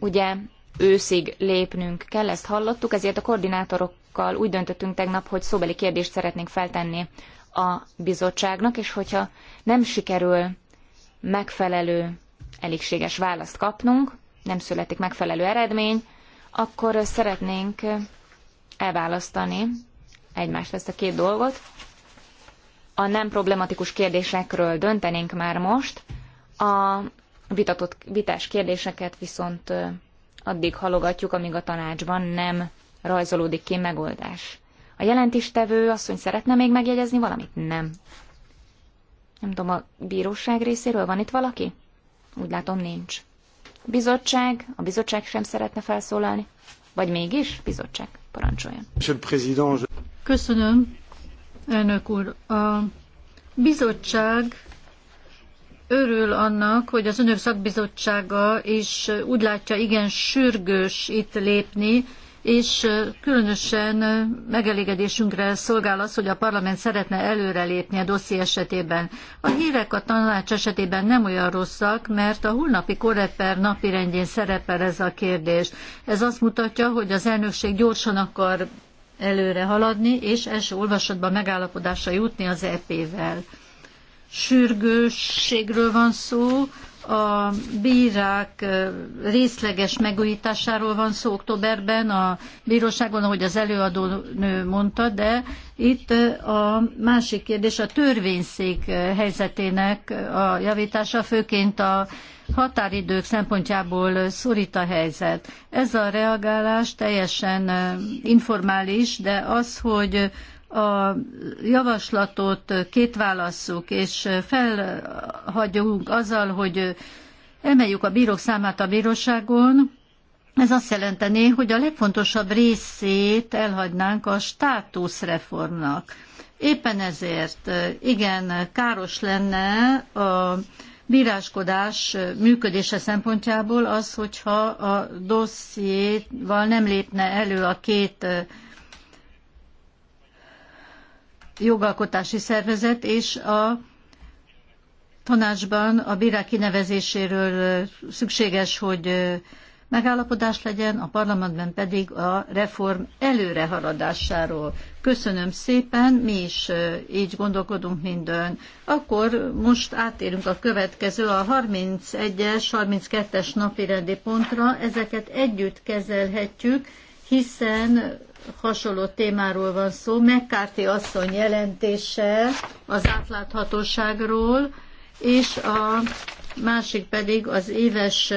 [SPEAKER 2] ugye őszig lépnünk kell, ezt hallottuk, ezért a koordinátorokkal úgy döntöttünk tegnap, hogy szóbeli kérdést szeretnénk feltenni a bizottságnak, és hogyha nem sikerül megfelelő, elégséges választ kapnunk, nem születik megfelelő eredmény, akkor szeretnénk elválasztani egymást ezt a két dolgot. A nem problematikus kérdésekről döntenénk már most, a vitatott, vitás kérdéseket viszont addig halogatjuk, amíg a tanácsban nem rajzolódik ki megoldás. A jelentéstevő asszony szeretne még megjegyezni valamit? Nem. Nem tudom, a bíróság részéről van itt valaki? Úgy látom, nincs. Bizottság? A bizottság sem szeretne felszólalni? Vagy mégis? Bizottság, parancsoljon. Köszönöm,
[SPEAKER 3] elnök úr. A bizottság örül annak, hogy az önök szakbizottsága is úgy látja igen sürgős itt lépni, és különösen megelégedésünkre szolgál az, hogy a parlament szeretne előrelépni a dosszi esetében. A hírek a tanács esetében nem olyan rosszak, mert a holnapi koreper rendjén szerepel ez a kérdés. Ez azt mutatja, hogy az elnökség gyorsan akar előre haladni, és első olvasatban megállapodásra jutni az EP-vel. Sürgősségről van szó, a bírák részleges megújításáról van szó októberben a bíróságon, ahogy az előadó nő mondta, de itt a másik kérdés a törvényszék helyzetének a javítása, főként a határidők szempontjából szorít a helyzet. Ez a reagálás teljesen informális, de az, hogy a javaslatot kétválasszuk, és felhagyunk azzal, hogy emeljük a bírók számát a bíróságon, ez azt jelenteni, hogy a legfontosabb részét elhagynánk a státuszreformnak. Éppen ezért igen káros lenne a bíráskodás működése szempontjából az, hogyha a dossziéval nem lépne elő a két jogalkotási szervezet, és a tanácsban a bírák kinevezéséről szükséges, hogy megállapodás legyen, a parlamentben pedig a reform előrehaladásáról. Köszönöm szépen, mi is így gondolkodunk mindön. Akkor most átérünk a következő, a 31-es, 32-es napi rendi pontra. Ezeket együtt kezelhetjük, hiszen hasonló témáról van szó. McCarthy asszony jelentése az átláthatóságról, és a másik pedig az éves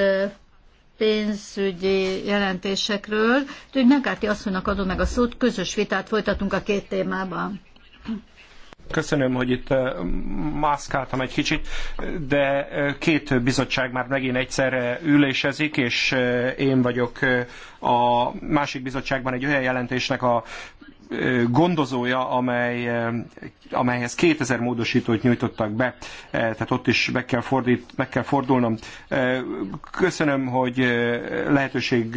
[SPEAKER 3] pénzügyi jelentésekről. Úgyhogy McCarthy asszonynak adom meg a szót, közös vitát folytatunk a két témában.
[SPEAKER 1] Köszönöm, hogy itt eh, mászkáltam egy kicsit, de eh, két bizottság már megint egyszerre ülésezik, és eh, én vagyok a másik bizottságban egy olyan jelentésnek a gondozója, amely, amelyhez 2000 módosítót nyújtottak be, tehát ott is meg kell, fordít, meg kell fordulnom. Köszönöm, hogy lehetőség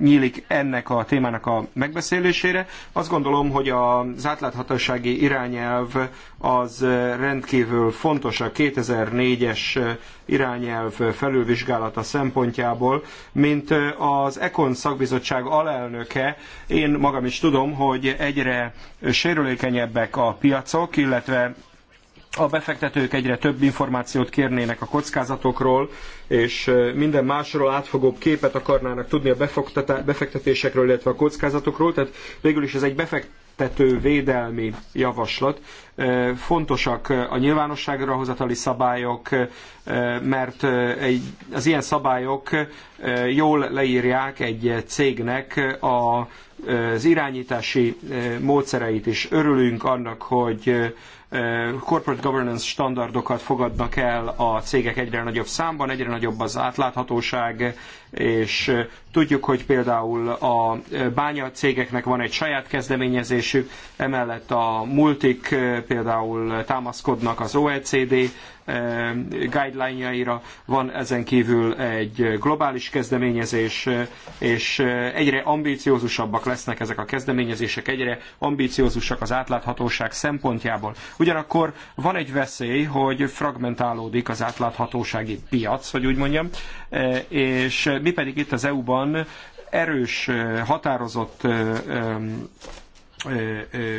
[SPEAKER 1] nyílik ennek a témának a megbeszélésére. Azt gondolom, hogy az átláthatósági irányelv az rendkívül fontos a 2004-es irányelv felülvizsgálata szempontjából. Mint az Econ szakbizottság alelnöke, én magam is tudom, hogy egyre sérülékenyebbek a piacok, illetve a befektetők egyre több információt kérnének a kockázatokról, és minden másról átfogóbb képet akarnának tudni a befektetésekről, illetve a kockázatokról, tehát végül is ez egy befektető védelmi javaslat. Fontosak a nyilvánosságra hozatali szabályok, mert az ilyen szabályok jól leírják egy cégnek az irányítási módszereit is. Örülünk annak, hogy corporate governance standardokat fogadnak el a cégek egyre nagyobb számban, egyre nagyobb az átláthatóság, és tudjuk, hogy például a bánya cégeknek van egy saját kezdeményezésük, emellett a multik például támaszkodnak az OECD guideline-jaira, van ezen kívül egy globális kezdeményezés, és egyre ambíciózusabbak lesznek ezek a kezdeményezések, egyre ambíciózusak az átláthatóság szempontjából. Ugyanakkor van egy veszély, hogy fragmentálódik az átláthatósági piac, hogy úgy mondjam, és mi pedig itt az EU-ban erős, határozott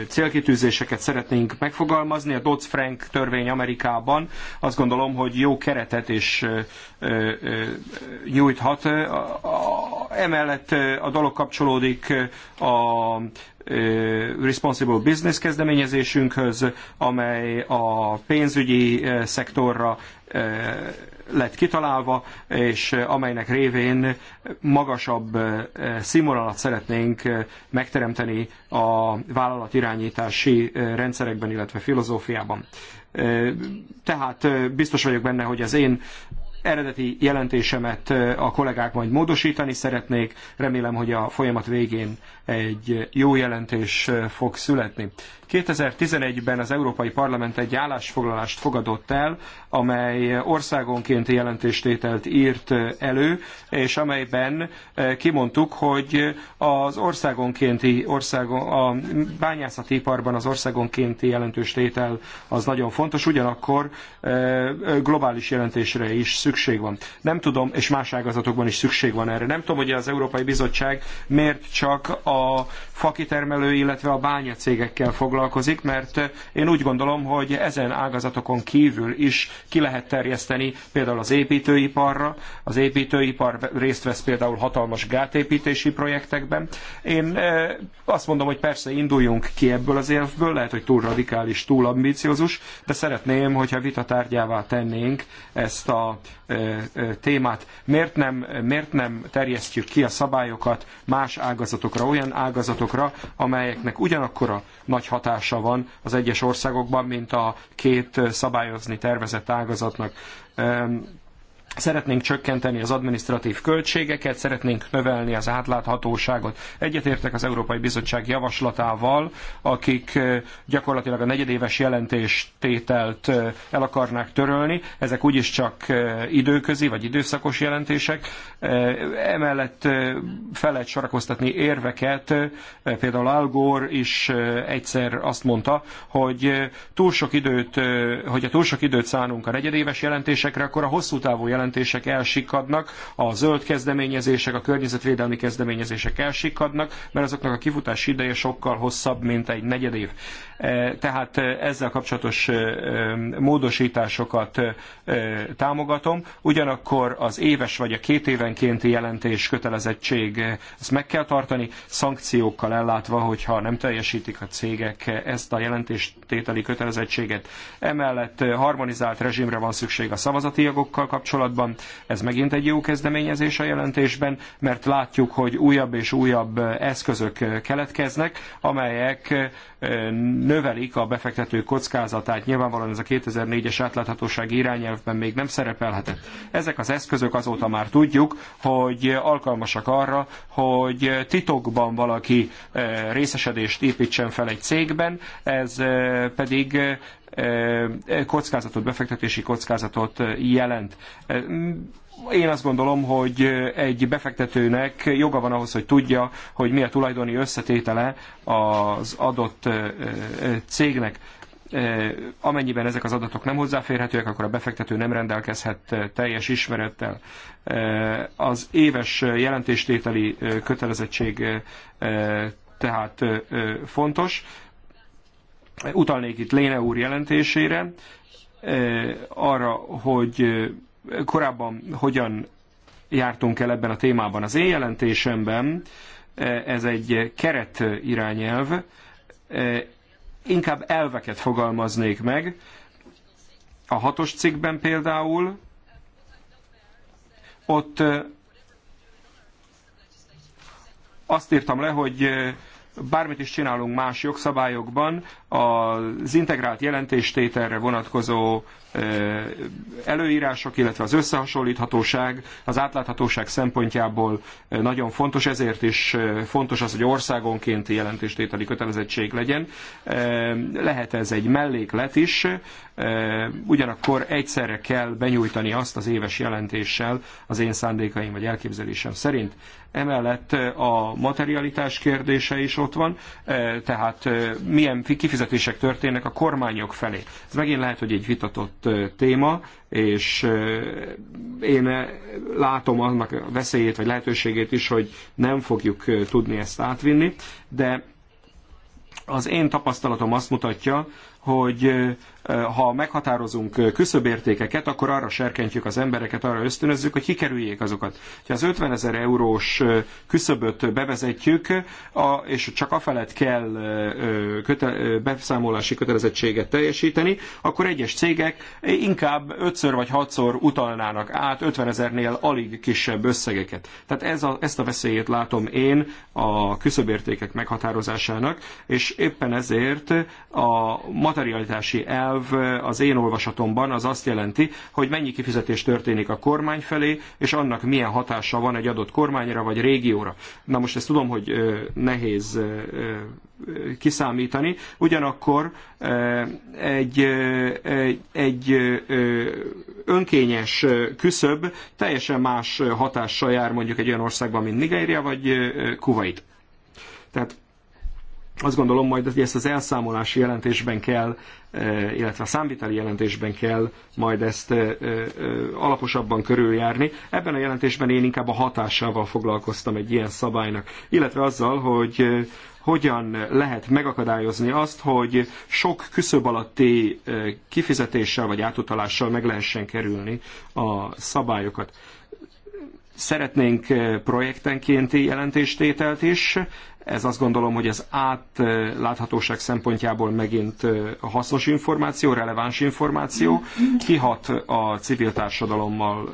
[SPEAKER 1] célkitűzéseket szeretnénk megfogalmazni. A Dodd-Frank törvény Amerikában azt gondolom, hogy jó keretet is nyújthat. Emellett a dolog kapcsolódik a Responsible Business kezdeményezésünkhöz, amely a pénzügyi szektorra lett kitalálva, és eh, amelynek révén magasabb eh, színvonalat szeretnénk eh, megteremteni a vállalatirányítási rendszerekben, illetve filozófiában. Tehát biztos vagyok benne, hogy az én eredeti jelentésemet a kollégák majd módosítani szeretnék. Remélem, hogy a folyamat végén egy jó jelentés fog születni. 2011-ben az Európai Parlament egy állásfoglalást fogadott el, amely országonkénti jelentéstételt írt elő, és amelyben kimondtuk, hogy az országonkénti országon, a bányászati iparban az országonkénti jelentéstétel az nagyon fontos, ugyanakkor globális jelentésre is szükség szükség van. Nem tudom, és más ágazatokban is szükség van erre. Nem tudom, hogy az Európai Bizottság miért csak a fakitermelő, illetve a bánya cégekkel foglalkozik, mert én úgy gondolom, hogy ezen ágazatokon kívül is ki lehet terjeszteni például az építőiparra. Az építőipar részt vesz például hatalmas gátépítési projektekben. Én eh, azt mondom, hogy persze induljunk ki ebből az évből, lehet, hogy túl radikális, túl ambiciózus, de szeretném, hogyha vitatárgyává tennénk ezt a témát. Miért nem, miért nem terjesztjük ki a szabályokat más ágazatokra, olyan ágazatokra, amelyeknek ugyanakkora nagy hatása van az egyes országokban, mint a két szabályozni tervezett ágazatnak Szeretnénk csökkenteni az adminisztratív költségeket, szeretnénk növelni az átláthatóságot. Egyetértek az Európai Bizottság javaslatával, akik gyakorlatilag a negyedéves jelentéstételt el akarnák törölni. Ezek úgyis csak időközi vagy időszakos jelentések. Emellett fel lehet sorakoztatni érveket. Például Al Gore is egyszer azt mondta, hogy túl sok időt, hogyha túl sok időt szánunk a negyedéves jelentésekre, akkor a hosszú távú jelentésekre jelentések elsikadnak, a zöld kezdeményezések, a környezetvédelmi kezdeményezések elsikadnak, mert azoknak a kifutási ideje sokkal hosszabb, mint egy negyed év. E, tehát e, ezzel kapcsolatos e, módosításokat támogatom, ugyanakkor az éves vagy a két évenkénti jelentés kötelezettség, ezt meg kell tartani, szankciókkal ellátva, hogyha nem teljesítik a cégek ezt a jelentéstételi kötelezettséget. Emellett harmonizált rezsimre van szükség a szavazati jogokkal kapcsolatban, kapcsolatban. Ez megint egy jó kezdeményezés a jelentésben, mert látjuk, hogy újabb és újabb eszközök keletkeznek, amelyek növelik a befektető kockázatát. Nyilvánvalóan ez a 2004-es átláthatósági irányelvben még nem szerepelhetett. Ezek az eszközök azóta már tudjuk, hogy alkalmasak arra, hogy titokban valaki részesedést építsen fel egy cégben, ez pedig kockázatot, befektetési kockázatot jelent. Én azt gondolom, hogy egy befektetőnek joga van ahhoz, hogy tudja, hogy mi a tulajdoni összetétele az adott cégnek amennyiben ezek az adatok nem hozzáférhetőek, akkor a befektető nem rendelkezhet teljes ismerettel. Az éves jelentéstételi kötelezettség tehát fontos. Utalnék itt Léne úr jelentésére, eh, arra, hogy eh, korábban hogyan jártunk el ebben a témában. Az én jelentésemben eh, ez egy keret irányelv, inkább elveket fogalmaznék meg. A hatos cikkben például ott azt írtam le, hogy bármit is csinálunk más jogszabályokban, az integrált jelentéstételre vonatkozó előírások, illetve az összehasonlíthatóság, az átláthatóság szempontjából nagyon fontos, ezért is fontos az, hogy országonkénti jelentéstételi kötelezettség legyen. Lehet ez egy melléklet is, ugyanakkor egyszerre kell benyújtani azt az éves jelentéssel az én szándékaim vagy elképzelésem szerint emellett a materialitás kérdése is ott van, tehát milyen kifizetések történnek a kormányok felé. Ez megint lehet, hogy egy vitatott téma, és én látom annak a veszélyét vagy lehetőségét is, hogy nem fogjuk tudni ezt átvinni, de az én tapasztalatom azt mutatja, hogy ha meghatározunk küszöbértékeket, akkor arra serkentjük az embereket, arra ösztönözzük, hogy kikerüljék azokat. Ha az 50 ezer eurós küszöböt bevezetjük, és csak afelett kell köte, beszámolási kötelezettséget teljesíteni, akkor egyes cégek inkább 5-ször vagy 6-szor utalnának át 50 ezernél alig kisebb összegeket. Tehát ez a, ezt a veszélyét látom én a küszöbértékek meghatározásának, és éppen ezért a materialitási elv az én olvasatomban az azt jelenti, hogy mennyi kifizetés történik a kormány felé, és annak milyen hatása van egy adott kormányra vagy régióra. Na most ezt tudom, hogy nehéz kiszámítani, ugyanakkor egy, egy, egy önkényes küszöb teljesen más hatással jár mondjuk egy olyan országban, mint Nigéria vagy Kuwait. Tehát azt gondolom majd, hogy ezt az elszámolási jelentésben kell, eh, illetve a számviteli jelentésben kell majd ezt eh, eh, alaposabban körüljárni. Ebben a jelentésben én inkább a hatásával foglalkoztam egy ilyen szabálynak, illetve azzal, hogy hogyan lehet megakadályozni azt, hogy sok küszöb alatti kifizetéssel vagy átutalással meg lehessen kerülni a szabályokat. Szeretnénk projektenkénti jelentéstételt is, ez azt gondolom, hogy az átláthatóság szempontjából megint hasznos információ, releváns információ, kihat a civil társadalommal,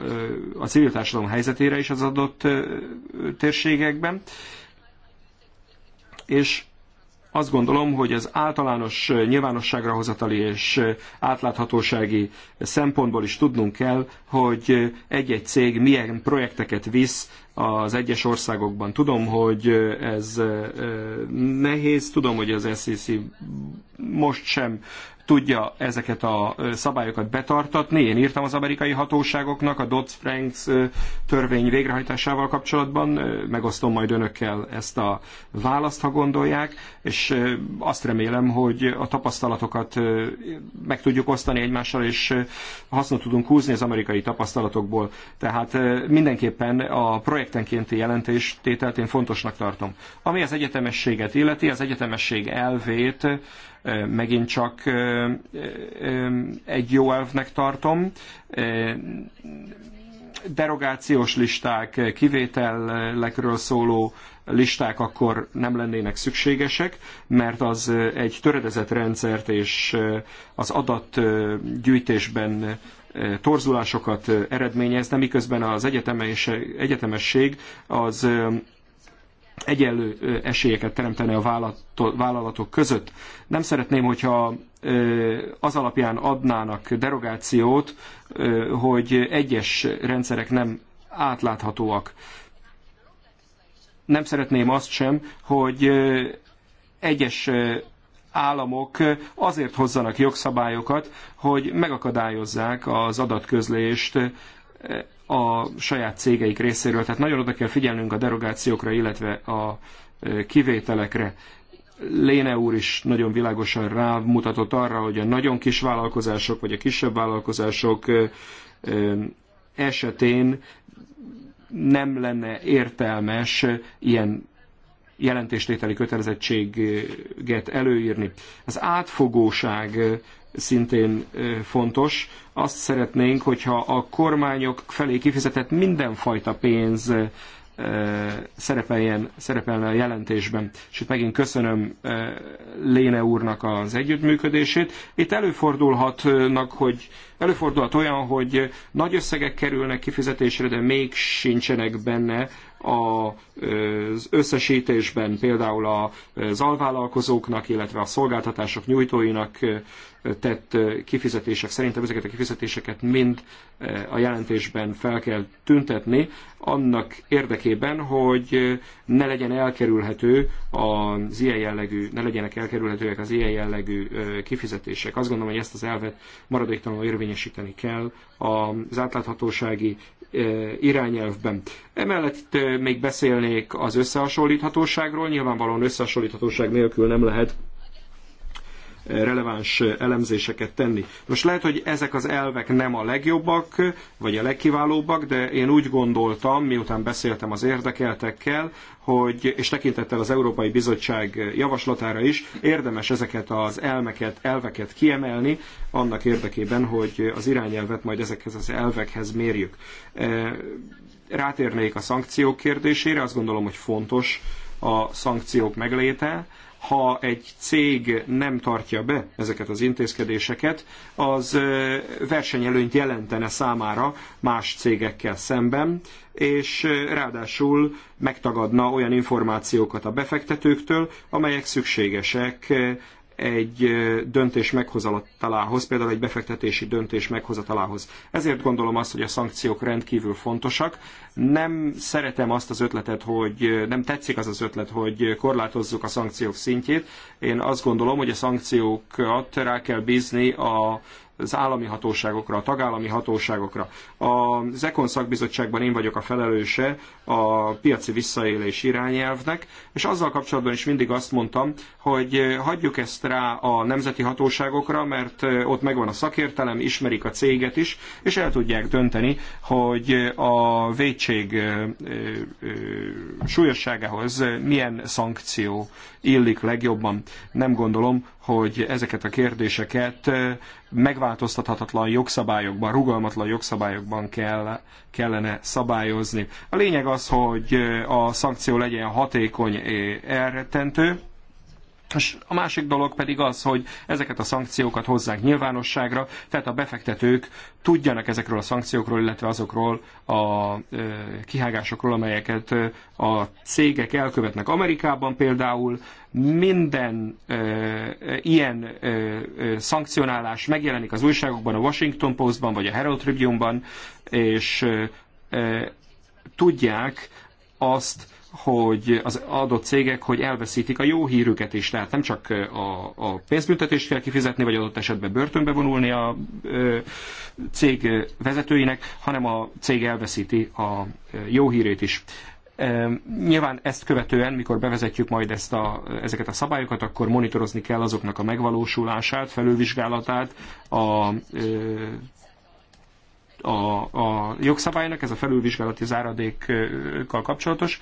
[SPEAKER 1] a civil társadalom helyzetére is az adott térségekben, és azt gondolom, hogy az általános nyilvánosságra hozatali és átláthatósági szempontból is tudnunk kell, hogy egy-egy cég milyen projekteket visz az egyes országokban. Tudom, hogy ez nehéz, tudom, hogy az SEC most sem tudja ezeket a szabályokat betartatni. Én írtam az amerikai hatóságoknak a Dodd-Franks törvény végrehajtásával kapcsolatban, megosztom majd önökkel ezt a választ, ha gondolják, és azt remélem, hogy a tapasztalatokat meg tudjuk osztani egymással, és hasznot tudunk húzni az amerikai tapasztalatokból. Tehát mindenképpen a projektenkénti jelentés én fontosnak tartom. Ami az egyetemességet illeti, az egyetemesség elvét megint csak egy jó elvnek tartom. Derogációs listák, kivételekről szóló listák akkor nem lennének szükségesek, mert az egy töredezett rendszert és az adatgyűjtésben torzulásokat eredményezne, miközben az egyetemesség az egyenlő esélyeket teremteni a vállalatok között. Nem szeretném, hogyha az alapján adnának derogációt, hogy egyes rendszerek nem átláthatóak. Nem szeretném azt sem, hogy egyes államok azért hozzanak jogszabályokat, hogy megakadályozzák az adatközlést a saját cégeik részéről. Tehát nagyon oda kell figyelnünk a derogációkra, illetve a kivételekre. Léne úr is nagyon világosan rámutatott arra, hogy a nagyon kis vállalkozások vagy a kisebb vállalkozások esetén nem lenne értelmes ilyen jelentéstételi kötelezettséget előírni. Az átfogóság szintén fontos. Azt szeretnénk, hogyha a kormányok felé kifizetett mindenfajta pénz szerepeljen, szerepelne a jelentésben. És itt megint köszönöm Léne úrnak az együttműködését. Itt előfordulhatnak, hogy előfordulhat olyan, hogy nagy összegek kerülnek kifizetésre, de még sincsenek benne az összesítésben például az alvállalkozóknak, illetve a szolgáltatások nyújtóinak tett kifizetések szerintem ezeket a kifizetéseket mind a jelentésben fel kell tüntetni, annak érdekében, hogy ne legyen elkerülhető az ilyen jellegű, ne legyenek elkerülhetőek az ilyen jellegű kifizetések. Azt gondolom, hogy ezt az elvet maradéktalanul érvényesíteni kell az átláthatósági irányelvben. Emellett még beszélnék az összehasonlíthatóságról, nyilvánvalóan összehasonlíthatóság nélkül nem lehet releváns elemzéseket tenni. Most lehet, hogy ezek az elvek nem a legjobbak, vagy a legkiválóbbak, de én úgy gondoltam, miután beszéltem az érdekeltekkel, hogy, és tekintettel az Európai Bizottság javaslatára is, érdemes ezeket az elmeket, elveket kiemelni, annak érdekében, hogy az irányelvet majd ezekhez az elvekhez mérjük. E, rátérnék a szankciók kérdésére, azt gondolom, hogy fontos a szankciók megléte, ha egy cég nem tartja be ezeket az intézkedéseket, az versenyelőnyt jelentene számára más cégekkel szemben, és ráadásul megtagadna olyan információkat a befektetőktől, amelyek szükségesek egy döntés meghozatalához, például egy befektetési döntés meghozatalához. Ezért gondolom azt, hogy a szankciók rendkívül fontosak. Nem szeretem azt az ötletet, hogy nem tetszik az az ötlet, hogy korlátozzuk a szankciók szintjét. Én azt gondolom, hogy a szankciókat rá kell bízni a az állami hatóságokra, a tagállami hatóságokra. Az Ekon szakbizottságban én vagyok a felelőse a piaci visszaélés irányelvnek, és azzal kapcsolatban is mindig azt mondtam, hogy hagyjuk ezt rá a nemzeti hatóságokra, mert ott megvan a szakértelem, ismerik a céget is, és el tudják dönteni, hogy a vétség súlyosságához milyen szankció illik legjobban. Nem gondolom, hogy ezeket a kérdéseket megváltoztathatatlan jogszabályokban, rugalmatlan jogszabályokban kell, kellene szabályozni. A lényeg az, hogy a szankció legyen hatékony elrettentő, a másik dolog pedig az, hogy ezeket a szankciókat hozzák nyilvánosságra, tehát a befektetők tudjanak ezekről a szankciókról, illetve azokról a kihágásokról, amelyeket a cégek elkövetnek. Amerikában például minden ilyen szankcionálás megjelenik az újságokban, a Washington Postban vagy a Herald Tribune-ban, és tudják azt, hogy az adott cégek, hogy elveszítik a jó hírüket is, tehát nem csak a, a pénzbüntetést kell kifizetni, vagy adott esetben börtönbe vonulni a ö, cég vezetőinek, hanem a cég elveszíti a jó hírét is. Nyilván ezt követően, mikor bevezetjük majd ezt a, ezeket a szabályokat, akkor monitorozni kell azoknak a megvalósulását, felülvizsgálatát, a, a, a jogszabálynak, ez a felülvizsgálati záradékkal kapcsolatos.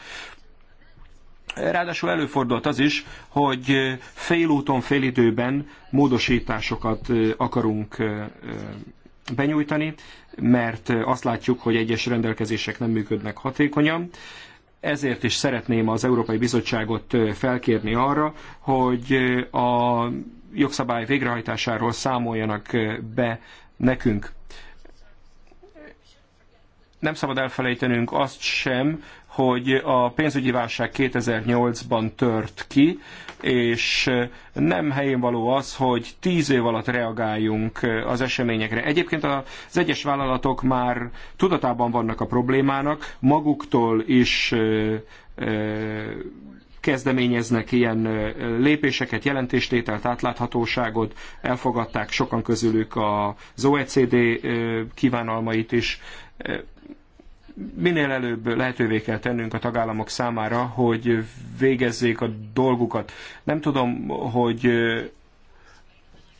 [SPEAKER 1] Ráadásul előfordult az is, hogy félúton, félidőben módosításokat akarunk benyújtani, mert azt látjuk, hogy egyes rendelkezések nem működnek hatékonyan. Ezért is szeretném az Európai Bizottságot felkérni arra, hogy a jogszabály végrehajtásáról számoljanak be nekünk. Nem szabad elfelejtenünk azt sem, hogy a pénzügyi válság 2008-ban tört ki, és nem helyén való az, hogy tíz év alatt reagáljunk az eseményekre. Egyébként az egyes vállalatok már tudatában vannak a problémának, maguktól is kezdeményeznek ilyen lépéseket, jelentéstételt, átláthatóságot, elfogadták sokan közülük az OECD kívánalmait is minél előbb lehetővé kell tennünk a tagállamok számára, hogy végezzék a dolgukat. Nem tudom, hogy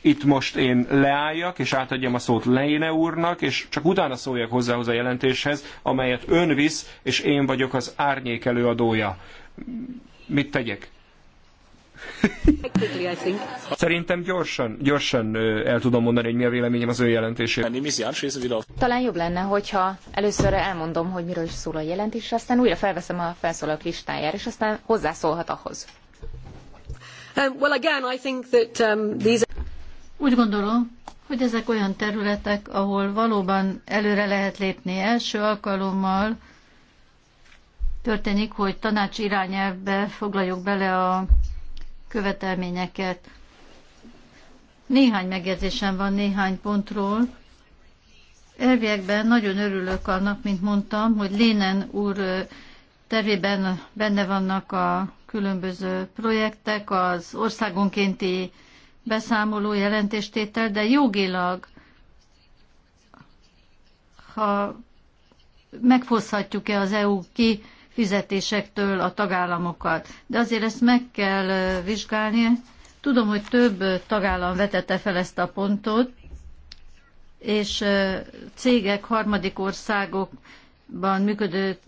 [SPEAKER 1] itt most én leálljak, és átadjam a szót Leine úrnak, és csak utána szóljak hozzá hozzá a jelentéshez, amelyet ön visz, és én vagyok az árnyék előadója. Mit tegyek? Szerintem gyorsan, gyorsan el tudom mondani, hogy mi a véleményem az ő jelentésében.
[SPEAKER 2] Talán jobb lenne, hogyha először elmondom, hogy miről is szól a jelentés, és aztán újra felveszem a felszólalók listájára, és aztán hozzászólhat ahhoz.
[SPEAKER 1] Um,
[SPEAKER 3] um, Úgy gondolom, hogy ezek olyan területek, ahol valóban előre lehet lépni első alkalommal, történik, hogy tanács irányelvbe foglaljuk bele a követelményeket. Néhány megjegyzésem van néhány pontról. Elviekben nagyon örülök annak, mint mondtam, hogy Lénen úr tervében benne vannak a különböző projektek, az országonkénti beszámoló jelentéstétel, de jogilag, ha megfoszhatjuk-e az EU ki fizetésektől a tagállamokat. De azért ezt meg kell vizsgálni. Tudom, hogy több tagállam vetette fel ezt a pontot, és cégek harmadik országok ban működő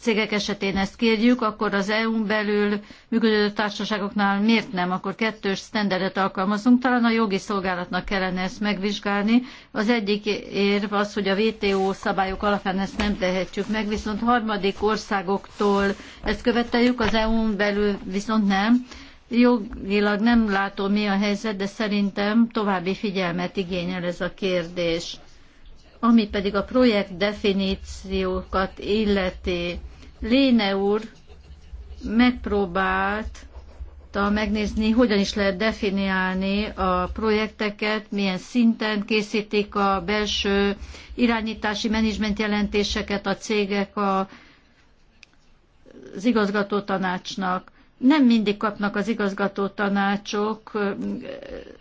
[SPEAKER 3] cégek esetén ezt kérjük, akkor az EU-n belül működő társaságoknál miért nem? Akkor kettős sztenderet alkalmazunk. Talán a jogi szolgálatnak kellene ezt megvizsgálni. Az egyik érv az, hogy a WTO szabályok alapján ezt nem tehetjük meg, viszont harmadik országoktól ezt követeljük, az EU-n belül viszont nem. Jogilag nem látom, mi a helyzet, de szerintem további figyelmet igényel ez a kérdés ami pedig a projekt definíciókat illeti, Léne úr megpróbált megnézni, hogyan is lehet definiálni a projekteket, milyen szinten készítik a belső irányítási menedzsment jelentéseket a cégek a, az igazgató tanácsnak nem mindig kapnak az igazgató tanácsok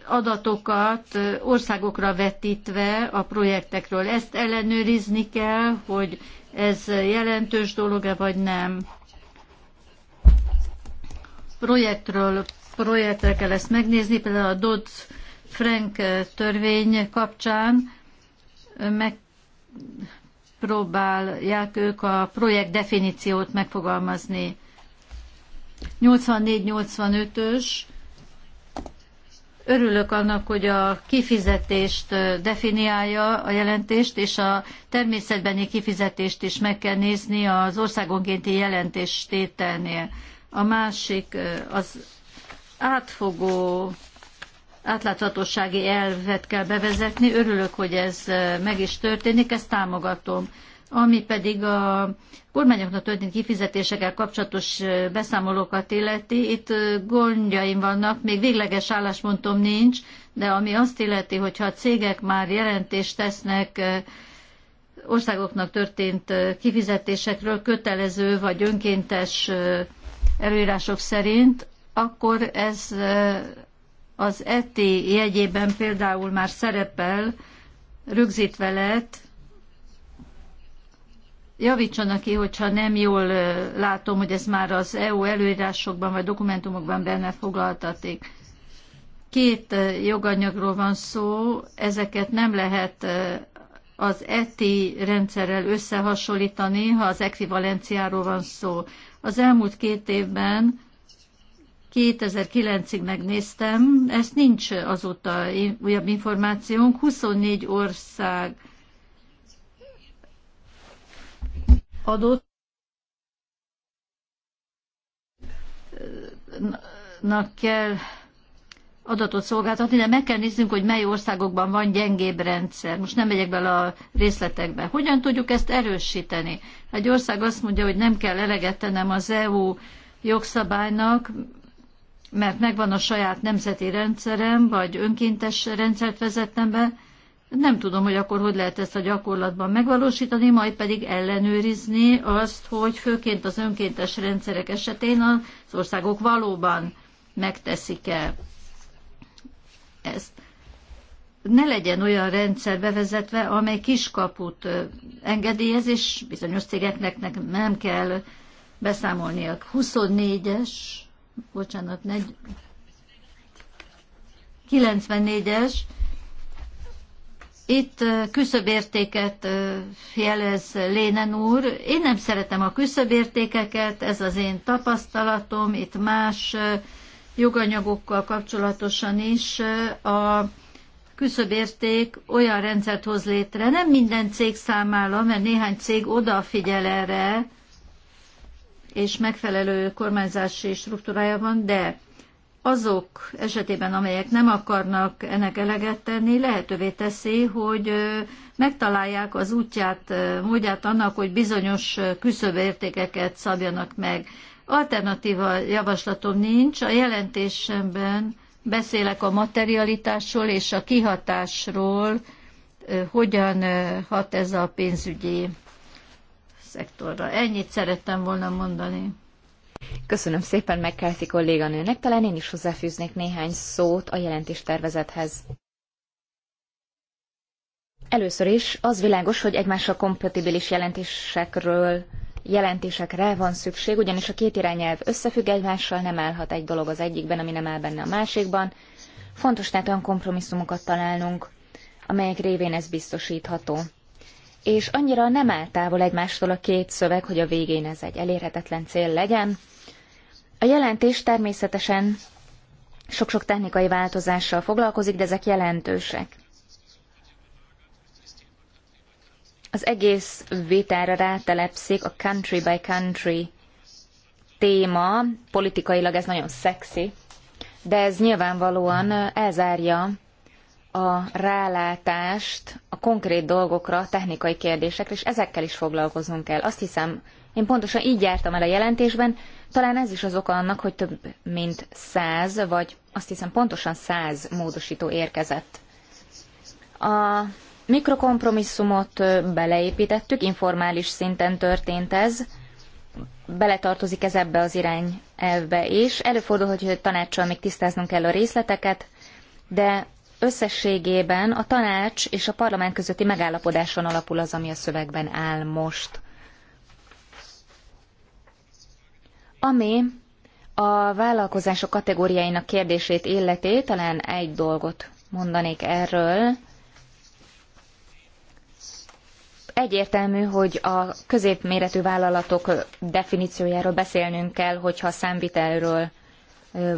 [SPEAKER 3] adatokat országokra vetítve a projektekről. Ezt ellenőrizni kell, hogy ez jelentős dolog-e vagy nem. Projektről projektre kell ezt megnézni, például a Dodd-Frank törvény kapcsán megpróbálják ők a projekt definíciót megfogalmazni 84-85-ös. Örülök annak, hogy a kifizetést definiálja a jelentést, és a természetbeni kifizetést is meg kell nézni az országonkénti jelentés tételnél. A másik az átfogó átláthatósági elvet kell bevezetni. Örülök, hogy ez meg is történik, ezt támogatom. Ami pedig a kormányoknak történt kifizetésekkel kapcsolatos beszámolókat illeti, itt gondjaim vannak, még végleges álláspontom nincs, de ami azt illeti, hogyha a cégek már jelentést tesznek országoknak történt kifizetésekről kötelező vagy önkéntes előírások szerint, akkor ez az ETI jegyében például már szerepel, rögzítve lett, javítsanak ki, hogyha nem jól látom, hogy ez már az EU előírásokban vagy dokumentumokban benne foglaltatik. Két joganyagról van szó, ezeket nem lehet az ETI rendszerrel összehasonlítani, ha az ekvivalenciáról van szó. Az elmúlt két évben 2009-ig megnéztem, ezt nincs azóta újabb információnk, 24 ország adott kell adatot szolgáltatni, de meg kell néznünk, hogy mely országokban van gyengébb rendszer. Most nem megyek bele a részletekbe. Hogyan tudjuk ezt erősíteni? Egy ország azt mondja, hogy nem kell elegetenem az EU jogszabálynak, mert megvan a saját nemzeti rendszerem, vagy önkéntes rendszert vezettem be, nem tudom, hogy akkor hogy lehet ezt a gyakorlatban megvalósítani, majd pedig ellenőrizni azt, hogy főként az önkéntes rendszerek esetén az országok valóban megteszik-e ezt. Ne legyen olyan rendszer bevezetve, amely kiskaput engedélyez, és bizonyos cégeknek nem kell beszámolniak. 24-es, bocsánat, 94-es, itt küszöbértéket jelez Lénen úr. Én nem szeretem a küszöbértékeket, ez az én tapasztalatom. Itt más joganyagokkal kapcsolatosan is a küszöbérték olyan rendszert hoz létre, nem minden cég számára, mert néhány cég odafigyel erre, és megfelelő kormányzási struktúrája van, de azok esetében, amelyek nem akarnak ennek eleget tenni, lehetővé teszi, hogy megtalálják az útját, módját annak, hogy bizonyos küszöbértékeket szabjanak meg. Alternatíva javaslatom nincs, a jelentésemben beszélek a materialitásról és a kihatásról, hogyan hat
[SPEAKER 2] ez a pénzügyi szektorra. Ennyit szerettem volna mondani. Köszönöm szépen McCarthy kolléganőnek, talán én is hozzáfűznék néhány szót a jelentéstervezethez. Először is az világos, hogy egymással kompatibilis jelentésekről jelentésekre van szükség, ugyanis a két irányelv összefügg egymással, nem állhat egy dolog az egyikben, ami nem áll benne a másikban. Fontos tehát olyan kompromisszumokat találnunk, amelyek révén ez biztosítható. És annyira nem áll távol egymástól a két szöveg, hogy a végén ez egy elérhetetlen cél legyen, a jelentés természetesen sok-sok technikai változással foglalkozik, de ezek jelentősek. Az egész vitára rátelepszik a country by country téma, politikailag ez nagyon szexi, de ez nyilvánvalóan elzárja a rálátást a konkrét dolgokra, technikai kérdésekre, és ezekkel is foglalkoznunk kell. Azt hiszem, én pontosan így jártam el a jelentésben, talán ez is az oka annak, hogy több mint száz, vagy azt hiszem pontosan száz módosító érkezett. A mikrokompromisszumot beleépítettük, informális szinten történt ez, beletartozik ez ebbe az irány elvbe is. Előfordul, hogy tanácssal még tisztáznunk kell a részleteket, de összességében a tanács és a parlament közötti megállapodáson alapul az, ami a szövegben áll most. Ami a vállalkozások kategóriáinak kérdését illeti, talán egy dolgot mondanék erről. Egyértelmű, hogy a középméretű vállalatok definíciójáról beszélnünk kell, hogyha a számvitelről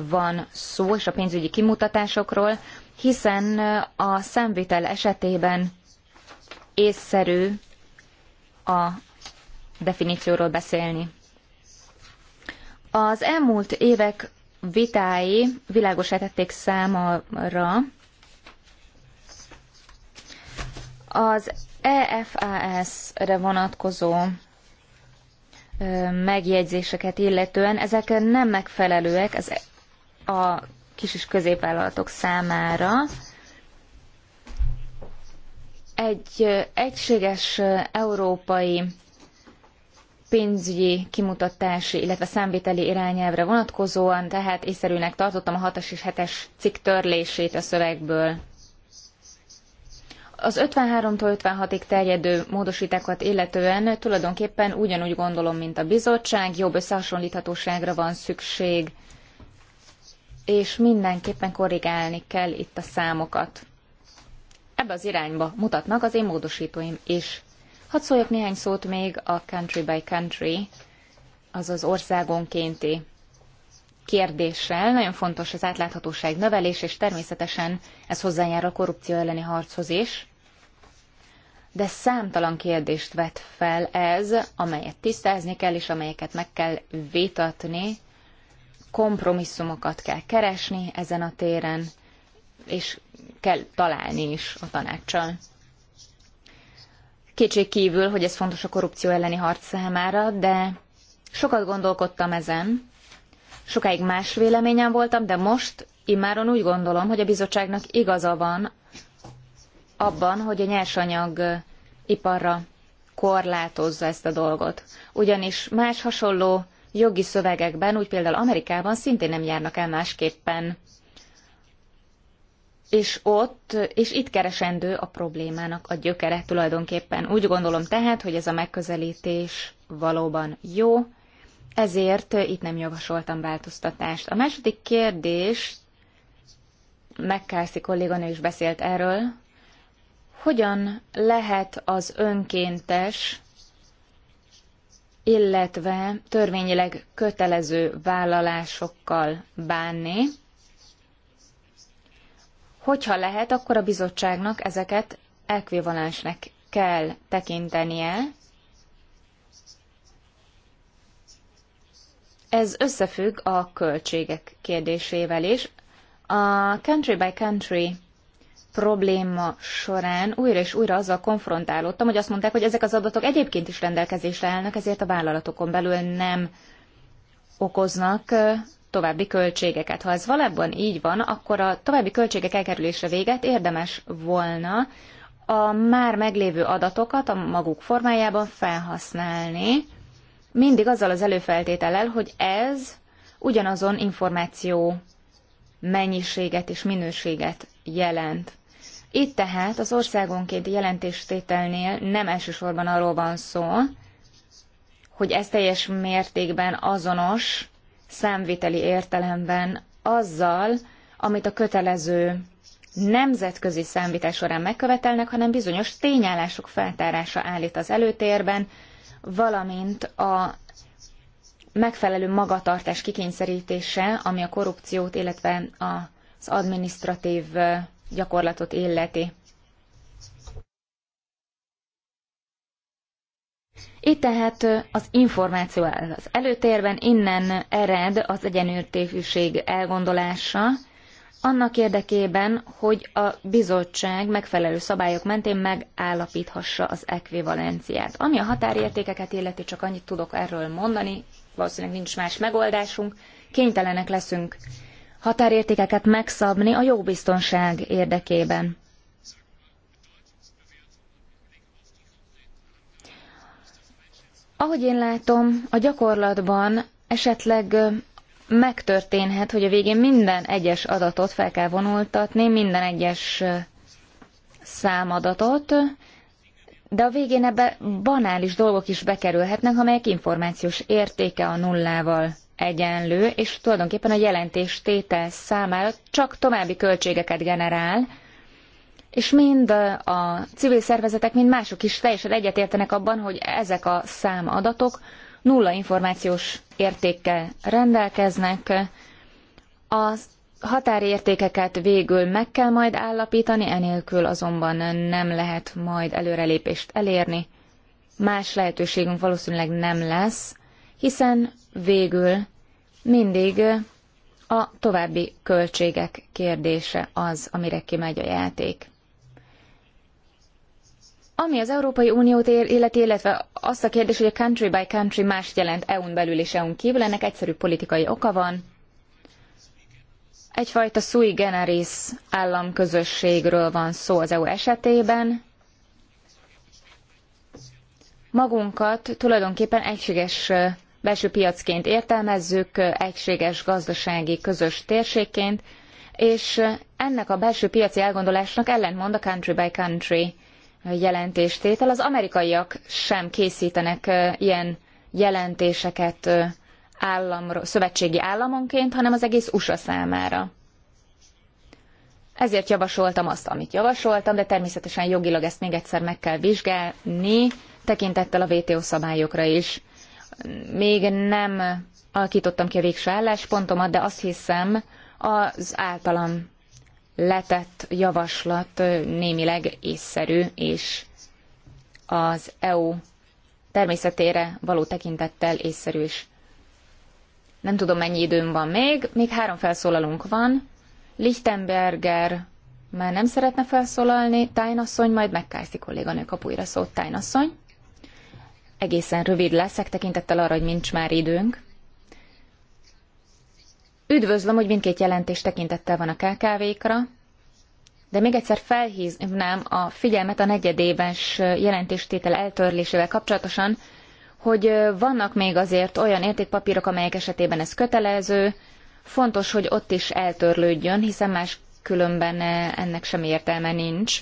[SPEAKER 2] van szó, és a pénzügyi kimutatásokról, hiszen a számvitel esetében észszerű a definícióról beszélni. Az elmúlt évek vitái világosá tették számomra az EFAS-re vonatkozó megjegyzéseket illetően, ezek nem megfelelőek az e- a kis és középvállalatok számára. Egy egységes európai pénzügyi kimutatási, illetve számviteli irányelvre vonatkozóan, tehát észszerűnek tartottam a 6-as és 7-es cikk törlését a szövegből. Az 53-tól 56-ig terjedő módosításokat illetően tulajdonképpen ugyanúgy gondolom, mint a bizottság, jobb összehasonlíthatóságra van szükség, és mindenképpen korrigálni kell itt a számokat. Ebbe az irányba mutatnak az én módosítóim is. Hadd szóljak néhány szót még a country by country, azaz országonkénti kérdéssel. Nagyon fontos az átláthatóság növelés, és természetesen ez hozzájár a korrupció elleni harchoz is. De számtalan kérdést vet fel ez, amelyet tisztázni kell, és amelyeket meg kell vétatni, Kompromisszumokat kell keresni ezen a téren, és kell találni is a tanácssal. Kétség kívül, hogy ez fontos a korrupció elleni harc számára, de sokat gondolkodtam ezen. Sokáig más véleményen voltam, de most immáron úgy gondolom, hogy a bizottságnak igaza van abban, hogy a nyersanyag iparra korlátozza ezt a dolgot. Ugyanis más hasonló jogi szövegekben, úgy például Amerikában szintén nem járnak el másképpen és ott, és itt keresendő a problémának a gyökere tulajdonképpen. Úgy gondolom tehát, hogy ez a megközelítés valóban jó, ezért itt nem javasoltam változtatást. A második kérdés, McCarthy kolléganő is beszélt erről, hogyan lehet az önkéntes, illetve törvényileg kötelező vállalásokkal bánni, Hogyha lehet, akkor a bizottságnak ezeket ekvivalensnek kell tekintenie. Ez összefügg a költségek kérdésével is. A country by country probléma során újra és újra azzal konfrontálódtam, hogy azt mondták, hogy ezek az adatok egyébként is rendelkezésre állnak, ezért a vállalatokon belül nem okoznak további költségeket. Ha ez valóban így van, akkor a további költségek elkerülésre véget érdemes volna a már meglévő adatokat a maguk formájában felhasználni, mindig azzal az előfeltétellel, hogy ez ugyanazon információ mennyiséget és minőséget jelent. Itt tehát az országonként jelentéstételnél nem elsősorban arról van szó, hogy ez teljes mértékben azonos számviteli értelemben azzal, amit a kötelező nemzetközi számítás során megkövetelnek, hanem bizonyos tényállások feltárása állít az előtérben, valamint a megfelelő magatartás kikényszerítése, ami a korrupciót, illetve az administratív gyakorlatot illeti. Itt tehát az információ áll az előtérben, innen ered az egyenértékűség elgondolása, annak érdekében, hogy a bizottság megfelelő szabályok mentén megállapíthassa az ekvivalenciát. Ami a határértékeket illeti, csak annyit tudok erről mondani, valószínűleg nincs más megoldásunk, kénytelenek leszünk határértékeket megszabni a jogbiztonság érdekében. Ahogy én látom, a gyakorlatban esetleg megtörténhet, hogy a végén minden egyes adatot fel kell vonultatni, minden egyes számadatot, de a végén ebbe banális dolgok is bekerülhetnek, amelyek információs értéke a nullával egyenlő, és tulajdonképpen a jelentés számára csak további költségeket generál, és mind a civil szervezetek, mind mások is teljesen egyetértenek abban, hogy ezek a számadatok nulla információs értékkel rendelkeznek. A határértékeket végül meg kell majd állapítani, enélkül azonban nem lehet majd előrelépést elérni. Más lehetőségünk valószínűleg nem lesz, hiszen végül mindig a további költségek kérdése az, amire kimegy a játék. Ami az Európai Uniót illeti, illetve azt a kérdés, hogy a country by country más jelent EU-n belül és EU-n kívül, ennek egyszerű politikai oka van. Egyfajta sui generis államközösségről van szó az EU esetében. Magunkat tulajdonképpen egységes belső piacként értelmezzük, egységes gazdasági közös térségként, és ennek a belső piaci elgondolásnak ellentmond a country by country jelentéstétel. Az amerikaiak sem készítenek ilyen jelentéseket államra, szövetségi államonként, hanem az egész USA számára. Ezért javasoltam azt, amit javasoltam, de természetesen jogilag ezt még egyszer meg kell vizsgálni, tekintettel a WTO szabályokra is. Még nem alakítottam ki a végső álláspontomat, de azt hiszem, az általam letett javaslat némileg észszerű, és az EU természetére való tekintettel észszerű is. Nem tudom, mennyi időm van még, még három felszólalunk van. Lichtenberger már nem szeretne felszólalni, Tájnasszony, majd megkászi kolléganő kap újra szót, Tájnasszony. Egészen rövid leszek, tekintettel arra, hogy nincs már időnk. Üdvözlöm, hogy mindkét jelentés tekintettel van a KKV-kra, de még egyszer felhívnám a figyelmet a negyedéves jelentéstétel eltörlésével kapcsolatosan, hogy vannak még azért olyan értékpapírok, amelyek esetében ez kötelező, fontos, hogy ott is eltörlődjön, hiszen más különben ennek sem értelme nincs.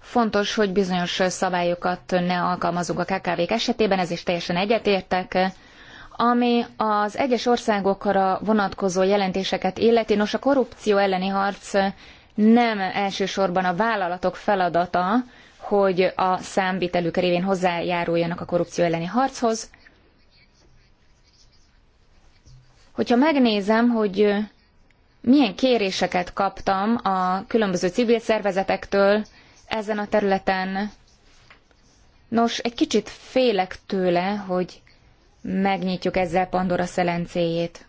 [SPEAKER 2] Fontos, hogy bizonyos szabályokat ne alkalmazunk a KKV-k esetében, ez is teljesen egyetértek, ami az egyes országokra vonatkozó jelentéseket illeti, nos a korrupció elleni harc nem elsősorban a vállalatok feladata, hogy a számvitelük révén hozzájáruljanak a korrupció elleni harchoz. Hogyha megnézem, hogy milyen kéréseket kaptam a különböző civil szervezetektől ezen a területen, nos, egy kicsit félek tőle, hogy megnyitjuk ezzel Pandora szelencéjét.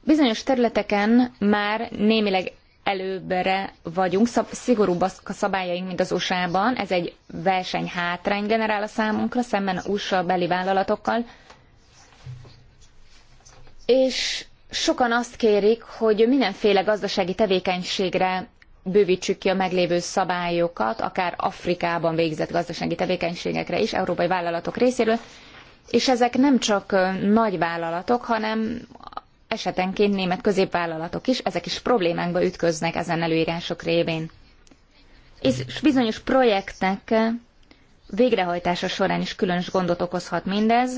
[SPEAKER 2] Bizonyos területeken már némileg előbbre vagyunk, szab- szigorúbb a szabályaink, mint az USA-ban. Ez egy hátrány generál a számunkra szemben a USA beli vállalatokkal. És sokan azt kérik, hogy mindenféle gazdasági tevékenységre bővítsük ki a meglévő szabályokat, akár Afrikában végzett gazdasági tevékenységekre is, európai vállalatok részéről, és ezek nem csak nagy vállalatok, hanem esetenként német középvállalatok is, ezek is problémákba ütköznek ezen előírások révén. És bizonyos projektek végrehajtása során is különös gondot okozhat mindez.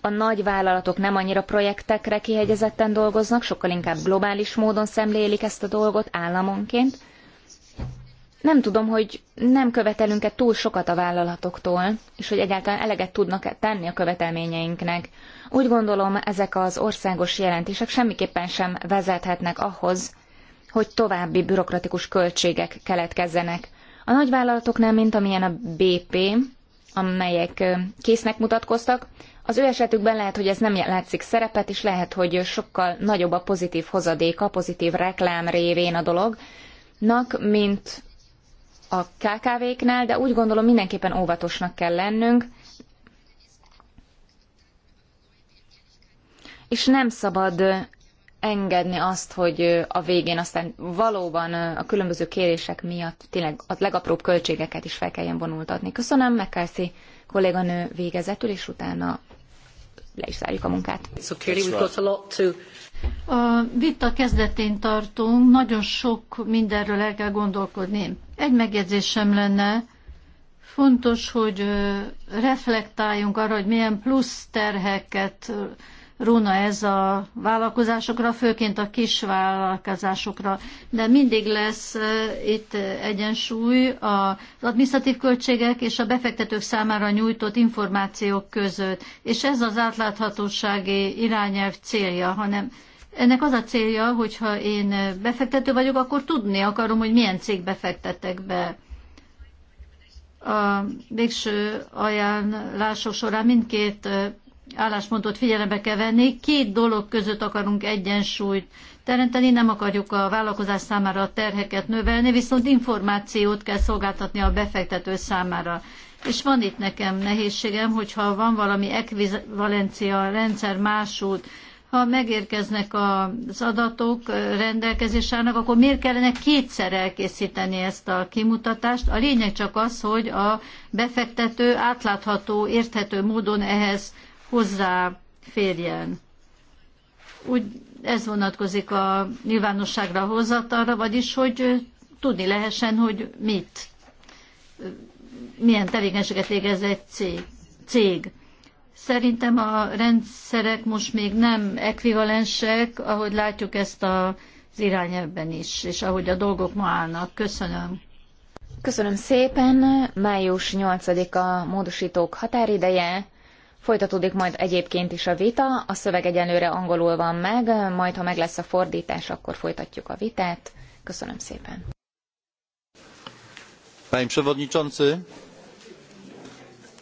[SPEAKER 2] A nagy vállalatok nem annyira projektekre kihegyezetten dolgoznak, sokkal inkább globális módon szemlélik ezt a dolgot államonként, nem tudom, hogy nem követelünk-e túl sokat a vállalatoktól, és hogy egyáltalán eleget tudnak-e tenni a követelményeinknek. Úgy gondolom, ezek az országos jelentések semmiképpen sem vezethetnek ahhoz, hogy további bürokratikus költségek keletkezzenek. A nagyvállalatoknál, mint amilyen a BP, amelyek késznek mutatkoztak, az ő esetükben lehet, hogy ez nem látszik szerepet, és lehet, hogy sokkal nagyobb a pozitív hozadéka, pozitív reklám révén a dolognak, mint a KKV-knál, de úgy gondolom mindenképpen óvatosnak kell lennünk, és nem szabad engedni azt, hogy a végén aztán valóban a különböző kérések miatt tényleg a legapróbb költségeket is fel kelljen vonultatni. Köszönöm, McCarthy kolléganő végezetül, és utána le is zárjuk a munkát.
[SPEAKER 3] A vita kezdetén tartunk, nagyon sok mindenről el kell gondolkodni. Egy megjegyzésem lenne, fontos, hogy reflektáljunk arra, hogy milyen plusz terheket róna ez a vállalkozásokra, főként a kis vállalkozásokra. De mindig lesz itt egyensúly az administratív költségek és a befektetők számára nyújtott információk között. És ez az átláthatósági irányelv célja, hanem ennek az a célja, hogyha én befektető vagyok, akkor tudni akarom, hogy milyen cég befektetek be. A végső ajánlások során mindkét álláspontot figyelembe kell venni. Két dolog között akarunk egyensúlyt teremteni, nem akarjuk a vállalkozás számára a terheket növelni, viszont információt kell szolgáltatni a befektető számára. És van itt nekem nehézségem, hogyha van valami ekvivalencia rendszer másút, ha megérkeznek az adatok rendelkezésának, akkor miért kellene kétszer elkészíteni ezt a kimutatást? A lényeg csak az, hogy a befektető átlátható, érthető módon ehhez hozzáférjen. Úgy ez vonatkozik a nyilvánosságra hozatalra, vagyis hogy tudni lehessen, hogy mit, milyen tevékenységet végez egy cég. cég. Szerintem a rendszerek most még nem ekvivalensek, ahogy látjuk ezt az irányelvben is, és ahogy a dolgok ma állnak. Köszönöm.
[SPEAKER 2] Köszönöm szépen. Május 8-a módosítók határideje. Folytatódik majd egyébként is a vita. A szöveg egyenlőre angolul van meg, majd ha meg lesz a fordítás, akkor folytatjuk a vitát. Köszönöm szépen.
[SPEAKER 3] Panie Przewodniczący,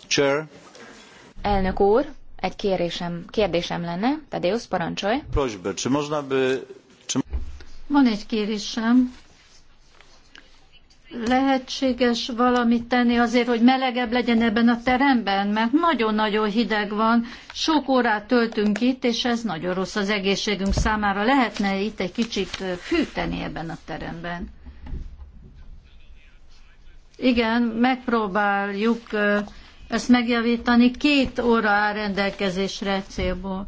[SPEAKER 3] Chair,
[SPEAKER 2] Elnök úr, egy kérésem, kérdésem lenne, Tadeusz, parancsolj. Prośbę, czy można by... Czy... Van egy kérésem.
[SPEAKER 3] Lehetséges valamit tenni azért, hogy melegebb legyen ebben a teremben, mert nagyon-nagyon hideg van, sok órát töltünk itt, és ez nagyon rossz az egészségünk számára. Lehetne itt egy kicsit fűteni ebben a teremben. Igen, megpróbáljuk ezt megjavítani. Két óra áll rendelkezésre célból.